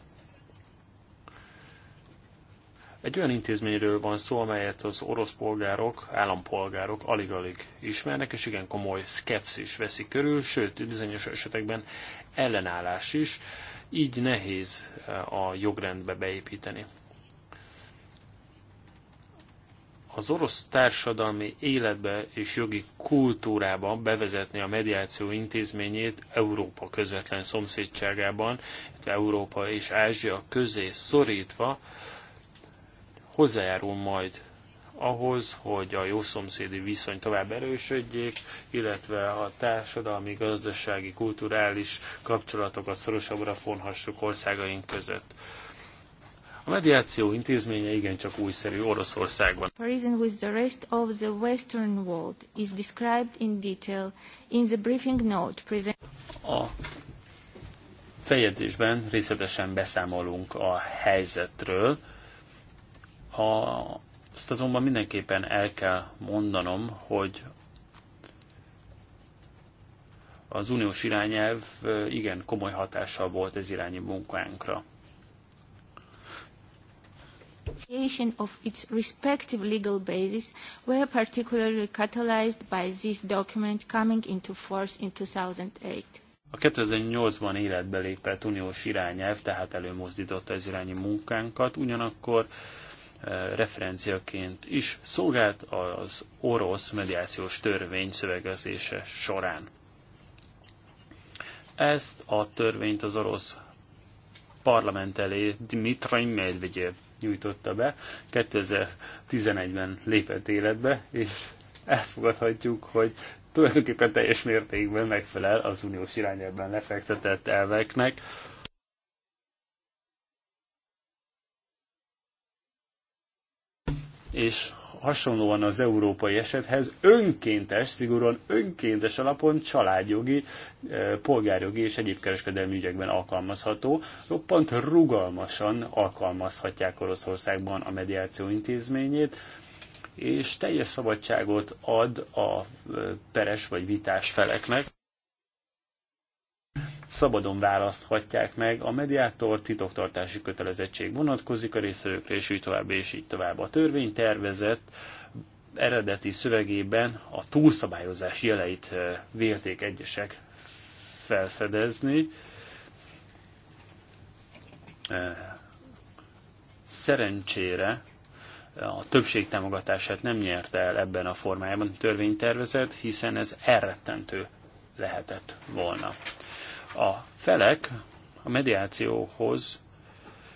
Egy olyan intézményről van szó, amelyet az orosz polgárok, állampolgárok alig-alig ismernek, és igen komoly szkepszis veszi körül, sőt, bizonyos esetekben ellenállás is így nehéz eh, a jogrendbe beépíteni. Az orosz társadalmi életbe és jogi kultúrába bevezetni a mediáció intézményét Európa közvetlen szomszédságában, Európa és Ázsia közé szorítva hozzájárul majd ahhoz, hogy a jószomszédi viszony tovább erősödjék, illetve a társadalmi, gazdasági, kulturális kapcsolatokat szorosabbra fonhassuk országaink között. A mediáció intézménye igencsak újszerű Oroszországban. Parisian with the rest of the Western world is described in detail in the briefing note present. A feljegyzésben részletesen beszámolunk a helyzetről. A azt azonban mindenképpen el kell mondanom, hogy az uniós irányelv igen komoly hatással volt ez irányi munkánkra. of its respective legal basis were particularly catalyzed by this document coming into force in 2008. A 2008-ban életbe lépett uniós irányelv tehát előmozdította az irányi munkánkat, ugyanakkor referenciaként is szolgált az orosz mediációs törvény szövegezése során. Ezt a törvényt az orosz parlament elé Dmitry Medvedev nyújtotta be, 2011-ben lépett életbe, és elfogadhatjuk, hogy tulajdonképpen teljes mértékben megfelel az uniós irányelben lefektetett elveknek, és hasonlóan az európai esethez önkéntes, szigorúan önkéntes alapon családjogi, eh, polgárjogi és egyéb kereskedelmi ügyekben alkalmazható. Roppant rugalmasan alkalmazhatják Oroszországban a mediáció intézményét, és teljes szabadságot ad a eh, peres vagy vitás feleknek szabadon választhatják meg a mediátor, titoktartási kötelezettség vonatkozik a résztvevőkre, és így tovább, és így tovább. A törvénytervezet eredeti szövegében a túlszabályozás jeleit eh, vélték egyesek felfedezni. Eh, szerencsére eh, a többség támogatását nem nyerte el ebben a formájában a törvénytervezet, hiszen ez elrettentő lehetett volna. A felek a mediációhoz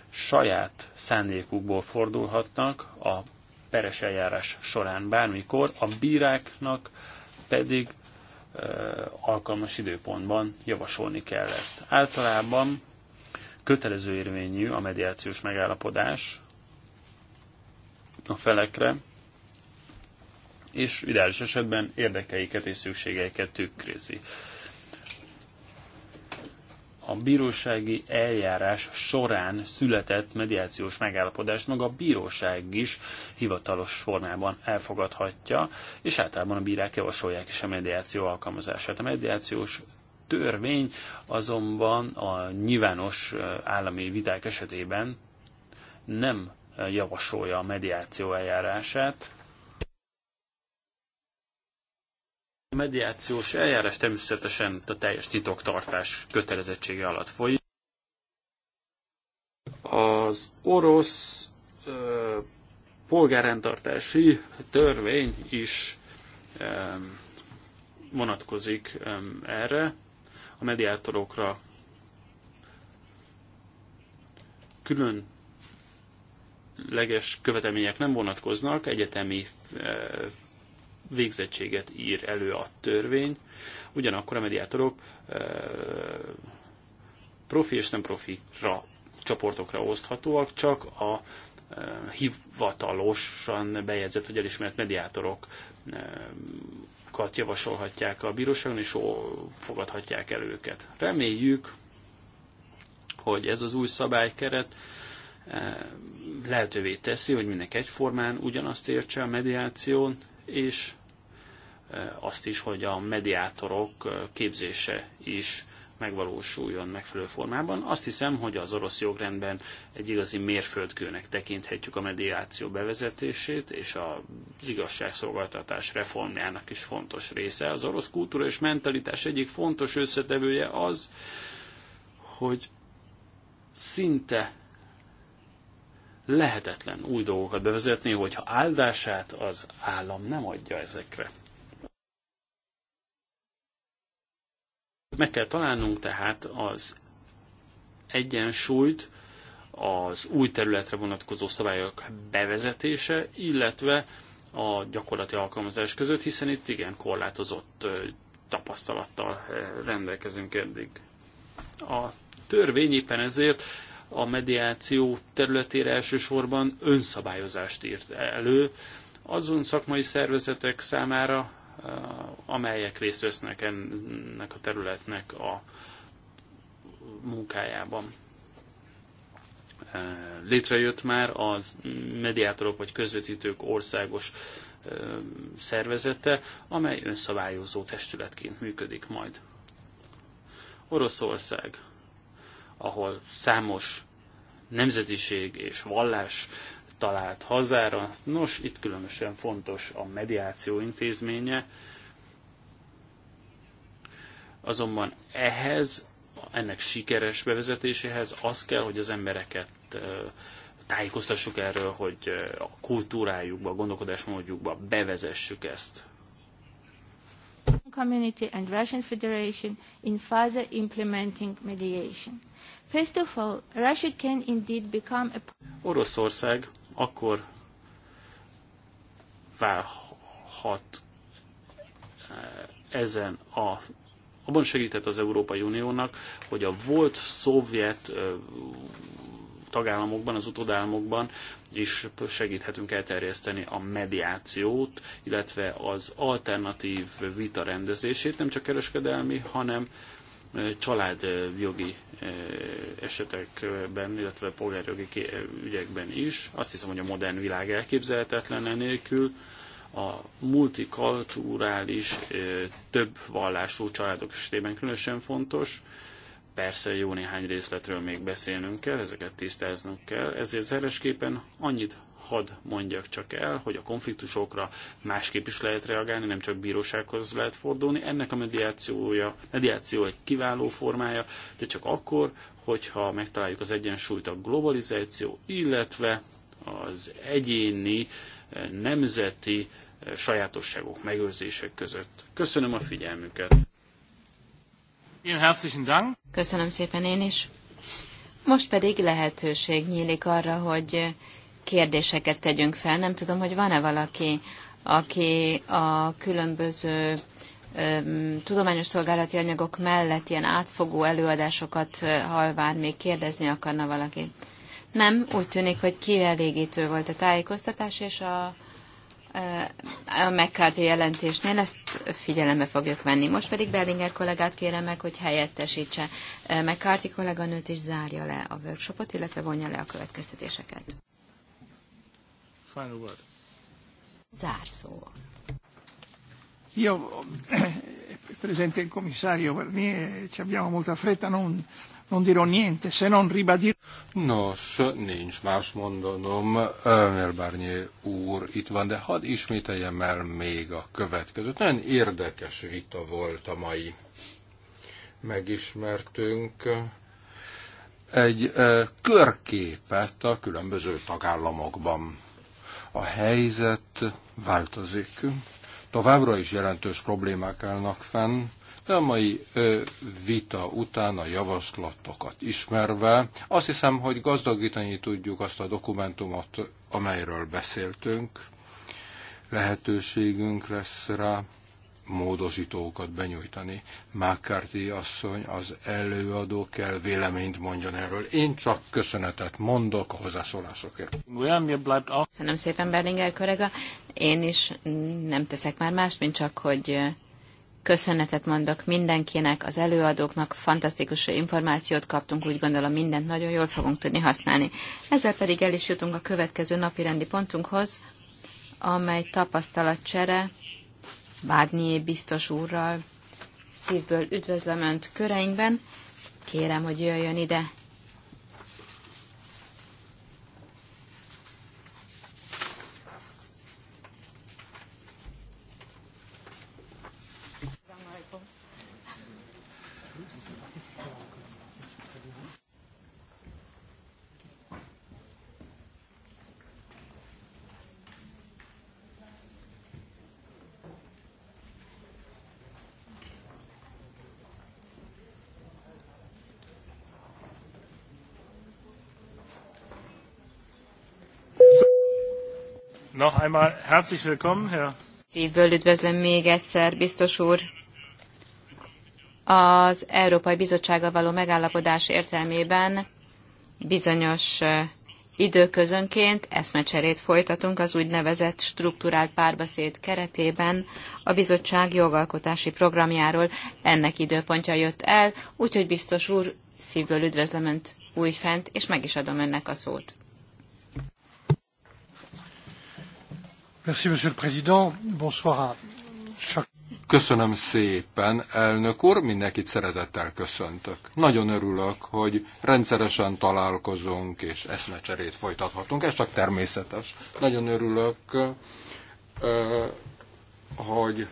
saját szándékukból fordulhatnak a peres eljárás során bármikor, a bíráknak pedig e, alkalmas időpontban javasolni kell ezt. Általában kötelező érvényű a mediációs megállapodás a felekre, és ideális esetben érdekeiket és szükségeiket tükrözi a bírósági eljárás során született mediációs megállapodást maga a bíróság is hivatalos formában elfogadhatja, és általában a bírák javasolják is a mediáció alkalmazását. A mediációs törvény azonban a nyilvános állami viták esetében nem javasolja a mediáció eljárását, A mediációs eljárás természetesen a teljes titoktartás kötelezettsége alatt folyik. Az orosz ö, polgárrendtartási törvény is ö, vonatkozik ö, erre. A mediátorokra külön leges követelmények nem vonatkoznak, egyetemi végzettséget ír elő a törvény, ugyanakkor a mediátorok profi és nem profira csoportokra oszthatóak, csak a hivatalosan bejegyzett vagy elismert mediátorokat javasolhatják a bíróságon, és fogadhatják el őket. Reméljük, hogy ez az új szabálykeret lehetővé teszi, hogy mindenki egyformán ugyanazt értse a mediáción, és e, azt is, hogy a mediátorok e, képzése is megvalósuljon megfelelő formában. Azt hiszem, hogy az orosz jogrendben egy igazi mérföldkőnek tekinthetjük a mediáció bevezetését, és az igazságszolgáltatás reformjának is fontos része. Az orosz kultúra és mentalitás egyik fontos összetevője az, hogy szinte lehetetlen új dolgokat bevezetni, hogyha áldását az állam nem adja ezekre. Meg kell találnunk tehát az egyensúlyt az új területre vonatkozó szabályok bevezetése, illetve a gyakorlati alkalmazás között, hiszen itt igen korlátozott tapasztalattal rendelkezünk eddig. A törvény éppen ezért a mediáció területére elsősorban önszabályozást írt elő azon szakmai szervezetek számára, eh, amelyek részt vesznek ennek a területnek a munkájában. Eh, létrejött már a mediátorok vagy közvetítők országos eh, szervezete, amely önszabályozó testületként működik majd. Oroszország ahol számos nemzetiség és vallás talált hazára. Nos, itt különösen fontos a mediáció intézménye, azonban ehhez, ennek sikeres bevezetéséhez az kell, hogy az embereket tájékoztassuk erről, hogy a kultúrájukba, a gondolkodásmódjukba bevezessük ezt. Community and Russian Federation in further implementing mediation. First of all, Russia can indeed become a... Oroszország akkor válhat eh, ezen a abban segített az Európai Uniónak, hogy a volt szovjet eh, tagállamokban, az utódállamokban is segíthetünk elterjeszteni a mediációt, illetve az alternatív vita rendezését, nem csak kereskedelmi, hanem családjogi esetekben, illetve polgárjogi ügyekben is. Azt hiszem, hogy a modern világ elképzelhetetlen nélkül. A multikulturális, több vallású családok esetében különösen fontos. Persze jó néhány részletről még beszélnünk kell, ezeket tisztáznunk kell, ezért zeresképpen annyit hadd mondjak csak el, hogy a konfliktusokra másképp is lehet reagálni, nem csak bírósághoz lehet fordulni. Ennek a mediációja, mediáció egy kiváló formája, de csak akkor, hogyha megtaláljuk az egyensúlyt a globalizáció, illetve az egyéni, eh, nemzeti eh, sajátosságok megőrzések között. Köszönöm a figyelmüket! Köszönöm szépen én is! Most pedig lehetőség nyílik arra, hogy kérdéseket tegyünk fel. Nem tudom, hogy van-e valaki, aki a különböző tudományos szolgálati anyagok mellett ilyen átfogó előadásokat halván még kérdezni akarna valakit. Nem, úgy tűnik, hogy kielégítő volt a tájékoztatás, és a, a McCarthy jelentésnél ezt figyelembe fogjuk venni. Most pedig Berlinger kollégát kérem meg, hogy helyettesítse McCarthy kolléganőt, és zárja le a workshopot, illetve vonja le a következtetéseket final word. Zárszó. Io, eh, Presidente il Commissario, eh, ci abbiamo molta fretta, non, non dirò niente, se non ribadire... Nos, nincs más mondanom, Ömer Barnier úr itt van, de hadd ismételjem el még a következőt. Nagyon érdekes vita volt a mai. Megismertünk eh, egy körképet a különböző tagállamokban. A helyzet változik. Továbbra is jelentős problémák állnak fenn, de a mai vita után a javaslatokat ismerve azt hiszem, hogy gazdagítani tudjuk azt a dokumentumot, amelyről beszéltünk. Lehetőségünk lesz rá módosítókat benyújtani. McCarthy asszony, az előadó kell véleményt mondjon erről. Én csak köszönetet mondok a hozzászólásokért. Köszönöm szépen, Berlinger kollega. Én is nem teszek már más, mint csak, hogy köszönetet mondok mindenkinek, az előadóknak, fantasztikus információt kaptunk, úgy gondolom mindent nagyon jól fogunk tudni használni. Ezzel pedig el is jutunk a következő napi rendi pontunkhoz, amely tapasztalatcsere, Bárnyé biztos úrral. Szívből üdvözlöm Önt köreinkben. Kérem, hogy jöjjön ide, Noch einmal herzlich willkommen, Herr. Szívből üdvözlöm még egyszer, biztos úr. Az Európai Bizottsággal való megállapodás értelmében bizonyos időközönként eszmecserét folytatunk az úgynevezett strukturált párbeszéd keretében a bizottság jogalkotási programjáról. Ennek időpontja jött el, úgyhogy biztos úr, szívből üdvözlöm Önt újfent, és meg is adom Önnek a szót. Köszönöm szépen, elnök úr, mindenkit szeretettel köszöntök. Nagyon örülök, hogy rendszeresen találkozunk és eszmecserét folytathatunk, ez csak természetes. Nagyon örülök, hogy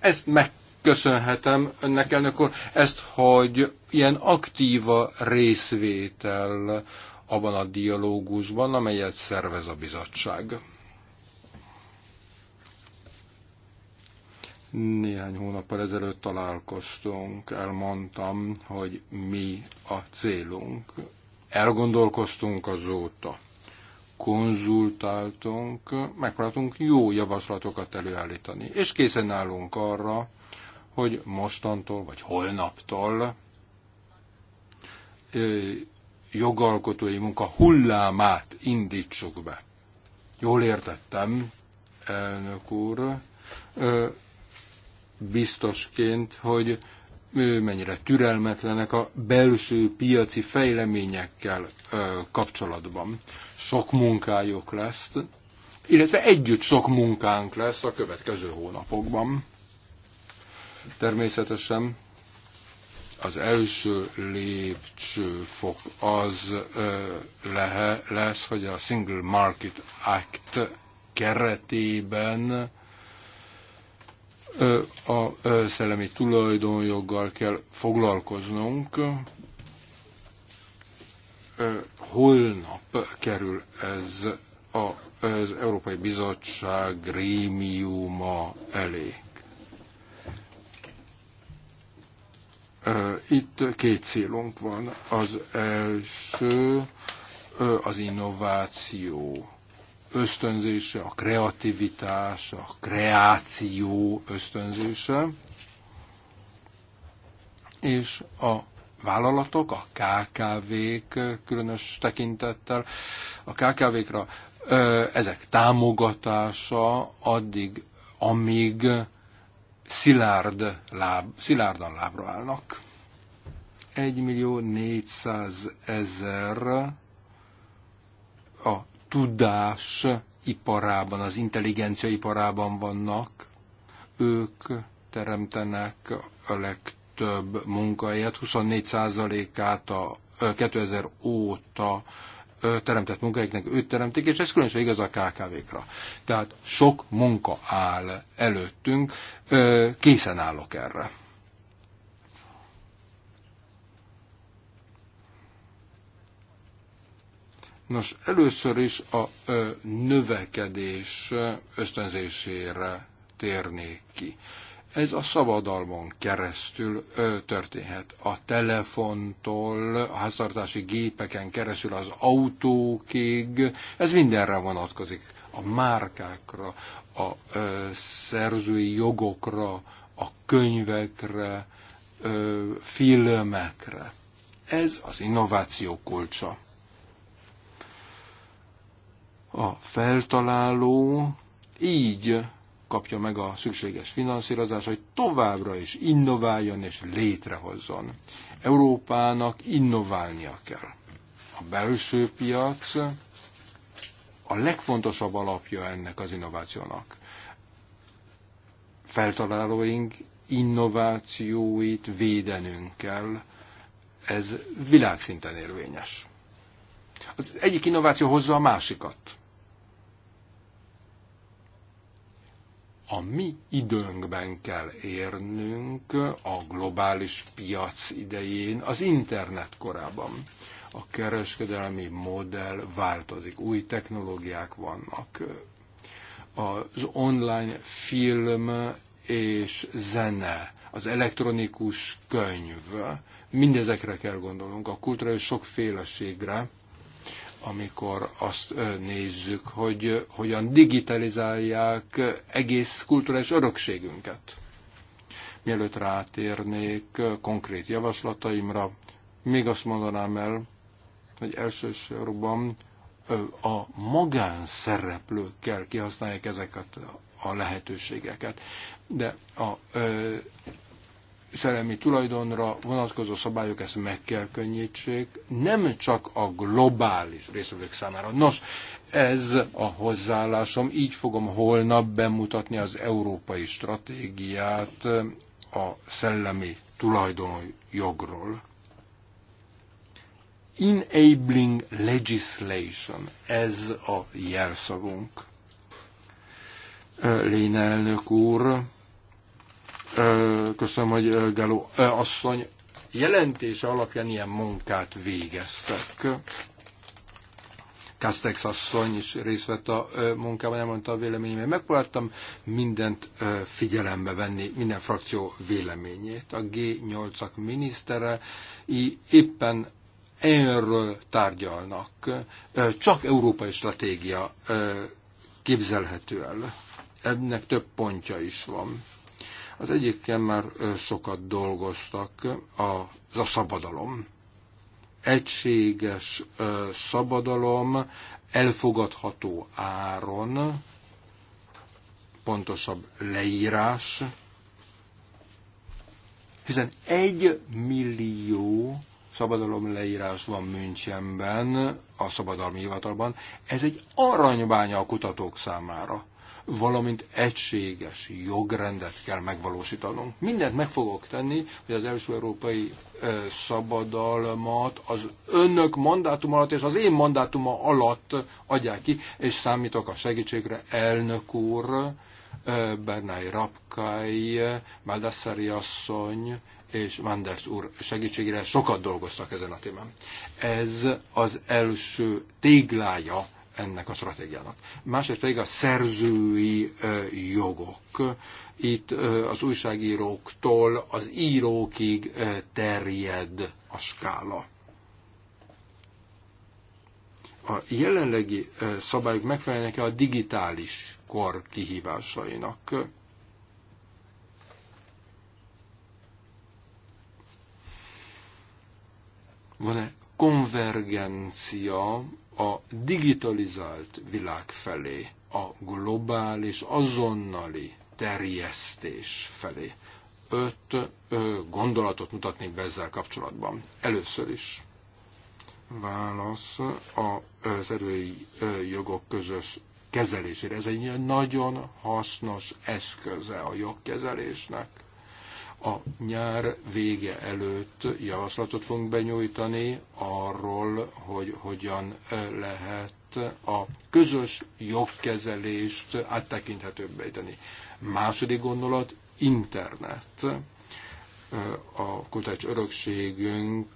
ezt megköszönhetem önnek, elnök úr, ezt, hogy ilyen aktíva részvétel abban a dialógusban, amelyet szervez a bizottság. Néhány hónappal ezelőtt találkoztunk, elmondtam, hogy mi a célunk. Elgondolkoztunk azóta. Konzultáltunk, megpróbáltunk jó javaslatokat előállítani, és készen állunk arra, hogy mostantól vagy holnaptól jogalkotói munka hullámát indítsuk be. Jól értettem, elnök úr biztosként, hogy mennyire türelmetlenek a belső piaci fejleményekkel kapcsolatban. Sok munkájuk lesz, illetve együtt sok munkánk lesz a következő hónapokban. Természetesen az első lépcsőfok az lehe, lesz, hogy a Single Market Act keretében a szellemi tulajdonjoggal kell foglalkoznunk. Holnap kerül ez az Európai Bizottság grémiuma elé. Itt két célunk van. Az első az innováció ösztönzése, a kreativitás, a kreáció ösztönzése, és a vállalatok, a KKV-k különös tekintettel, a KKV-kra ezek támogatása addig, amíg szilárd láb, szilárdan lábra állnak. 1 millió 400 ezer tudás iparában, az intelligencia iparában vannak, ők teremtenek a legtöbb munkahelyet, 24%-át a 2000 óta teremtett munkahelyeknek őt teremtik, és ez különösen igaz a KKV-kra. Tehát sok munka áll előttünk, készen állok erre. Nos, először is a növekedés ösztönzésére térnék ki. Ez a szabadalmon keresztül ö, történhet. A telefontól, a háztartási gépeken keresztül, az autókig, ez mindenre vonatkozik. A márkákra, a ö, szerzői jogokra, a könyvekre, ö, filmekre. Ez az innováció kulcsa. A feltaláló így kapja meg a szükséges finanszírozás, hogy továbbra is innováljon és létrehozzon. Európának innoválnia kell. A belső piac a legfontosabb alapja ennek az innovációnak. Feltalálóink innovációit védenünk kell, ez világszinten érvényes. Az egyik innováció hozza a másikat. a mi időnkben kell érnünk a globális piac idején, az internet korában. A kereskedelmi modell változik, új technológiák vannak. Az online film és zene, az elektronikus könyv, mindezekre kell gondolnunk, a kulturális sokféleségre, amikor azt nézzük, hogy hogyan digitalizálják egész kulturális örökségünket. Mielőtt rátérnék konkrét javaslataimra, még azt mondanám el, hogy elsősorban a magánszereplőkkel kihasználják ezeket a lehetőségeket. De a szellemi tulajdonra vonatkozó szabályok ezt meg kell könnyítsék, nem csak a globális részvevők számára. Nos, ez a hozzáállásom, így fogom holnap bemutatni az európai stratégiát a szellemi tulajdonjogról. Enabling legislation, ez a jelszavunk. Léne elnök úr, Köszönöm, hogy Gáló asszony jelentése alapján ilyen munkát végeztek. Kastex asszony is részt vett a munkában, elmondta a véleményemet. Megpróbáltam mindent figyelembe venni, minden frakció véleményét. A G8-ak minisztere éppen erről tárgyalnak. Csak európai stratégia képzelhető el. Ennek több pontja is van. Az egyikkel már sokat dolgoztak, az a szabadalom. Egységes szabadalom, elfogadható áron, pontosabb leírás, hiszen egy millió szabadalom leírás van Münchenben, a szabadalmi hivatalban. Ez egy aranybánya a kutatók számára valamint egységes jogrendet kell megvalósítanunk. Mindent meg fogok tenni, hogy az első európai szabadalmat az önök mandátum alatt és az én mandátuma alatt adják ki, és számítok a segítségre, elnök úr, Bernai Rapkai, Maldassari asszony és Manders úr segítségére sokat dolgoztak ezen a témán. Ez az első téglája ennek a stratégiának. Másrészt pedig a szerzői jogok. Itt az újságíróktól az írókig terjed a skála. A jelenlegi szabályok megfelelnek -e a digitális kor kihívásainak? Van-e konvergencia a digitalizált világ felé, a globális, azonnali terjesztés felé. Öt ö, gondolatot mutatnék be ezzel kapcsolatban. Először is válasz az erői jogok közös kezelésére. Ez egy nagyon hasznos eszköze a jogkezelésnek a nyár vége előtt javaslatot fogunk benyújtani arról, hogy hogyan lehet a közös jogkezelést áttekinthetőbbé tenni. Második gondolat, internet a kutatás örökségünk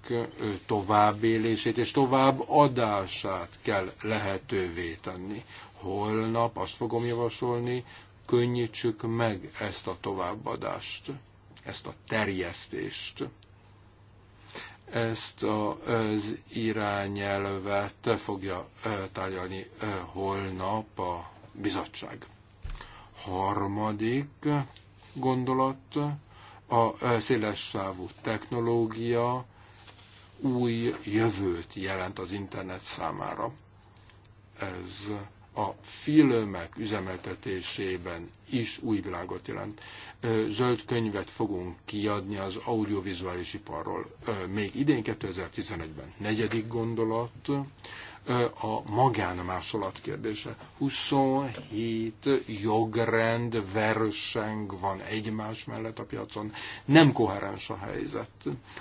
továbbélését és tovább adását kell lehetővé tenni. Holnap azt fogom javasolni, könnyítsük meg ezt a továbbadást ezt a terjesztést. Ezt az irányelvet fogja tárgyalni holnap a bizottság. Harmadik gondolat a szélessávú technológia új jövőt jelent az internet számára. Ez a filmek üzemeltetésében is új világot jelent. Zöld könyvet fogunk kiadni az audiovizuális iparról még idén 2011-ben. Negyedik gondolat, a magánmásolat kérdése. 27 jogrend verseng van egymás mellett a piacon. Nem koherens a helyzet.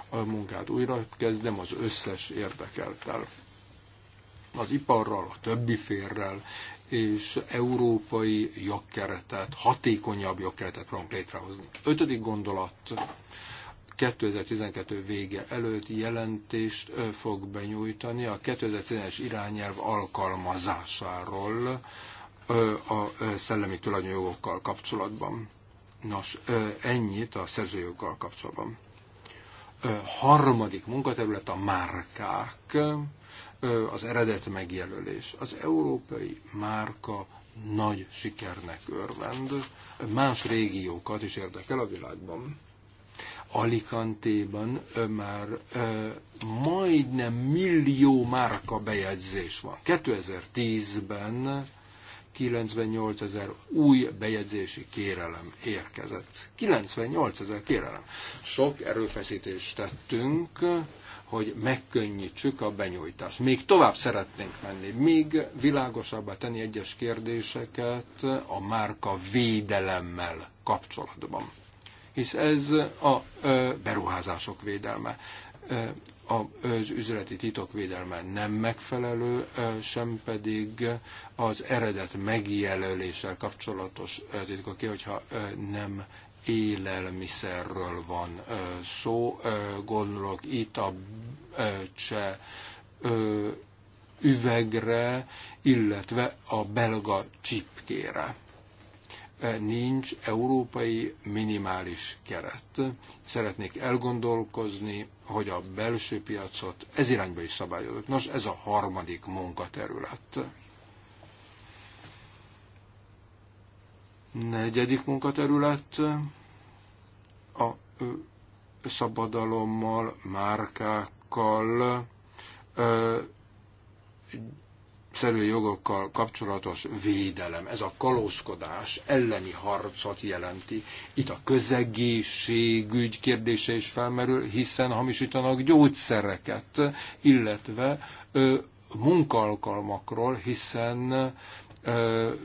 A munkát újra kezdem az összes érdekeltel az iparral, a többi férrel, és európai jogkeretet, hatékonyabb jogkeretet fogunk létrehozni. Ötödik gondolat, 2012 vége előtt jelentést fog benyújtani a 2010-es irányelv alkalmazásáról a szellemi tulajdonjogokkal kapcsolatban. Nos, ennyit a szerzőjogokkal kapcsolatban. Harmadik munkaterület a márkák az eredet megjelölés. Az európai márka nagy sikernek örvend, más régiókat is érdekel a világban. Alicantéban már ö, majdnem millió márka bejegyzés van. 2010-ben 98 ezer új bejegyzési kérelem érkezett. 98 ezer kérelem. Sok erőfeszítést tettünk, hogy megkönnyítsük a benyújtást. Még tovább szeretnénk menni, még világosabbá tenni egyes kérdéseket a márka védelemmel kapcsolatban. Hisz ez a beruházások védelme az üzleti titokvédelme nem megfelelő, sem pedig az eredet megjelöléssel kapcsolatos titkok, hogyha nem élelmiszerről van szó. Gondolok itt a cseh üvegre, illetve a belga csipkére. Nincs európai minimális keret. Szeretnék elgondolkozni, hogy a belső piacot ez irányba is szabályozott. Nos, ez a harmadik munkaterület Negyedik munkaterület a szabadalommal, márkákkal, szerű jogokkal kapcsolatos védelem. Ez a kalózkodás elleni harcot jelenti. Itt a közegészségügy kérdése is felmerül, hiszen hamisítanak gyógyszereket, illetve munkalkalmakról, hiszen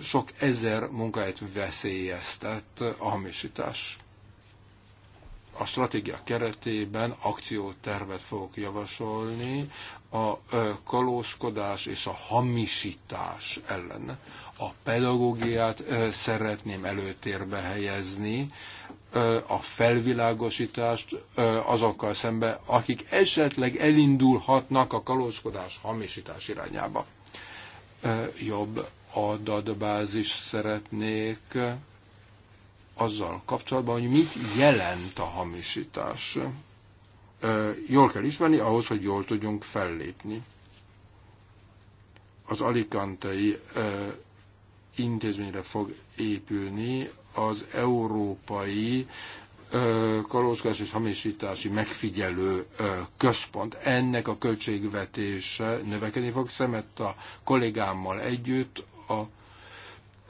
sok ezer munkahelyet veszélyeztet a hamisítás. A stratégia keretében akciótervet fogok javasolni a kalózkodás és a hamisítás ellen. A pedagógiát szeretném előtérbe helyezni, a felvilágosítást azokkal szembe, akik esetleg elindulhatnak a kalózkodás hamisítás irányába. Jobb adatbázis szeretnék azzal kapcsolatban, hogy mit jelent a hamisítás. Jól kell ismerni ahhoz, hogy jól tudjunk fellépni. Az alikantai intézményre fog épülni az európai kalózkodás és hamisítási megfigyelő központ. Ennek a költségvetése növekedni fog szemet a kollégámmal együtt a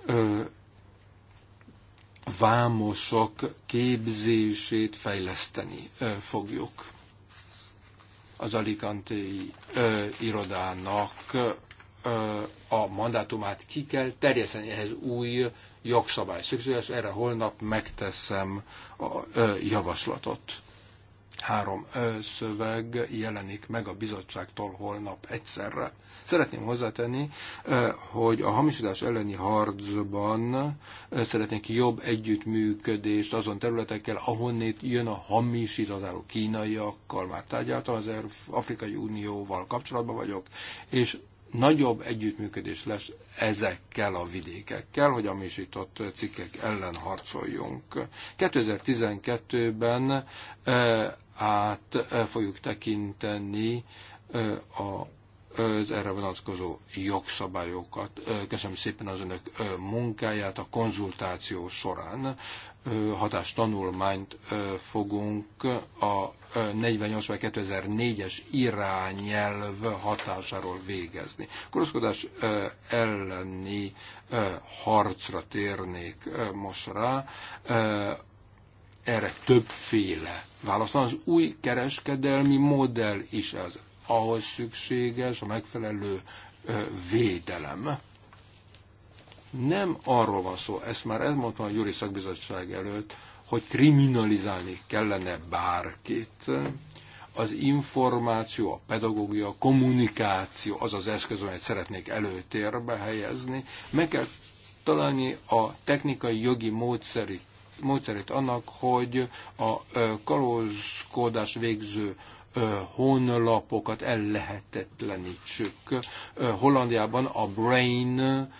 ö, vámosok képzését fejleszteni ö, fogjuk. Az Alicantei irodának ö, a mandátumát ki kell terjeszteni, ehhez új jogszabály szükséges, erre holnap megteszem a ö, javaslatot Három szöveg jelenik meg a bizottságtól holnap egyszerre. Szeretném hozzátenni, hogy a hamisítás elleni harcban szeretnék jobb együttműködést azon területekkel, ahonnét jön a hamisított a kínaiakkal, már tárgyaltam az Afrikai Unióval kapcsolatban vagyok, és nagyobb együttműködés lesz ezekkel a vidékekkel, hogy a hamisított cikkek ellen harcoljunk. 2012-ben át fogjuk tekinteni a az erre vonatkozó jogszabályokat. Köszönöm szépen az önök munkáját a konzultáció során. Hatástanulmányt fogunk a 48-2004-es irányelv hatásáról végezni. Koroszkodás elleni harcra térnék most rá erre többféle válasz van. Az új kereskedelmi modell is ez. Ahhoz szükséges a megfelelő védelem. Nem arról van szó, ezt már elmondtam a Gyuri Szakbizottság előtt, hogy kriminalizálni kellene bárkit. Az információ, a pedagógia, a kommunikáció az az eszköz, amelyet szeretnék előtérbe helyezni. Meg kell találni a technikai jogi módszeri módszerét annak, hogy a kalózkodás végző honlapokat ellehetetlenítsük. Hollandiában a Brain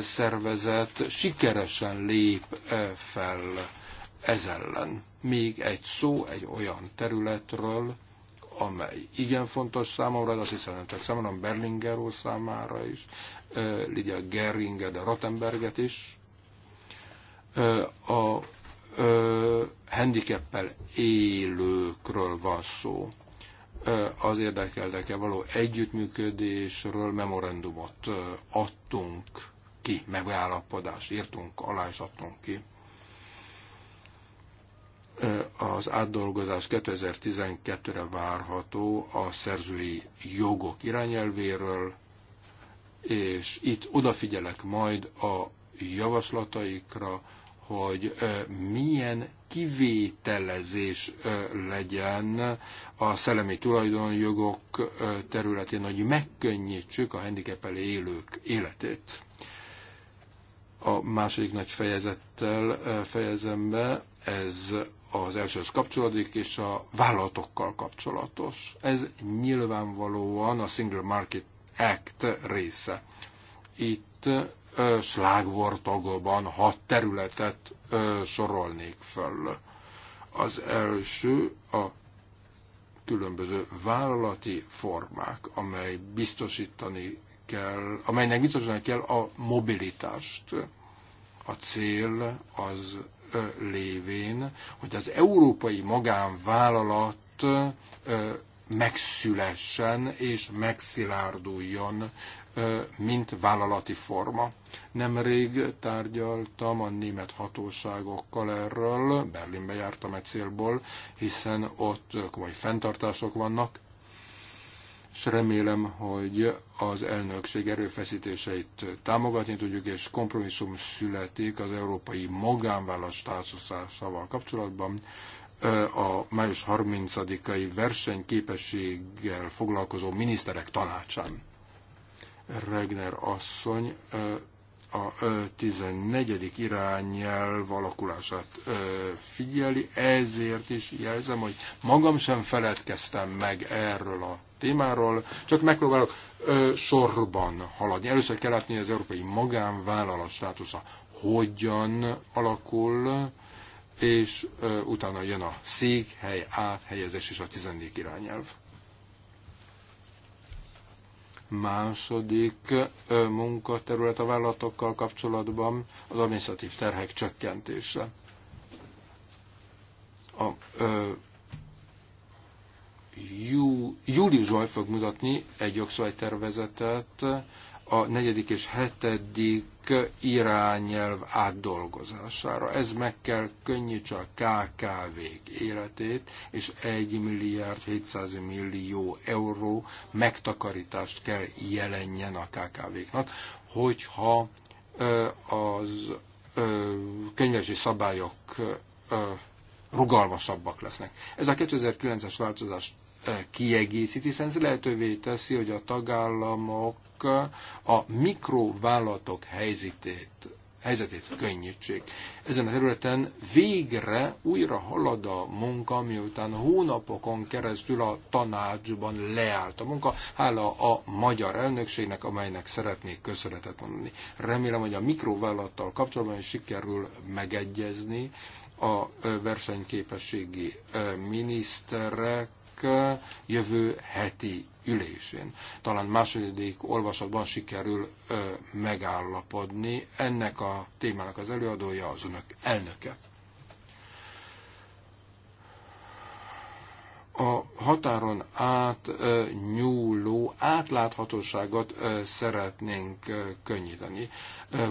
szervezet sikeresen lép fel ez ellen. Még egy szó egy olyan területről, amely igen fontos számomra, de azt hiszem, csak számomra Berlinger úr számára is, Lidia Geringer, de Rottenberget is, a ö, handicappel élőkről van szó. Ö, az érdekeltek-e való együttműködésről memorandumot ö, adtunk ki, megállapodást írtunk alá és adtunk ki. Ö, az átdolgozás 2012-re várható a szerzői jogok irányelvéről, és itt odafigyelek majd a javaslataikra, hogy milyen kivételezés legyen a szellemi tulajdonjogok területén, hogy megkönnyítsük a handicapel élők életét. A második nagy fejezettel fejezem be, ez az elsőhöz kapcsolódik, és a vállalatokkal kapcsolatos. Ez nyilvánvalóan a Single Market Act része. Itt slágvortagban hat területet sorolnék föl. Az első a különböző vállalati formák, amely biztosítani kell, amelynek biztosítani kell a mobilitást. A cél az lévén, hogy az európai magánvállalat megszülessen és megszilárduljon mint vállalati forma. Nemrég tárgyaltam a német hatóságokkal erről, Berlinbe jártam egy célból, hiszen ott komoly fenntartások vannak, és remélem, hogy az elnökség erőfeszítéseit támogatni tudjuk, és kompromisszum születik az európai magánvállalat társaságával kapcsolatban. A május 30-ai versenyképességgel foglalkozó miniszterek tanácsán. Regner asszony a 14. irányjel alakulását figyeli, ezért is jelzem, hogy magam sem feledkeztem meg erről a témáról, csak megpróbálok sorban haladni. Először kell látni az európai magánvállalat státusza hogyan alakul, és utána jön a székhely áthelyezés és a 14. irányelv. Második munkaterület a vállalatokkal kapcsolatban az administratív terhek csökkentése. A, ö, jú, júliusban fog mutatni egy jogszabálytervezetet a negyedik és hetedik irányelv átdolgozására. Ez meg kell könnyítse a kkv életét, és 1 milliárd 700 millió euró megtakarítást kell jelenjen a KKV-knak, hogyha az könyvesi szabályok rugalmasabbak lesznek. Ez a 2009-es változás kiegészít, hiszen ez lehetővé teszi, hogy a tagállamok a mikrovállalatok helyzetét, helyzetét könnyítsék. Ezen a területen végre újra halad a munka, miután hónapokon keresztül a tanácsban leállt a munka, hála a magyar elnökségnek, amelynek szeretnék köszönetet mondani. Remélem, hogy a mikrovállalattal kapcsolatban is sikerül megegyezni, a versenyképességi miniszterek jövő heti ülésén. Talán második olvasatban sikerül ö, megállapodni. Ennek a témának az előadója az önök elnöke. A határon át ö, nyúló átláthatóságot ö, szeretnénk ö, könnyíteni.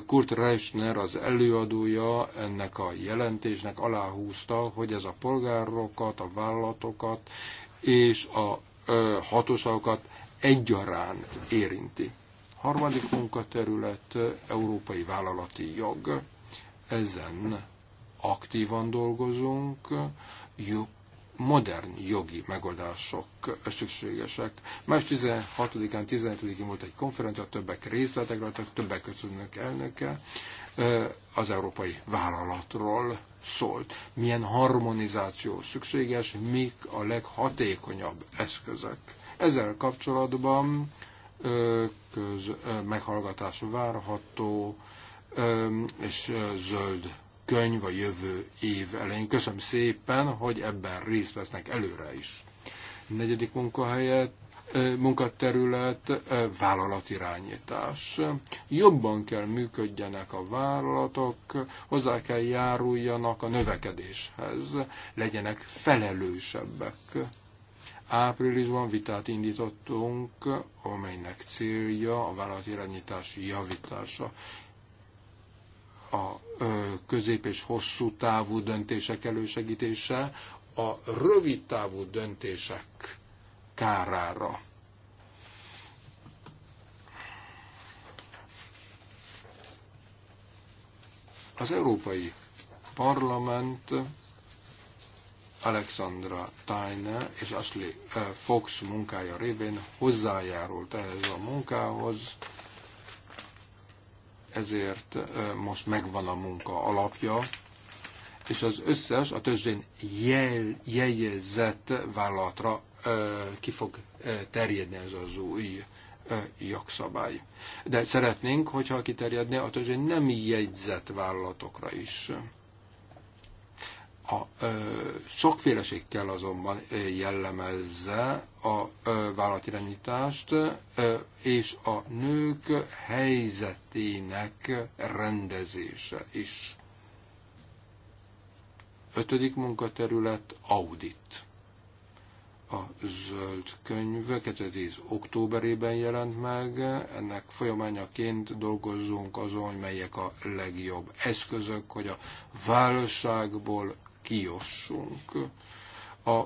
Kurt Reichner az előadója ennek a jelentésnek aláhúzta, hogy ez a polgárokat, a vállalatokat és a hatóságokat egyaránt érinti. Harmadik munkaterület európai vállalati jog. Ezen aktívan dolgozunk, jó, modern jogi megoldások szükségesek. Más 16-án, 17-én volt egy konferencia, többek részletek többek közülnek elnöke az európai vállalatról szólt. Milyen harmonizáció szükséges, mik a leghatékonyabb eszközök. Ezzel kapcsolatban köz, meghallgatás várható, és zöld könyv a jövő év elején. Köszönöm szépen, hogy ebben részt vesznek előre is. Negyedik munkahelyet munkaterület vállalatirányítás. Jobban kell működjenek a vállalatok, hozzá kell járuljanak a növekedéshez, legyenek felelősebbek. Áprilisban vitát indítottunk, amelynek célja a vállalatirányítás javítása a közép és hosszú távú döntések elősegítése, a rövid távú döntések kárára. Az Európai Parlament Alexandra Tyne és Ashley eh, Fox munkája révén hozzájárult ehhez a munkához, ezért eh, most megvan a munka alapja, és az összes a törzsén jel, jegyezett vállalatra ki fog terjedni ez az új jogszabály. De szeretnénk, hogyha kiterjedne a törzsé nem jegyzett vállalatokra is. A ö, sokféleség kell azonban jellemezze a ö, vállalatirányítást ö, és a nők helyzetének rendezése is. Ötödik munkaterület audit a zöld könyv 2010. októberében jelent meg, ennek folyamányaként dolgozzunk azon, hogy melyek a legjobb eszközök, hogy a válságból kiossunk. A,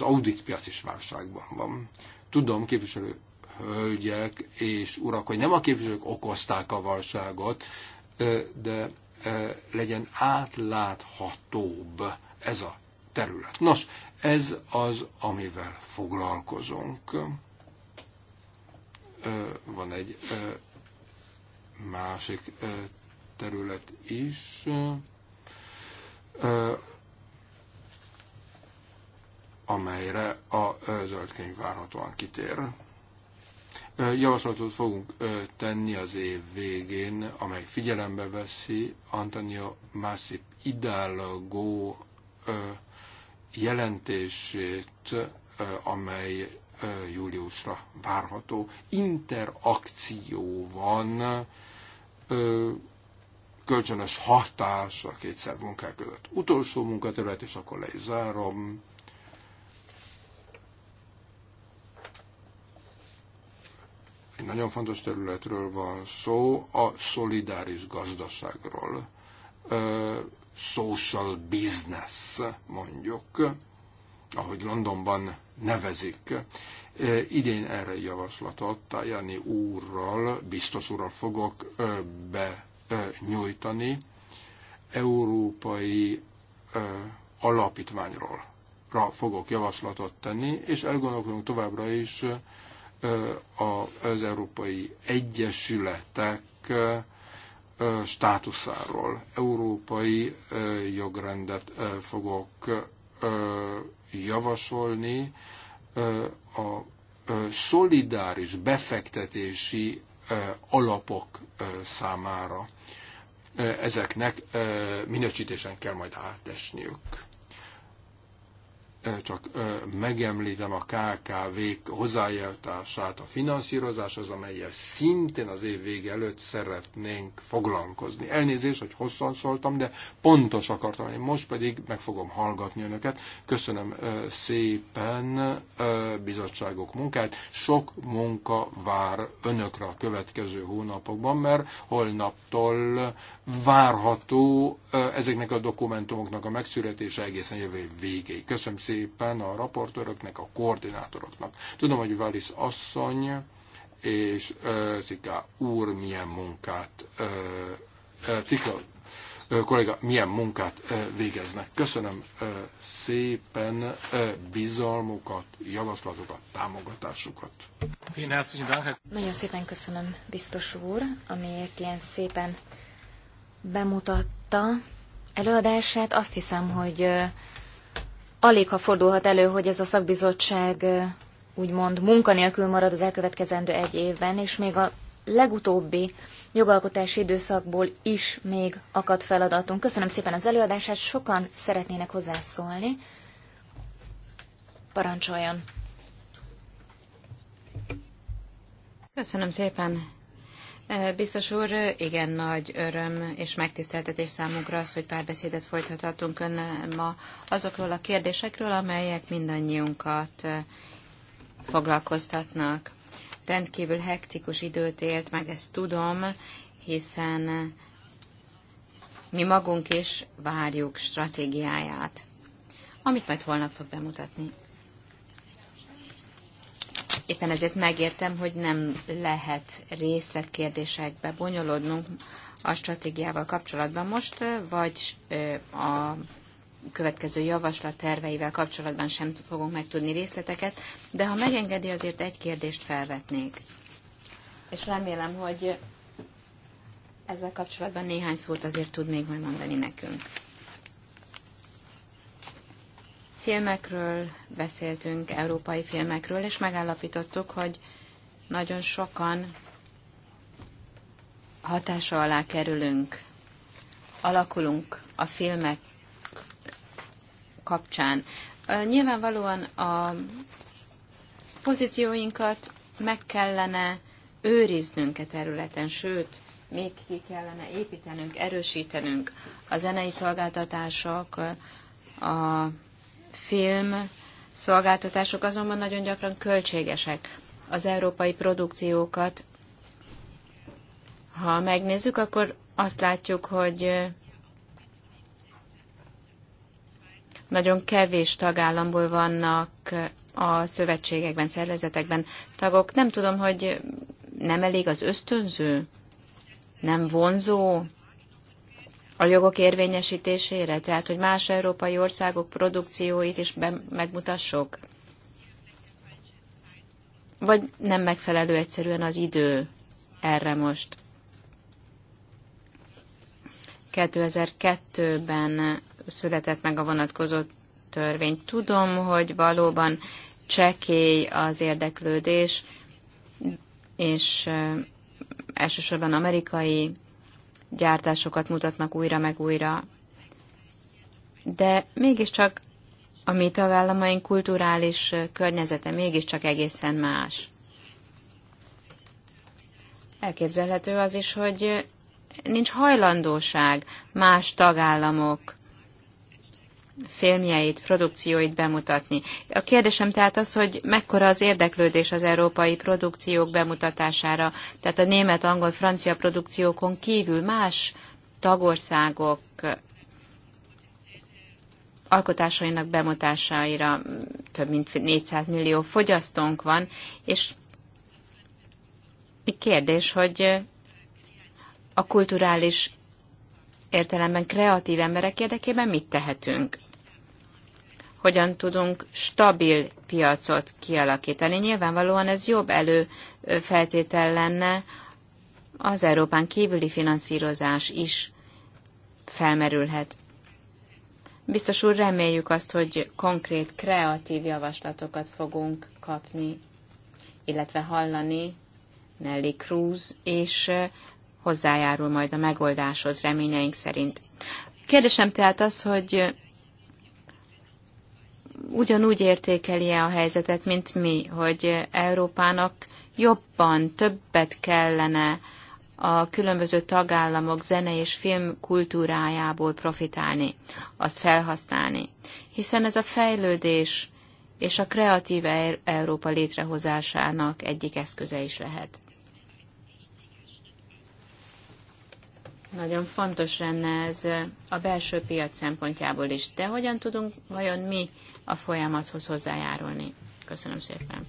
az piac is válságban van. Tudom, képviselő hölgyek és urak, hogy nem a képviselők okozták a válságot, de legyen átláthatóbb ez a terület. Nos, ez az, amivel foglalkozunk. Van egy másik terület is. amelyre a zöldkönyv várhatóan kitér. Javaslatot fogunk tenni az év végén, amely figyelembe veszi Antonio Massip Hidalgo jelentését, amely júliusra várható. Interakció van, kölcsönös hatás a kétszer munkák között. Utolsó munkaterület, és akkor le is zárom. Egy nagyon fontos területről van szó, a szolidáris gazdaságról social business, mondjuk, ahogy Londonban nevezik. E, idén erre javaslatot Tajani úrral, biztos úrral fogok e, benyújtani, európai e, alapítványról rá fogok javaslatot tenni, és elgondolkodunk továbbra is az Európai Egyesületek státuszáról. Európai jogrendet fogok javasolni a szolidáris befektetési alapok számára. Ezeknek minősítésen kell majd átesniük csak megemlítem a KKV-k hozzájártását a finanszírozáshoz, amelyel szintén az év vége előtt szeretnénk foglalkozni. Elnézést, hogy hosszan szóltam, de pontos akartam én Most pedig meg fogom hallgatni önöket. Köszönöm szépen bizottságok munkát. Sok munka vár önökre a következő hónapokban, mert holnaptól várható ezeknek a dokumentumoknak a megszületése egészen jövő év végéig. Köszönöm szépen a raportőröknek, a koordinátoroknak. Tudom, hogy Valisz asszony és Szika úr milyen munkát, Cika kolléga milyen munkát végeznek. Köszönöm szépen bizalmukat, javaslatokat, támogatásukat. Nagyon szépen köszönöm, biztos úr, amiért ilyen szépen bemutatta előadását. Azt hiszem, hogy alig ha fordulhat elő, hogy ez a szakbizottság úgymond munkanélkül marad az elkövetkezendő egy évben, és még a legutóbbi jogalkotási időszakból is még akad feladatunk. Köszönöm szépen az előadását, sokan szeretnének hozzászólni. Parancsoljon! Köszönöm szépen, Biztos úr, igen nagy öröm és megtiszteltetés számunkra az, hogy párbeszédet folytathatunk önnel ma azokról a kérdésekről, amelyek mindannyiunkat foglalkoztatnak. Rendkívül hektikus időt élt, meg ezt tudom, hiszen mi magunk is várjuk stratégiáját, amit majd holnap fog bemutatni éppen ezért megértem, hogy nem lehet részletkérdésekbe bonyolodnunk a stratégiával kapcsolatban most, vagy a következő javaslat terveivel kapcsolatban sem fogunk megtudni részleteket, de ha megengedi, azért egy kérdést felvetnék. És remélem, hogy ezzel kapcsolatban néhány szót azért tud még majd mondani nekünk. Filmekről beszéltünk, európai filmekről, és megállapítottuk, hogy nagyon sokan hatása alá kerülünk, alakulunk a filmek kapcsán. Nyilvánvalóan a pozícióinkat meg kellene őriznünk e területen, sőt, még ki kellene építenünk, erősítenünk a zenei szolgáltatások, a film szolgáltatások azonban nagyon gyakran költségesek. Az európai produkciókat, ha megnézzük, akkor azt látjuk, hogy nagyon kevés tagállamból vannak a szövetségekben, szervezetekben tagok. Nem tudom, hogy nem elég az ösztönző, nem vonzó a jogok érvényesítésére, tehát hogy más európai országok produkcióit is megmutassuk? Vagy nem megfelelő egyszerűen az idő erre most? 2002-ben született meg a vonatkozó törvény. Tudom, hogy valóban csekély az érdeklődés, és eh, elsősorban amerikai gyártásokat mutatnak újra meg újra. De mégiscsak a mi tagállamaink kulturális környezete mégiscsak egészen más. Elképzelhető az is, hogy nincs hajlandóság más tagállamok filmjeit, produkcióit bemutatni. A kérdésem tehát az, hogy mekkora az érdeklődés az európai produkciók bemutatására, tehát a német, angol, francia produkciókon kívül más tagországok alkotásainak bemutásáira több mint 400 millió fogyasztónk van, és kérdés, hogy a kulturális értelemben kreatív emberek érdekében mit tehetünk? hogyan tudunk stabil piacot kialakítani. Nyilvánvalóan ez jobb előfeltétel lenne az Európán kívüli finanszírozás is felmerülhet. Biztos úr, reméljük azt, hogy konkrét, kreatív javaslatokat fogunk kapni, illetve hallani Nelly Cruz, és hozzájárul majd a megoldáshoz reményeink szerint. Kérdésem tehát az, hogy ugyanúgy értékeli a helyzetet, mint mi, hogy Európának jobban, többet kellene a különböző tagállamok zene és film kultúrájából profitálni, azt felhasználni. Hiszen ez a fejlődés és a kreatív e- Európa létrehozásának egyik eszköze is lehet. Nagyon fontos lenne ez a belső piac szempontjából is. De hogyan tudunk vajon mi a folyamathoz hozzájárulni. Köszönöm szépen.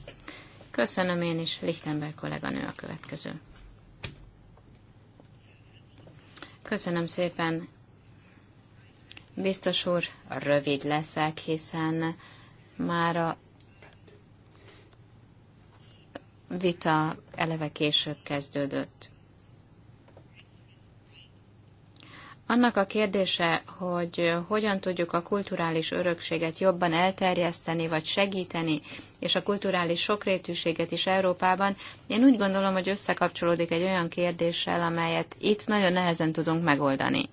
Köszönöm én is, Lichtenberg kolléganő a következő. Köszönöm szépen. Biztos úr, rövid leszek, hiszen már a vita eleve később kezdődött. Annak a kérdése, hogy hogyan tudjuk a kulturális örökséget jobban elterjeszteni vagy segíteni, és a kulturális sokrétűséget is Európában, én úgy gondolom, hogy összekapcsolódik egy olyan kérdéssel, amelyet itt nagyon nehezen tudunk megoldani.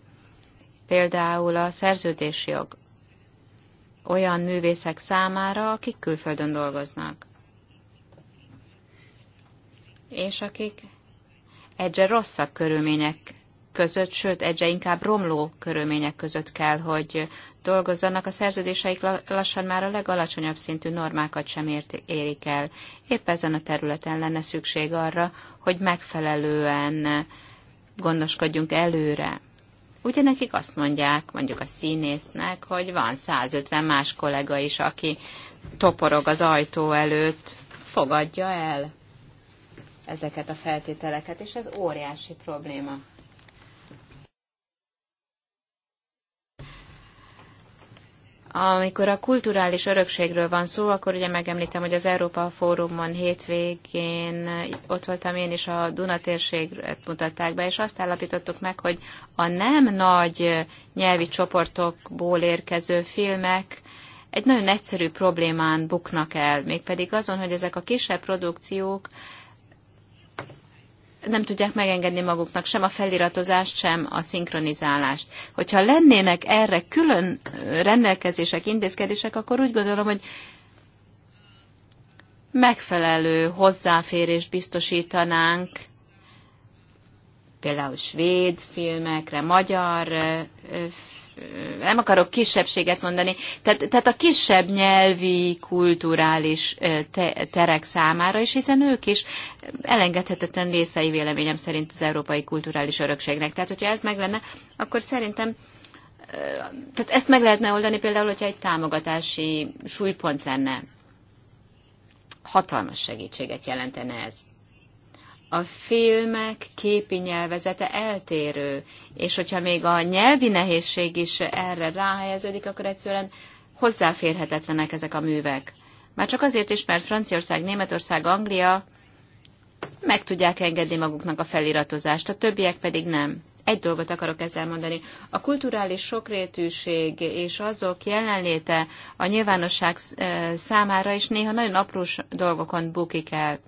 Például a szerződési jog olyan művészek számára, akik külföldön dolgoznak. És akik egyre rosszabb körülmények között, sőt egyre inkább romló körülmények között kell, hogy dolgozzanak. A szerződéseik lassan már a legalacsonyabb szintű normákat sem érik el. Épp ezen a területen lenne szükség arra, hogy megfelelően gondoskodjunk előre. Ugye nekik azt mondják, mondjuk a színésznek, hogy van 150 más kollega is, aki toporog az ajtó előtt, fogadja el ezeket a feltételeket, és ez óriási probléma. Amikor a kulturális örökségről van szó, akkor ugye megemlítem, hogy az Európa Fórumon hétvégén ott voltam én is, a Duna térséget mutatták be, és azt állapítottuk meg, hogy a nem nagy nyelvi csoportokból érkező filmek egy nagyon egyszerű problémán buknak el, mégpedig azon, hogy ezek a kisebb produkciók nem tudják megengedni maguknak sem a feliratozást, sem a szinkronizálást. Hogyha lennének erre külön rendelkezések, intézkedések, akkor úgy gondolom, hogy megfelelő hozzáférést biztosítanánk például svéd filmekre, magyar nem akarok kisebbséget mondani, tehát, tehát a kisebb nyelvi, kulturális terek számára is, hiszen ők is elengedhetetlen részei véleményem szerint az európai kulturális örökségnek. Tehát, hogyha ez meg lenne, akkor szerintem tehát ezt meg lehetne oldani például, hogyha egy támogatási súlypont lenne. Hatalmas segítséget jelentene ez a filmek képi nyelvezete eltérő, és hogyha még a nyelvi nehézség is erre ráhelyeződik, akkor egyszerűen hozzáférhetetlenek ezek a művek. Már csak azért is, mert Franciaország, Németország, Anglia meg tudják engedni maguknak a feliratozást, a többiek pedig nem. Egy dolgot akarok ezzel mondani. A kulturális sokrétűség és azok jelenléte a nyilvánosság eh, számára is néha nagyon aprós dolgokon bukik el.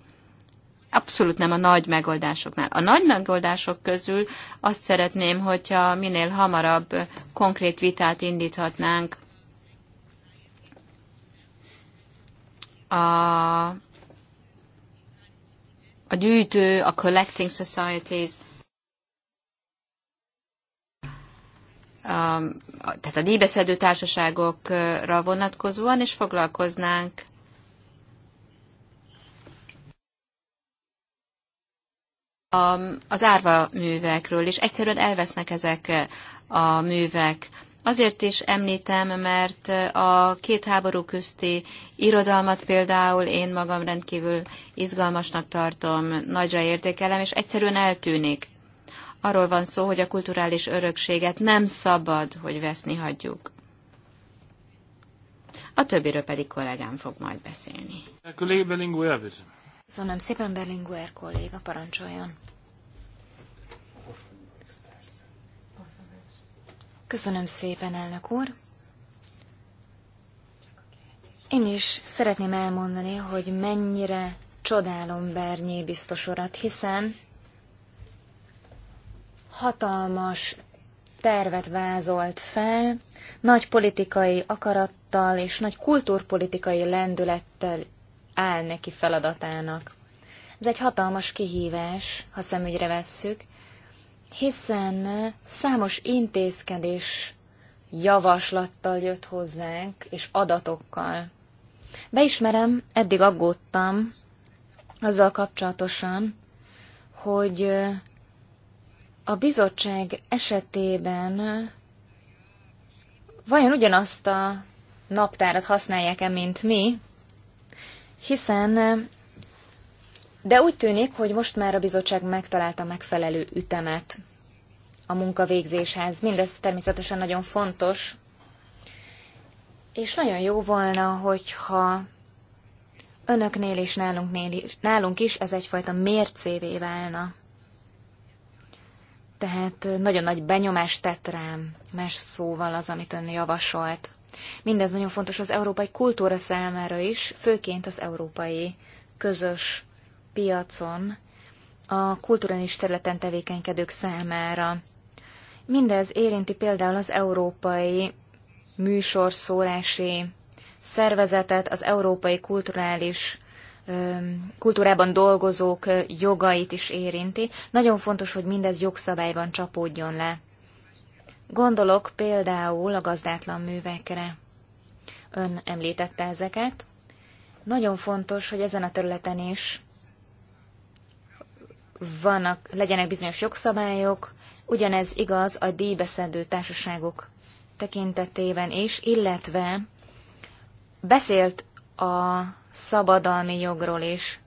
Abszolút nem a nagy megoldásoknál. A nagy megoldások közül azt szeretném, hogyha minél hamarabb konkrét vitát indíthatnánk a, a gyűjtő, a collecting societies, a, tehát a díjbeszedő társaságokra vonatkozóan, és foglalkoznánk a, az árva művekről, és egyszerűen elvesznek ezek a művek. Azért is említem, mert a két háború közti irodalmat például én magam rendkívül izgalmasnak tartom, nagyra értékelem, és egyszerűen eltűnik. Arról van szó, hogy a kulturális örökséget nem szabad, hogy veszni hagyjuk. A többiről pedig kollégám fog majd beszélni. A Köszönöm szépen, Berlinguer kolléga, parancsoljon. Köszönöm szépen, elnök úr. Én is szeretném elmondani, hogy mennyire csodálom Bernyé biztos urat, hiszen hatalmas tervet vázolt fel, nagy politikai akarattal és nagy kultúrpolitikai lendülettel áll neki feladatának. Ez egy hatalmas kihívás, ha szemügyre vesszük, hiszen számos intézkedés javaslattal jött hozzánk, és adatokkal. Beismerem, eddig aggódtam azzal kapcsolatosan, hogy a bizottság esetében vajon ugyanazt a naptárat használják-e, mint mi, hiszen de úgy tűnik, hogy most már a bizottság megtalálta megfelelő ütemet a munkavégzéshez. Mindez természetesen nagyon fontos, és nagyon jó volna, hogyha önöknél és nálunk, is, nálunk is ez egyfajta mércévé válna. Tehát nagyon nagy benyomást tett rám, más szóval az, amit ön javasolt. Mindez nagyon fontos az európai kultúra számára is, főként az európai közös piacon, a kulturális területen tevékenykedők számára. Mindez érinti például az európai műsorszórási szervezetet, az európai kulturális kultúrában dolgozók jogait is érinti. Nagyon fontos, hogy mindez jogszabályban csapódjon le. Gondolok például a gazdátlan művekre. Ön említette ezeket. Nagyon fontos, hogy ezen a területen is vannak, legyenek bizonyos jogszabályok, ugyanez igaz a díjbeszedő társaságok tekintetében is, illetve beszélt a szabadalmi jogról is.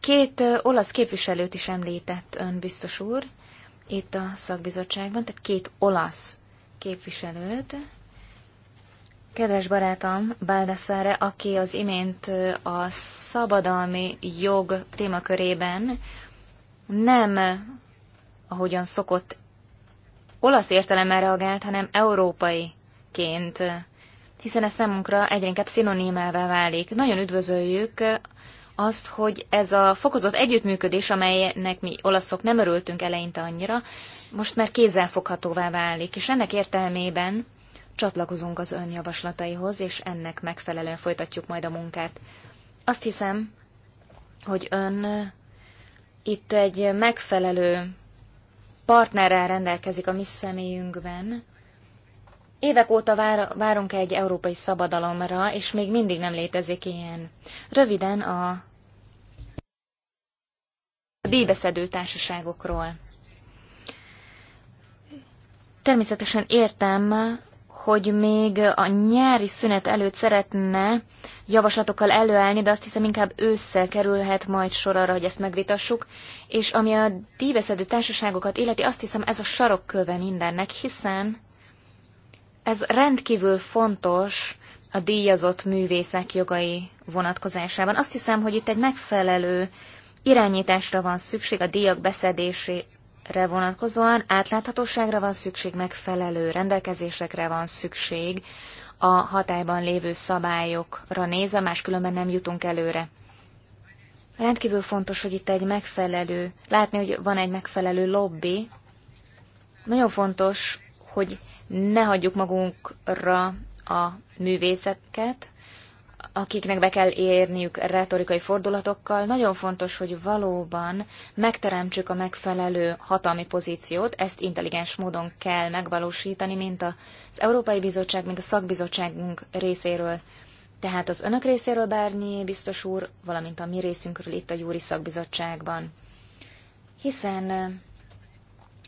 Két olasz képviselőt is említett ön, biztos úr, itt a szakbizottságban, tehát két olasz képviselőt. Kedves barátom, Baldassare, aki az imént a szabadalmi jog témakörében nem, ahogyan szokott, olasz értelemmel reagált, hanem európaiként, hiszen ez számunkra egyre inkább szinonímává válik. Nagyon üdvözöljük azt, hogy ez a fokozott együttműködés, amelynek mi olaszok nem örültünk eleinte annyira, most már kézzelfoghatóvá válik, és ennek értelmében csatlakozunk az ön javaslataihoz, és ennek megfelelően folytatjuk majd a munkát. Azt hiszem, hogy ön itt egy megfelelő partnerrel rendelkezik a mi személyünkben, Évek óta vár, várunk egy európai szabadalomra, és még mindig nem létezik ilyen. Röviden a díjbeszedő társaságokról. Természetesen értem, hogy még a nyári szünet előtt szeretne javaslatokkal előállni, de azt hiszem inkább ősszel kerülhet majd sor arra, hogy ezt megvitassuk. És ami a díjbeszedő társaságokat illeti, azt hiszem ez a sarokköve mindennek, hiszen ez rendkívül fontos a díjazott művészek jogai vonatkozásában. Azt hiszem, hogy itt egy megfelelő irányításra van szükség a díjak beszedésére vonatkozóan, átláthatóságra van szükség, megfelelő rendelkezésekre van szükség a hatályban lévő szabályokra nézve, máskülönben nem jutunk előre. Rendkívül fontos, hogy itt egy megfelelő, látni, hogy van egy megfelelő lobby. Nagyon fontos, hogy ne hagyjuk magunkra a művészeket, akiknek be kell érniük retorikai fordulatokkal, nagyon fontos, hogy valóban megteremtsük a megfelelő hatalmi pozíciót, ezt intelligens módon kell megvalósítani, mint az Európai Bizottság, mint a szakbizottságunk részéről. Tehát az önök részéről, Bárnyi biztos úr, valamint a mi részünkről itt a Júri Szakbizottságban. Hiszen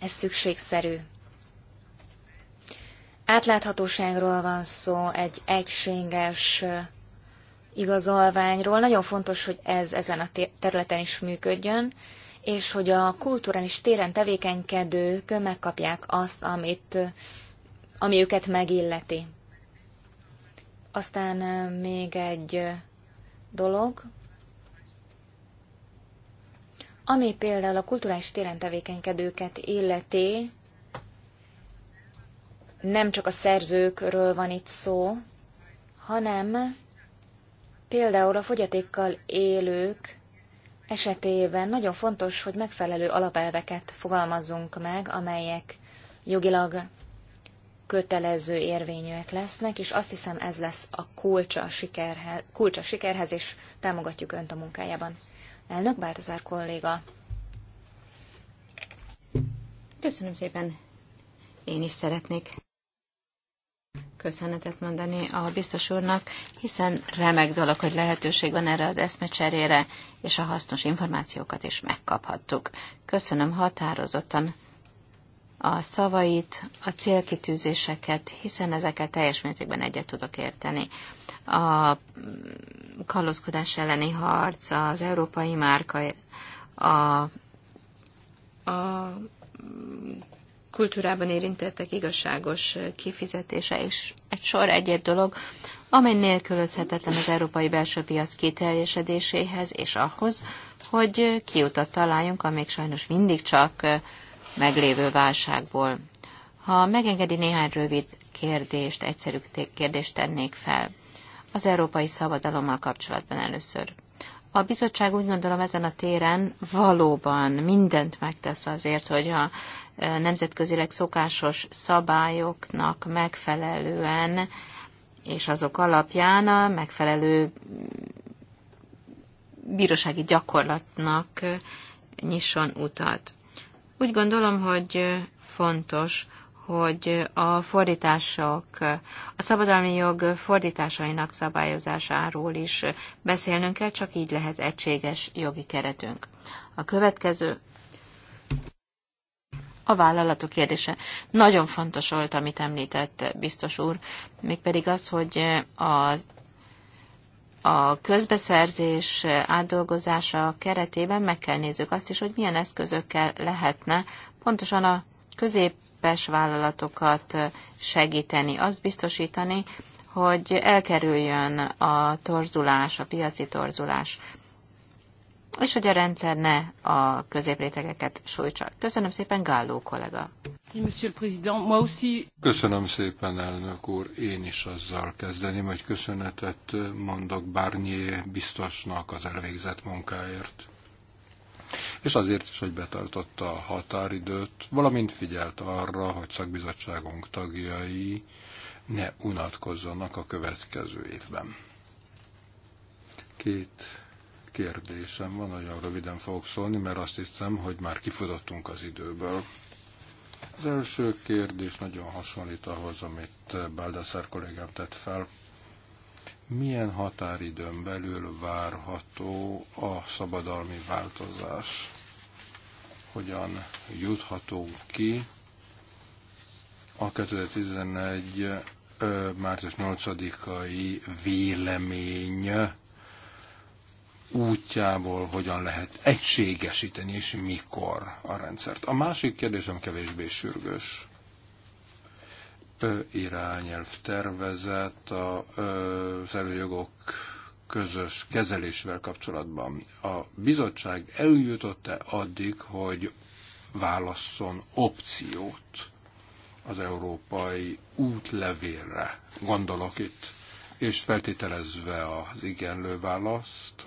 ez szükségszerű Átláthatóságról van szó, egy egységes igazolványról. Nagyon fontos, hogy ez ezen a területen is működjön, és hogy a kulturális téren tevékenykedők megkapják azt, amit, ami őket megilleti. Aztán még egy dolog, ami például a kulturális téren tevékenykedőket illeti, nem csak a szerzőkről van itt szó, hanem például a fogyatékkal élők esetében nagyon fontos, hogy megfelelő alapelveket fogalmazzunk meg, amelyek jogilag kötelező érvényűek lesznek, és azt hiszem ez lesz a kulcsa a sikerhez, kulcsa sikerhez és támogatjuk Önt a munkájában. Elnök Bártazár kolléga. Köszönöm szépen. Én is szeretnék köszönetet mondani a biztos úrnak, hiszen remek dolog, hogy lehetőség van erre az eszmecserére, és a hasznos információkat is megkaphattuk. Köszönöm határozottan a szavait, a célkitűzéseket, hiszen ezekkel teljes mértékben egyet tudok érteni. A kalózkodás elleni harc, az európai márka, a, a kultúrában érintettek igazságos kifizetése, és egy sor egyéb dolog, amely nélkülözhetetlen az európai belső piac kiteljesedéséhez, és ahhoz, hogy kiutat találjunk a még sajnos mindig csak meglévő válságból. Ha megengedi néhány rövid kérdést, egyszerű kérdést tennék fel. Az európai szabadalommal kapcsolatban először. A bizottság úgy gondolom ezen a téren valóban mindent megtesz azért, hogy a nemzetközileg szokásos szabályoknak megfelelően és azok alapján a megfelelő bírósági gyakorlatnak nyisson utat. Úgy gondolom, hogy fontos, hogy a fordítások, a szabadalmi jog fordításainak szabályozásáról is beszélnünk kell, csak így lehet egységes jogi keretünk. A következő a vállalatok kérdése. Nagyon fontos volt, amit említett biztos úr, mégpedig az, hogy a, a közbeszerzés átdolgozása keretében meg kell nézzük azt is, hogy milyen eszközökkel lehetne pontosan a középes vállalatokat segíteni, azt biztosítani, hogy elkerüljön a torzulás, a piaci torzulás és hogy a rendszer ne a középrétegeket sújtsa. Köszönöm szépen, Gálló kollega. Köszönöm szépen, elnök úr. Én is azzal kezdeném, hogy köszönetet mondok Barnier biztosnak az elvégzett munkáért. És azért is, hogy betartotta a határidőt, valamint figyelt arra, hogy szakbizottságunk tagjai ne unatkozzanak a következő évben. Két kérdésem van, nagyon röviden fogok szólni, mert azt hiszem, hogy már kifutottunk az időből. Az első kérdés nagyon hasonlít ahhoz, amit Baldassar kollégám tett fel. Milyen határidőn belül várható a szabadalmi változás? Hogyan juthatunk ki a 2011 március 8-ai vélemény útjából hogyan lehet egységesíteni, és mikor a rendszert. A másik kérdésem kevésbé sürgős. irányelv tervezet a szerőjogok közös kezelésvel kapcsolatban. A bizottság eljutott-e addig, hogy válasszon opciót az európai útlevélre? Gondolok itt és feltételezve az igenlő választ,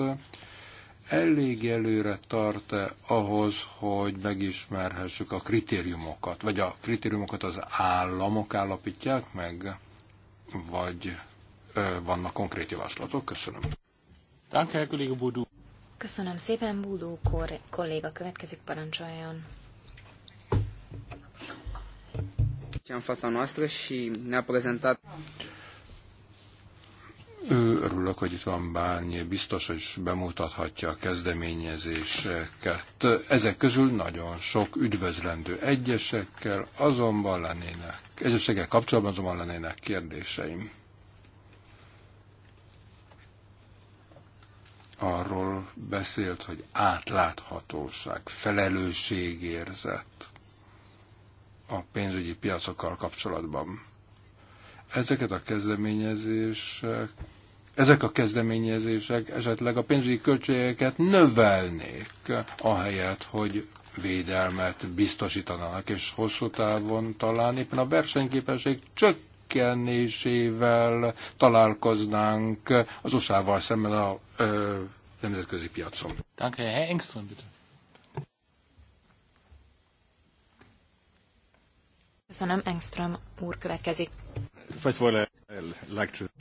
elég előre tart -e ahhoz, hogy megismerhessük a kritériumokat, vagy a kritériumokat az államok állapítják meg, vagy ö, vannak konkrét javaslatok? Köszönöm. Köszönöm szépen, Budó kolléga következik, parancsoljon. Köszönöm szépen, noastră kolléga következik, parancsoljon. prezentat ő örülök, hogy itt van bárnyi, biztos, hogy bemutathatja a kezdeményezéseket. Ezek közül nagyon sok üdvözlendő egyesekkel, azonban lennének, egyesekkel kapcsolatban azonban lennének kérdéseim. Arról beszélt, hogy átláthatóság, felelősségérzet a pénzügyi piacokkal kapcsolatban Ezeket a kezdeményezések, ezek a kezdeményezések esetleg a pénzügyi költségeket növelnék, ahelyett, hogy védelmet biztosítanának, és hosszú távon talán éppen a versenyképesség csökkenésével találkoznánk az USA-val szemben a ö, nemzetközi piacon. Engström, bitte. Köszönöm, Engström úr következik.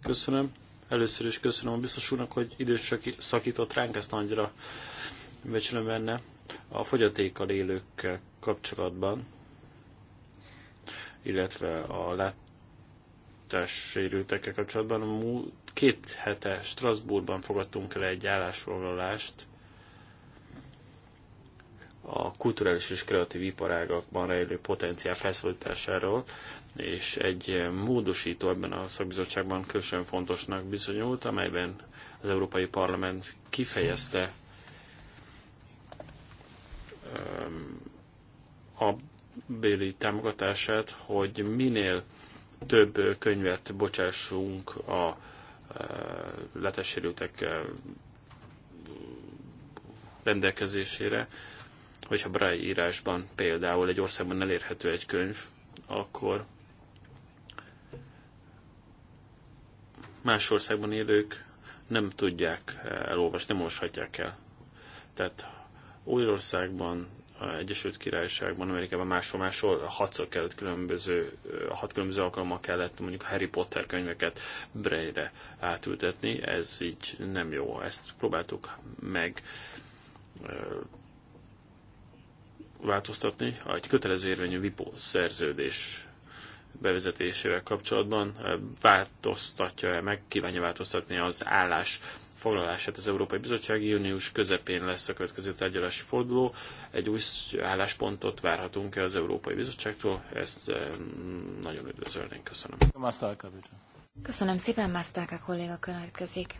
Köszönöm. Először is köszönöm a biztos úrnak, hogy időt szakított ránk, ezt nagyra becsülöm benne. A fogyatékkal élőkkel kapcsolatban, illetve a látássérültekkel kapcsolatban két hete Strasbourgban fogadtunk el egy állásfoglalást a kulturális és kreatív iparágakban rejlő potenciál felszólításáról és egy módosító ebben a szakbizottságban különösen fontosnak bizonyult, amelyben az Európai Parlament kifejezte a béli támogatását, hogy minél több könyvet bocsássunk a letesérültek rendelkezésére, hogyha braille írásban például egy országban elérhető egy könyv, akkor más országban élők nem tudják eh, elolvasni, nem olvashatják el. Tehát Újországban, Egyesült Királyságban, Amerikában máshol, máshol hatszor kellett különböző, eh, hat különböző alkalommal kellett mondjuk Harry Potter könyveket Braille-re átültetni, ez így nem jó, ezt próbáltuk meg eh, változtatni. Egy kötelező érvényű VIPO szerződés bevezetésével kapcsolatban változtatja, meg kívánja változtatni az állás foglalását az Európai Bizottság. Június közepén lesz a következő tárgyalási forduló. Egy új álláspontot várhatunk -e az Európai Bizottságtól? Ezt nagyon üdvözölnénk. Köszönöm. Köszönöm szépen, Masztáka kolléga következik.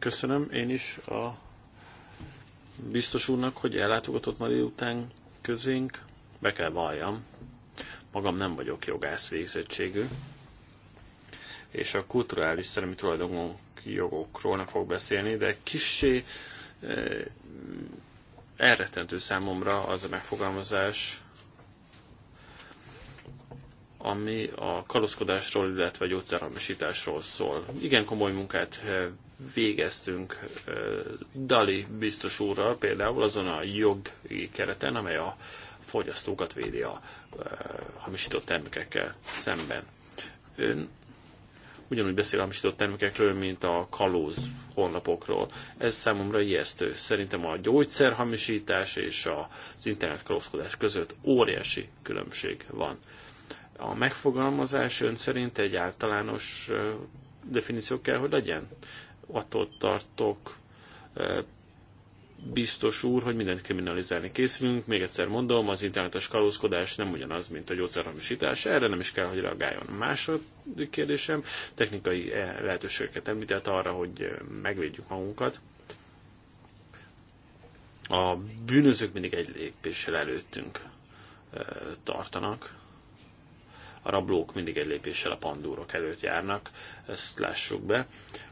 Köszönöm én is a biztos úrnak, hogy ellátogatott ma délután közénk be kell valljam, magam nem vagyok jogász végzettségű, és a kulturális szeremi tulajdonok jogokról nem fog beszélni, de kissé e, elrettentő számomra az a megfogalmazás, ami a kaloszkodásról, illetve gyógyszerhamisításról szól. Igen komoly munkát e, végeztünk e, Dali biztos úrral, például azon a jogi kereten, amely a fogyasztókat védi a hamisított termékekkel szemben. Ön ugyanúgy beszél a hamisított termékekről, mint a kalóz honlapokról. Ez számomra ijesztő. Szerintem a gyógyszerhamisítás és az internet kalózkodás között óriási különbség van. A megfogalmazás ön szerint egy általános definíció kell, hogy legyen. Attól tartok biztos úr, hogy mindent kriminalizálni készülünk. Még egyszer mondom, az internetes kalózkodás nem ugyanaz, mint a gyógyszerhamisítás. Erre nem is kell, hogy reagáljon. második kérdésem, technikai eh, lehetőségeket említett arra, hogy eh, megvédjük magunkat. A bűnözők mindig egy lépéssel előttünk eh, tartanak a rablók mindig egy lépéssel a pandúrok előtt járnak, ezt lássuk be.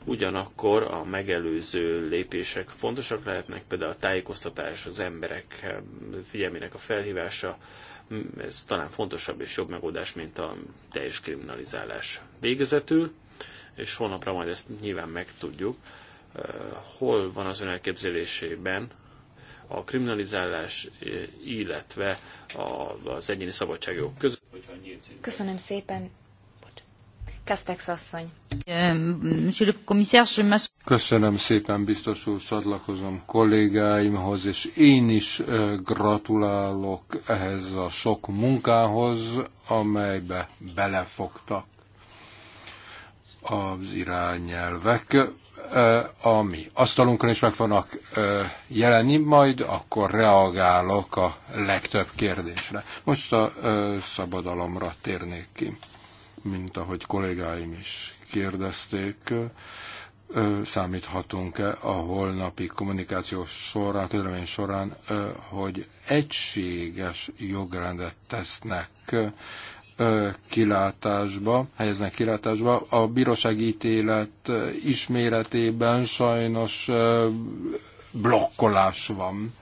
Ugyanakkor a megelőző lépések fontosak lehetnek, például a tájékoztatás, az emberek eh, figyelmének a felhívása, mm, ez talán fontosabb és jobb megoldás, mint a teljes kriminalizálás. Végezetül, és holnapra majd ezt nyilván megtudjuk, eh, hol van az ön elképzelésében a kriminalizálás, illetve az egyéni szabadságok között. Köszönöm szépen. Kastex asszony. Euh, Köszönöm szépen, biztos úr, csatlakozom kollégáimhoz, és én is gratulálok ehhez a sok munkához, amelybe belefogtak az irányelvek a mi asztalunkon is meg fognak jelenni, majd akkor reagálok a legtöbb kérdésre. Most a szabadalomra térnék ki, mint ahogy kollégáim is kérdezték számíthatunk-e a holnapi kommunikáció során, közlemény során, hogy egységes jogrendet tesznek kilátásba, helyeznek kilátásba. A bírósági ítélet isméretében sajnos blokkolás van.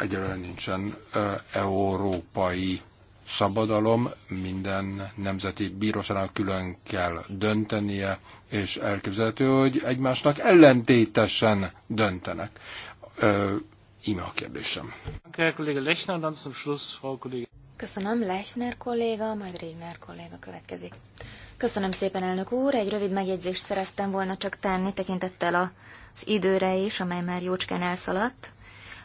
Egyelőre nincsen európai szabadalom, minden nemzeti bíróságnak külön kell döntenie, és elképzelhető, hogy egymásnak ellentétesen döntenek. Íme a kérdésem. Köszönöm, Köszönöm, Lechner kolléga, majd Régner kolléga következik. Köszönöm szépen, elnök úr. Egy rövid megjegyzést szerettem volna csak tenni, tekintettel az időre is, amely már jócskán elszaladt.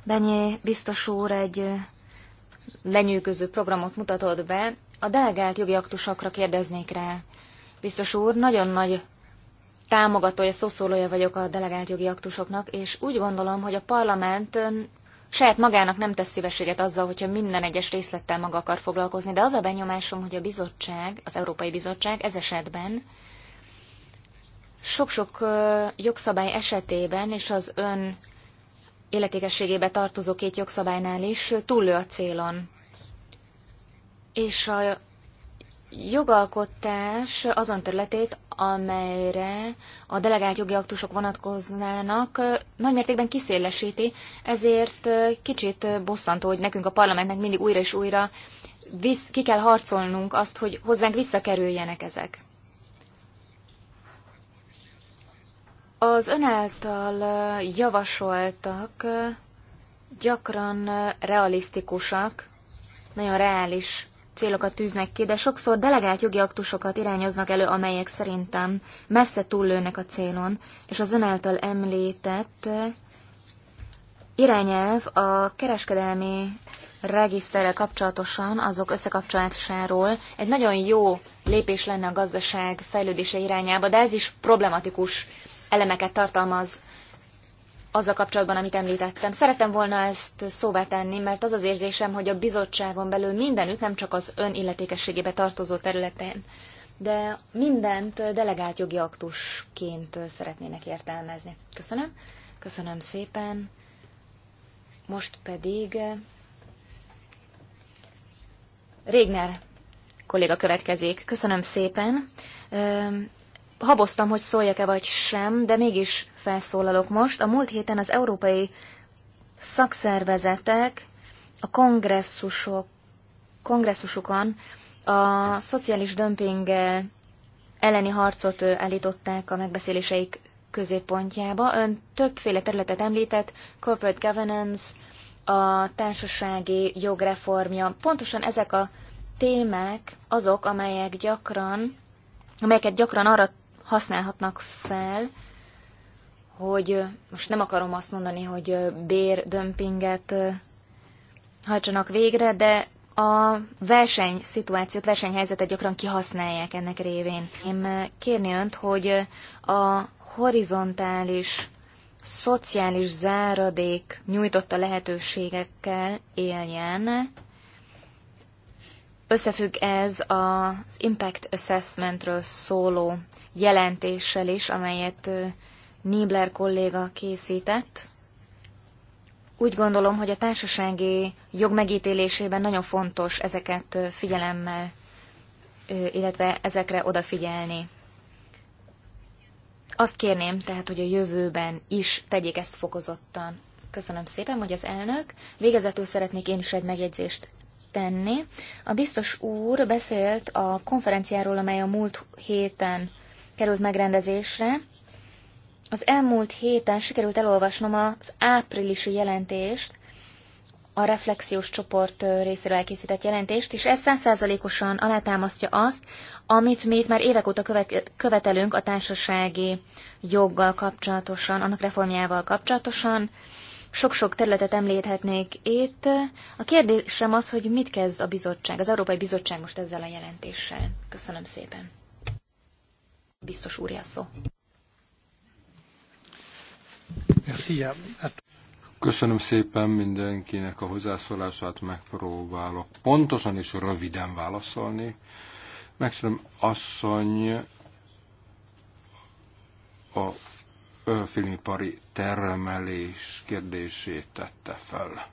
Benyé biztos úr egy lenyűgöző programot mutatott be. A delegált jogi aktusokra kérdeznék rá. Biztos úr, nagyon nagy támogatója, szószólója vagyok a delegált jogi aktusoknak, és úgy gondolom, hogy a parlament saját magának nem tesz szívességet azzal, hogyha minden egyes részlettel maga akar foglalkozni, de az a benyomásom, hogy a bizottság, az Európai Bizottság ez esetben sok-sok jogszabály esetében és az ön életékességébe tartozó két jogszabálynál is túllő a célon. És a jogalkotás azon területét, amelyre a delegált jogi aktusok vonatkoznának, nagymértékben kiszélesíti, ezért kicsit bosszantó, hogy nekünk a parlamentnek mindig újra és újra visz, ki kell harcolnunk azt, hogy hozzánk visszakerüljenek ezek. Az ön által javasoltak gyakran realisztikusak, nagyon reális célokat tűznek ki, de sokszor delegált jogi aktusokat irányoznak elő, amelyek szerintem messze túllőnek a célon, és az ön által említett irányelv a kereskedelmi regiszterrel kapcsolatosan azok összekapcsolásáról egy nagyon jó lépés lenne a gazdaság fejlődése irányába, de ez is problematikus elemeket tartalmaz azzal kapcsolatban, amit említettem. Szerettem volna ezt szóvá tenni, mert az az érzésem, hogy a bizottságon belül mindenütt, nem csak az ön illetékességébe tartozó területen, de mindent delegált jogi aktusként szeretnének értelmezni. Köszönöm. Köszönöm szépen. Most pedig Régner kolléga következik. Köszönöm szépen haboztam, hogy szóljak-e vagy sem, de mégis felszólalok most. A múlt héten az európai szakszervezetek a kongresszusok, kongresszusukon a szociális dömping elleni harcot elították a megbeszéléseik középpontjába. Ön többféle területet említett, corporate governance, a társasági jogreformja. Pontosan ezek a témák azok, amelyek gyakran, amelyeket gyakran arra használhatnak fel, hogy most nem akarom azt mondani, hogy bérdömpinget hajtsanak végre, de a versenyszituációt, versenyhelyzetet gyakran kihasználják ennek révén. Én kérni önt, hogy a horizontális, szociális záradék nyújtotta lehetőségekkel éljen, Összefügg ez az Impact Assessmentről szóló jelentéssel is, amelyet Niebler kolléga készített. Úgy gondolom, hogy a társasági jog megítélésében nagyon fontos ezeket figyelemmel, illetve ezekre odafigyelni. Azt kérném tehát, hogy a jövőben is tegyék ezt fokozottan. Köszönöm szépen, hogy az elnök. Végezetül szeretnék én is egy megjegyzést tenni. A biztos úr beszélt a konferenciáról, amely a múlt héten került megrendezésre. Az elmúlt héten sikerült elolvasnom az áprilisi jelentést, a reflexiós csoport részéről elkészített jelentést, és ez százszázalékosan alátámasztja azt, amit mi itt már évek óta követelünk a társasági joggal kapcsolatosan, annak reformjával kapcsolatosan. Sok-sok területet említhetnék itt. A kérdésem az, hogy mit kezd a bizottság, az Európai Bizottság most ezzel a jelentéssel. Köszönöm szépen. Biztos úr, szó. Hát- Köszönöm szépen mindenkinek a hozzászólását, megpróbálok pontosan és röviden válaszolni. Megszülöm asszony a filmipari termelés kérdését tette fel.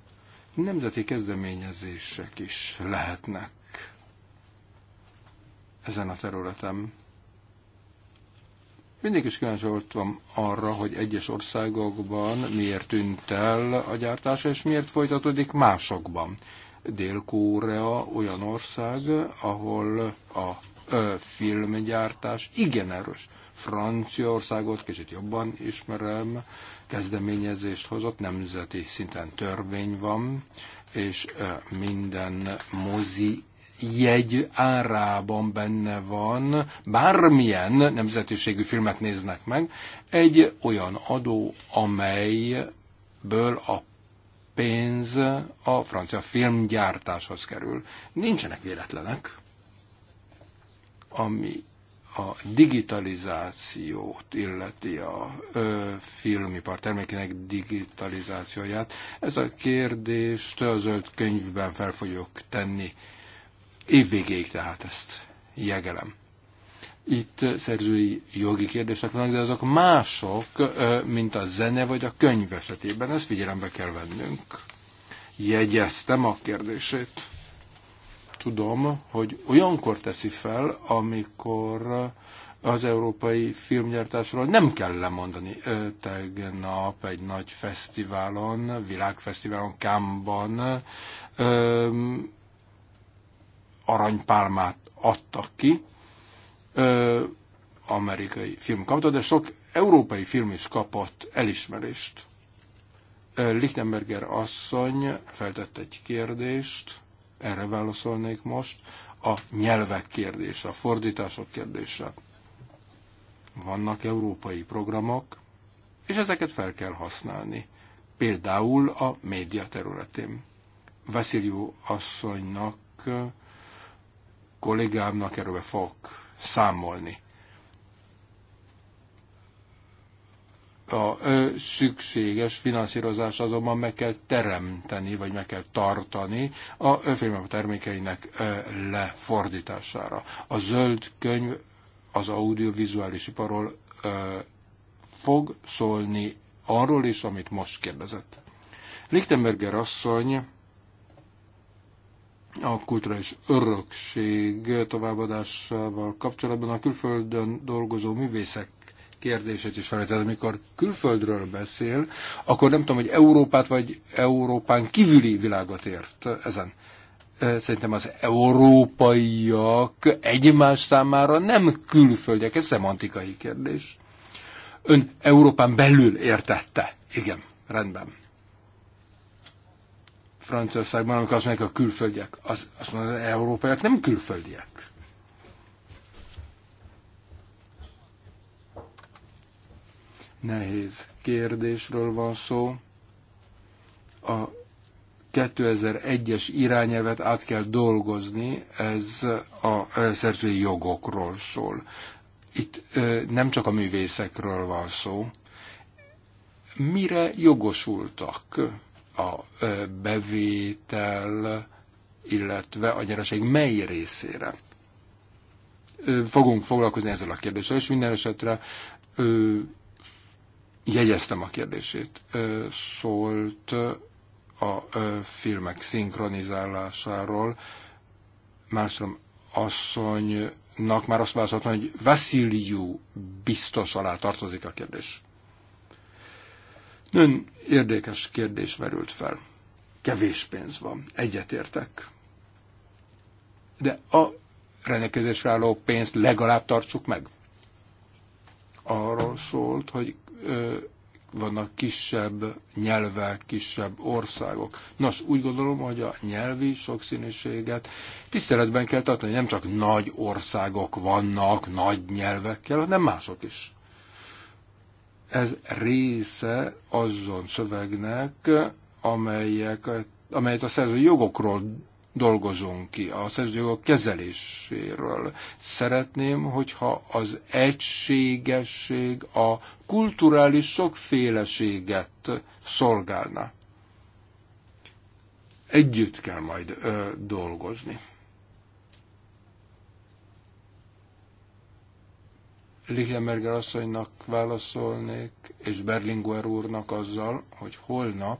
Nemzeti kezdeményezések is lehetnek ezen a területen. Mindig is kíváncsi voltam arra, hogy egyes országokban miért tűnt el a gyártás, és miért folytatódik másokban. Dél-Korea olyan ország, ahol a filmgyártás igen erős. Franciaországot kicsit jobban ismerem, kezdeményezést hozott, nemzeti szinten törvény van, és minden mozi jegy árában benne van, bármilyen nemzetiségű filmet néznek meg, egy olyan adó, amelyből a pénz a francia filmgyártáshoz kerül. Nincsenek véletlenek, ami a digitalizációt illeti a ö, filmipar termékének digitalizációját. Ez a kérdés a zöld könyvben fel fogjuk tenni. Évvégéig tehát ezt jegelem. Itt szerzői jogi kérdések vannak, de azok mások, ö, mint a zene vagy a könyv esetében. Ezt figyelembe kell vennünk. Jegyeztem a kérdését tudom, hogy olyankor teszi fel, amikor az európai filmgyártásról nem kell lemondani. Tegnap egy nagy fesztiválon, világfesztiválon, Kámban aranypálmát adtak ki, ö, amerikai film kapta, de sok európai film is kapott elismerést. Lichtenberger asszony feltett egy kérdést erre válaszolnék most. A nyelvek kérdése, a fordítások kérdése. Vannak európai programok, és ezeket fel kell használni. Például a média területén. Veszélyú asszonynak, kollégámnak erről fogok számolni. A szükséges finanszírozás azonban meg kell teremteni, vagy meg kell tartani a filmek termékeinek lefordítására. A zöld könyv az audiovizuális iparról fog szólni arról is, amit most kérdezett. Lichtenberger asszony a kulturális örökség továbbadásával kapcsolatban a külföldön dolgozó művészek kérdését is felvetett. Amikor külföldről beszél, akkor nem tudom, hogy Európát vagy Európán kívüli világot ért ezen. Szerintem az európaiak egymás számára nem külföldiek, ez szemantikai kérdés. Ön Európán belül értette. Igen, rendben. Franciaországban, amikor azt mondják a külföldiek, az, azt mondják, az európaiak nem külföldiek. nehéz kérdésről van szó. A 2001-es irányelvet át kell dolgozni, ez a szerzői jogokról szól. Itt nem csak a művészekről van szó. Mire jogosultak a bevétel, illetve a nyereség mely részére? Fogunk foglalkozni ezzel a kérdéssel, és minden esetre jegyeztem a kérdését. Szólt a filmek szinkronizálásáról. Márstrom asszonynak már azt válaszoltam, hogy Vasiliu biztos alá tartozik a kérdés. Nőn érdekes kérdés merült fel. Kevés pénz van, egyetértek. De a rendelkezésre álló pénzt legalább tartsuk meg. Arról szólt, hogy vannak kisebb nyelvek, kisebb országok. Nos, úgy gondolom, hogy a nyelvi sokszínűséget tiszteletben kell tartani, nem csak nagy országok vannak, nagy nyelvekkel, hanem mások is. Ez része azon szövegnek, amelyek, amelyet a szerző jogokról dolgozunk ki, a szerzőjogok kezeléséről. Szeretném, hogyha az egységesség a kulturális sokféleséget szolgálna. Együtt kell majd ö, dolgozni. Lichtenberger asszonynak válaszolnék, és Berlinguer úrnak azzal, hogy holnap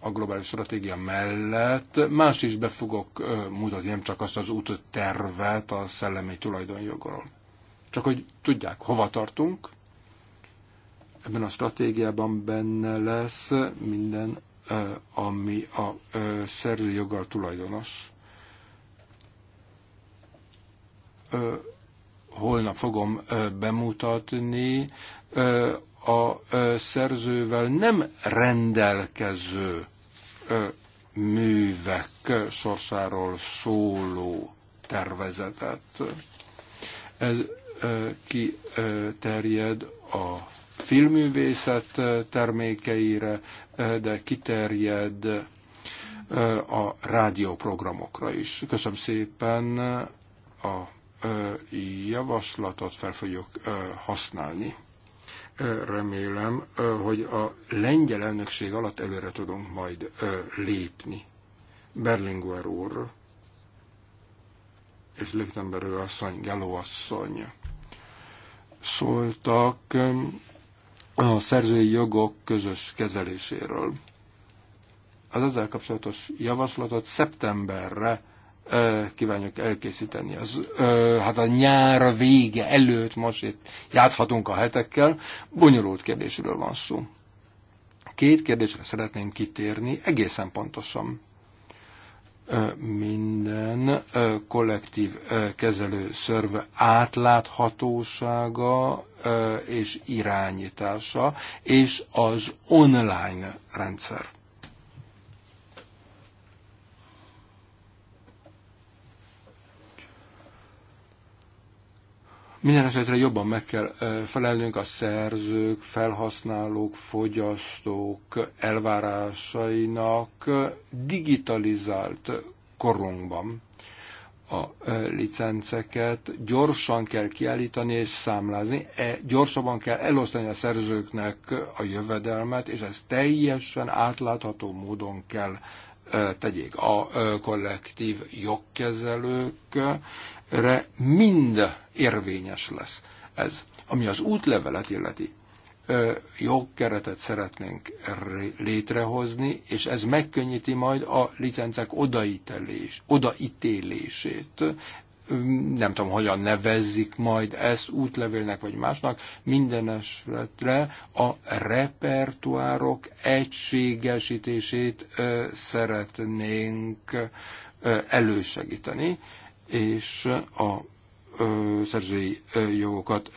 a globális stratégia mellett más is be fogok mutatni, nem csak azt az út tervet a szellemi tulajdonjogról. Csak hogy tudják, hova tartunk, ebben a stratégiában benne lesz minden, ami a szerzőjoggal tulajdonos. Holnap fogom bemutatni a szerzővel nem rendelkező művek sorsáról szóló tervezetet. Ez ki terjed a filmművészet termékeire, de kiterjed a rádióprogramokra is. Köszönöm szépen a javaslatot fel fogjuk használni remélem, hogy a lengyel elnökség alatt előre tudunk majd lépni. Berlinguer úr és Lichtenberg asszony, Gelo asszony szóltak a szerzői jogok közös kezeléséről. Az ezzel kapcsolatos javaslatot szeptemberre kívánjuk elkészíteni. Az, hát a nyár vége előtt most itt játszhatunk a hetekkel. Bonyolult kérdésről van szó. Két kérdésre szeretném kitérni egészen pontosan. Minden kollektív kezelő szörv átláthatósága és irányítása, és az online rendszer Minden esetre jobban meg kell felelnünk a szerzők, felhasználók, fogyasztók elvárásainak digitalizált korunkban a licenceket gyorsan kell kiállítani és számlázni, e, gyorsabban kell elosztani a szerzőknek a jövedelmet, és ez teljesen átlátható módon kell tegyék. A kollektív jogkezelők re mind érvényes lesz ez. Ami az útlevelet illeti, jogkeretet szeretnénk létrehozni, és ez megkönnyíti majd a licencek odaítelés, odaítélését. Nem tudom, hogyan nevezzik majd ezt útlevélnek vagy másnak. Minden esetre a repertoárok egységesítését szeretnénk elősegíteni, és a szerzői jogokat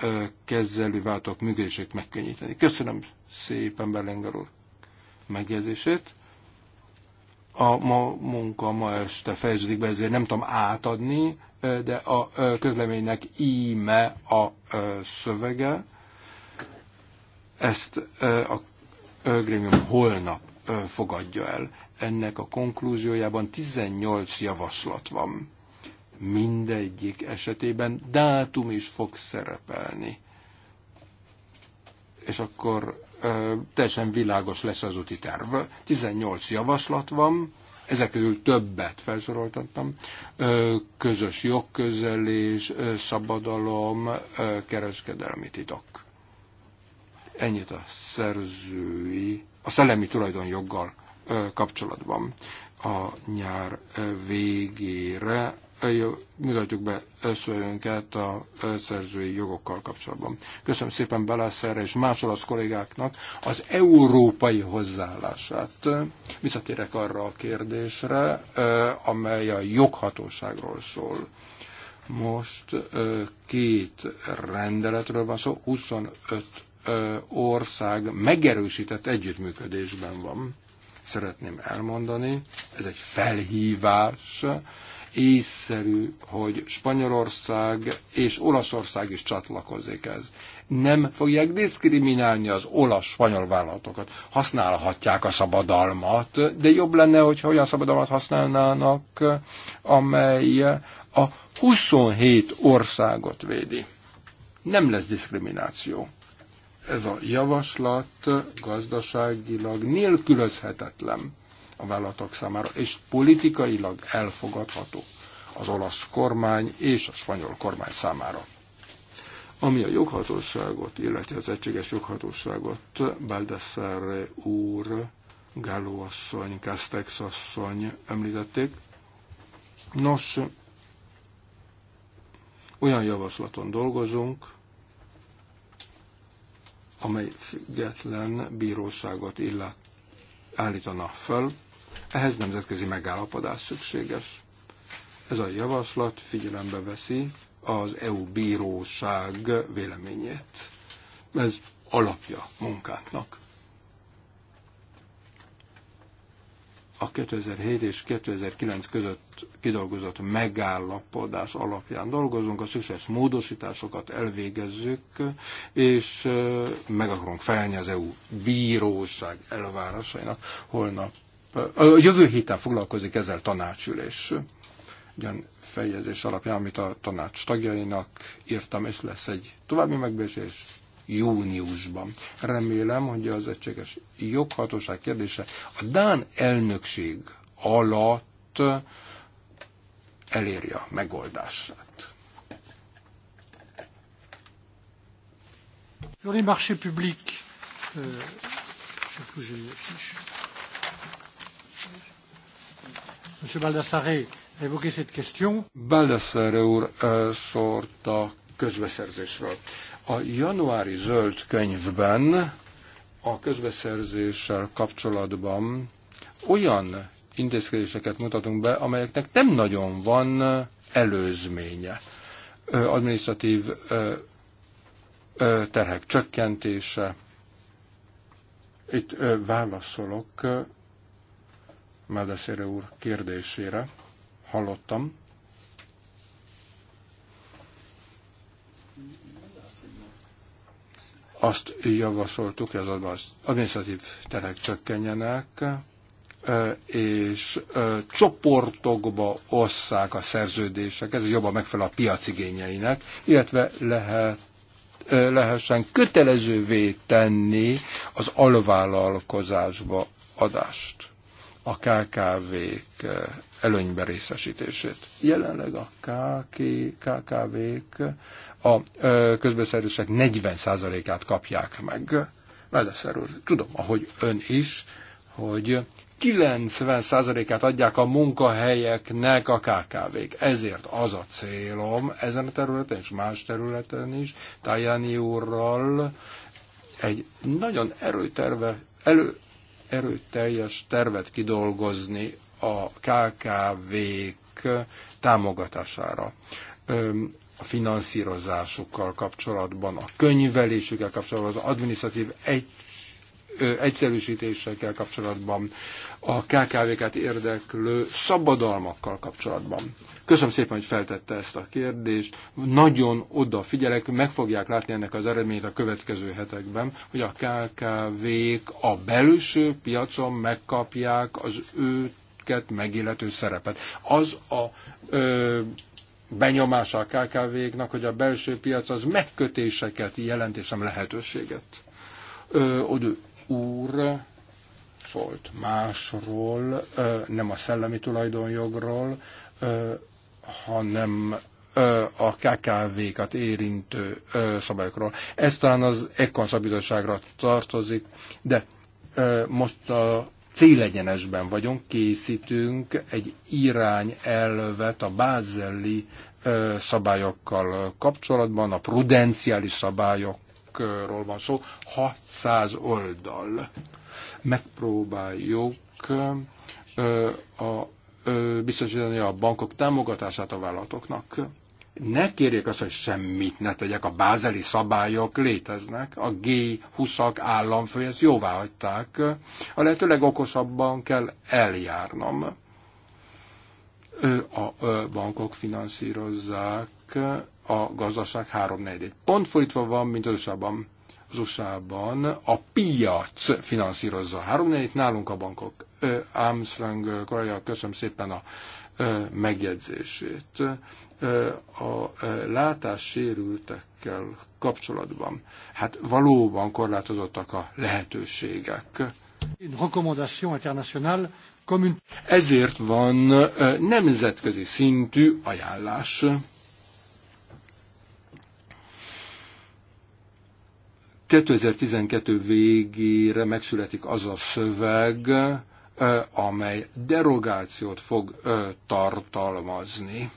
kezelő váltók működését megkönnyíteni. Köszönöm szépen Berlinger úr megjegyzését. A ma, munka ma este fejeződik be, ezért nem tudom átadni, de a közleménynek íme a szövege. Ezt a grémium holnap fogadja el. Ennek a konklúziójában 18 javaslat van mindegyik esetében dátum is fog szerepelni. És akkor ö, teljesen világos lesz az úti terv. 18 javaslat van, ezek közül többet felsoroltattam, közös jogközelés, szabadalom, kereskedelmi titok. Ennyit a szerzői, a szellemi tulajdonjoggal kapcsolatban a nyár végére mutatjuk be szülőnket a szerzői jogokkal kapcsolatban. Köszönöm szépen Belászerre és más olasz kollégáknak az európai hozzáállását. Visszatérek arra a kérdésre, amely a joghatóságról szól. Most két rendeletről van szó, 25 ország megerősített együttműködésben van. Szeretném elmondani, ez egy felhívás, észszerű, hogy Spanyolország és Olaszország is csatlakozik ez. Nem fogják diszkriminálni az olasz-spanyol vállalatokat. Használhatják a szabadalmat, de jobb lenne, hogyha olyan szabadalmat használnának, amely a 27 országot védi. Nem lesz diszkrimináció ez a javaslat gazdaságilag nélkülözhetetlen a vállalatok számára, és politikailag elfogadható az olasz kormány és a spanyol kormány számára. Ami a joghatóságot, illeti az egységes joghatóságot, Baldassarre úr, Gáló asszony, Kastex asszony említették. Nos, olyan javaslaton dolgozunk, amely független bíróságot illet, állítana föl, ehhez nemzetközi megállapodás szükséges. Ez a javaslat figyelembe veszi az EU bíróság véleményét. Ez alapja munkánknak. a 2007 és 2009 között kidolgozott megállapodás alapján dolgozunk, a szükséges módosításokat elvégezzük, és meg akarunk felni az EU bíróság elvárásainak. Holnap a jövő héten foglalkozik ezzel tanácsülés. Ugyan fejezés alapján, amit a tanács tagjainak írtam, és lesz egy további megbeszélés júniusban. Remélem, hogy az egységes joghatóság kérdése a Dán elnökség alatt eléri a megoldását. Sur les marchés publics, euh, je vous ai affiché. Baldassare Baldassare úr szólt a közbeszerzésről. A januári zöld könyvben a közbeszerzéssel kapcsolatban olyan intézkedéseket mutatunk be, amelyeknek nem nagyon van előzménye. Administratív terhek csökkentése. Itt válaszolok Meldeszére úr kérdésére. Hallottam. Azt javasoltuk, hogy az adminisztratív terhek csökkenjenek, és csoportokba osszák a szerződéseket, ez jobban megfelel a igényeinek, illetve lehet lehessen kötelezővé tenni az alvállalkozásba adást a KKV-k eh, előnybe részesítését. Jelenleg a KKV-k a eh, közbeszerzések 40%-át kapják meg. Melleszer úr, tudom, ahogy ön is, hogy 90%-át adják a munkahelyeknek a KKV-k. Ezért az a célom ezen a területen és más területen is, Tajani úrral egy nagyon erőterve, elő, erőteljes tervet kidolgozni a KKV-k támogatására a finanszírozásukkal kapcsolatban, a könyvelésükkel kapcsolatban, az administratív egy, egyszerűsítésekkel kapcsolatban, a KKV-ket érdeklő szabadalmakkal kapcsolatban. Köszönöm szépen, hogy feltette ezt a kérdést. Nagyon odafigyelek, meg fogják látni ennek az eredményét a következő hetekben, hogy a KKV-k a belső piacon megkapják az őket megillető szerepet. Az a ö, benyomása a KKV-knak, hogy a belső piac az megkötéseket jelent, és nem lehetőséget. Ö, Odő úr volt. Másról, nem a szellemi tulajdonjogról, hanem a KKV-kat érintő szabályokról. Ez talán az Ekkon szabadságra tartozik, de most a célegyenesben vagyunk, készítünk egy irányelvet a bázeli szabályokkal kapcsolatban, a prudenciális szabályokról van szó, 600 oldal. Megpróbáljuk a, biztosítani a bankok támogatását a vállalatoknak. Ne kérjék azt, hogy semmit ne tegyek, a bázeli szabályok léteznek, a G20-ak államfői ezt jóvá hagyták, a lehetőleg okosabban kell eljárnom. A bankok finanszírozzák a gazdaság háromnegyedét. Pont fordítva van, mint az usa az USA-ban a piac finanszírozza. Három nálunk a bankok. Armstrong Korea, köszönöm szépen a megjegyzését. A látássérültekkel kapcsolatban, hát valóban korlátozottak a lehetőségek. ezért van nemzetközi szintű ajánlás. 2012 végére megszületik az a szöveg, amely derogációt fog tartalmazni,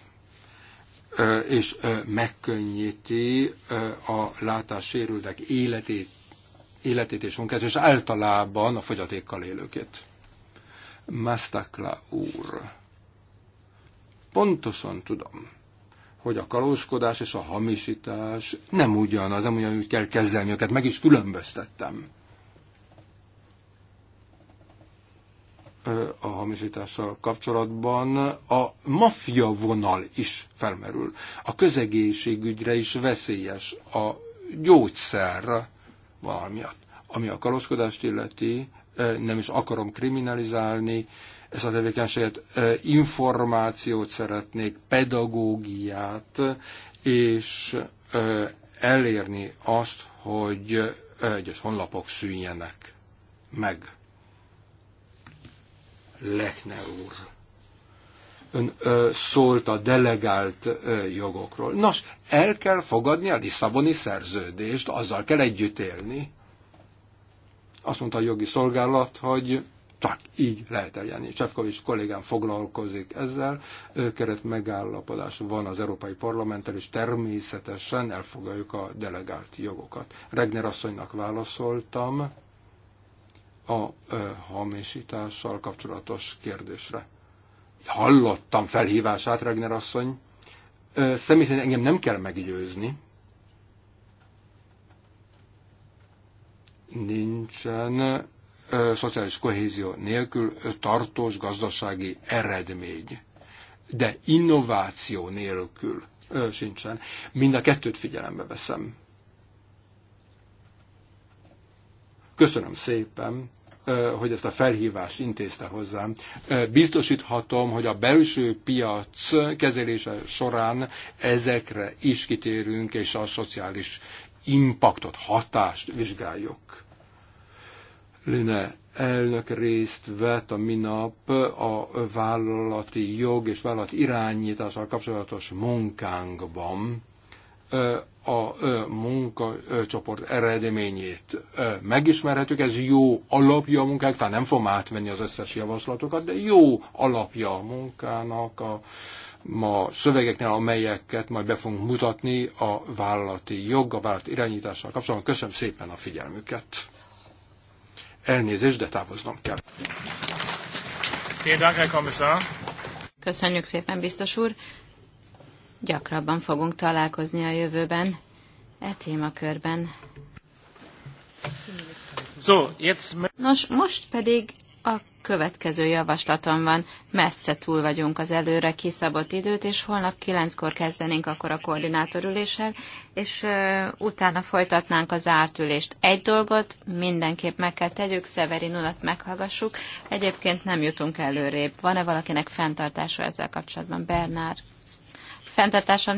és megkönnyíti a látássérültek életét, életét és munkát, és általában a fogyatékkal élőkét. Mastakla úr. Pontosan tudom hogy a kalózkodás és a hamisítás nem ugyanaz, nem ugyanúgy kell kezelni őket, meg is különböztettem. A hamisítással kapcsolatban a maffia vonal is felmerül. A közegészségügyre is veszélyes a gyógyszer valamiatt. Ami a kalózkodást illeti, nem is akarom kriminalizálni, ezt a tevékenységet, információt szeretnék, pedagógiát, és elérni azt, hogy egyes honlapok szűnjenek meg. Lechner úr. Ön ö, szólt a delegált ö, jogokról. Nos, el kell fogadni a Lisszaboni szerződést, azzal kell együtt élni. Azt mondta a jogi szolgálat, hogy csak így lehet eljárni. Csefkovics kollégám foglalkozik ezzel. Keret megállapodás van az Európai Parlamenttel, és természetesen elfogadjuk a delegált jogokat. Regner asszonynak válaszoltam a ö, hamisítással kapcsolatos kérdésre. Hallottam felhívását, Regner asszony. Ö, személy szerint engem nem kell meggyőzni. Nincsen szociális kohézió nélkül tartós gazdasági eredmény. De innováció nélkül sincsen. Mind a kettőt figyelembe veszem. Köszönöm szépen, hogy ezt a felhívást intézte hozzám. Biztosíthatom, hogy a belső piac kezelése során ezekre is kitérünk, és a szociális impaktot, hatást vizsgáljuk. Lina elnök részt vett a minap a vállalati jog és vállalati irányítással kapcsolatos munkánkban a munkacsoport eredményét megismerhetük. Ez jó alapja a munkák, tehát nem fogom átvenni az összes javaslatokat, de jó alapja a munkának a ma szövegeknél, amelyeket majd be fogunk mutatni a vállalati jog, a vállalati irányítással kapcsolatban. Köszönöm szépen a figyelmüket! Elnézést, de távoznom kell. Köszönjük szépen, biztos úr. Gyakrabban fogunk találkozni a jövőben, e témakörben. Nos, most pedig következő javaslatom van, messze túl vagyunk az előre kiszabott időt, és holnap kilenckor kezdenénk akkor a koordinátorüléssel, és utána folytatnánk az ülést. Egy dolgot mindenképp meg kell tegyük, Szeverin urat meghallgassuk, egyébként nem jutunk előrébb. Van-e valakinek fenntartása ezzel kapcsolatban? Bernár? Fenntartásom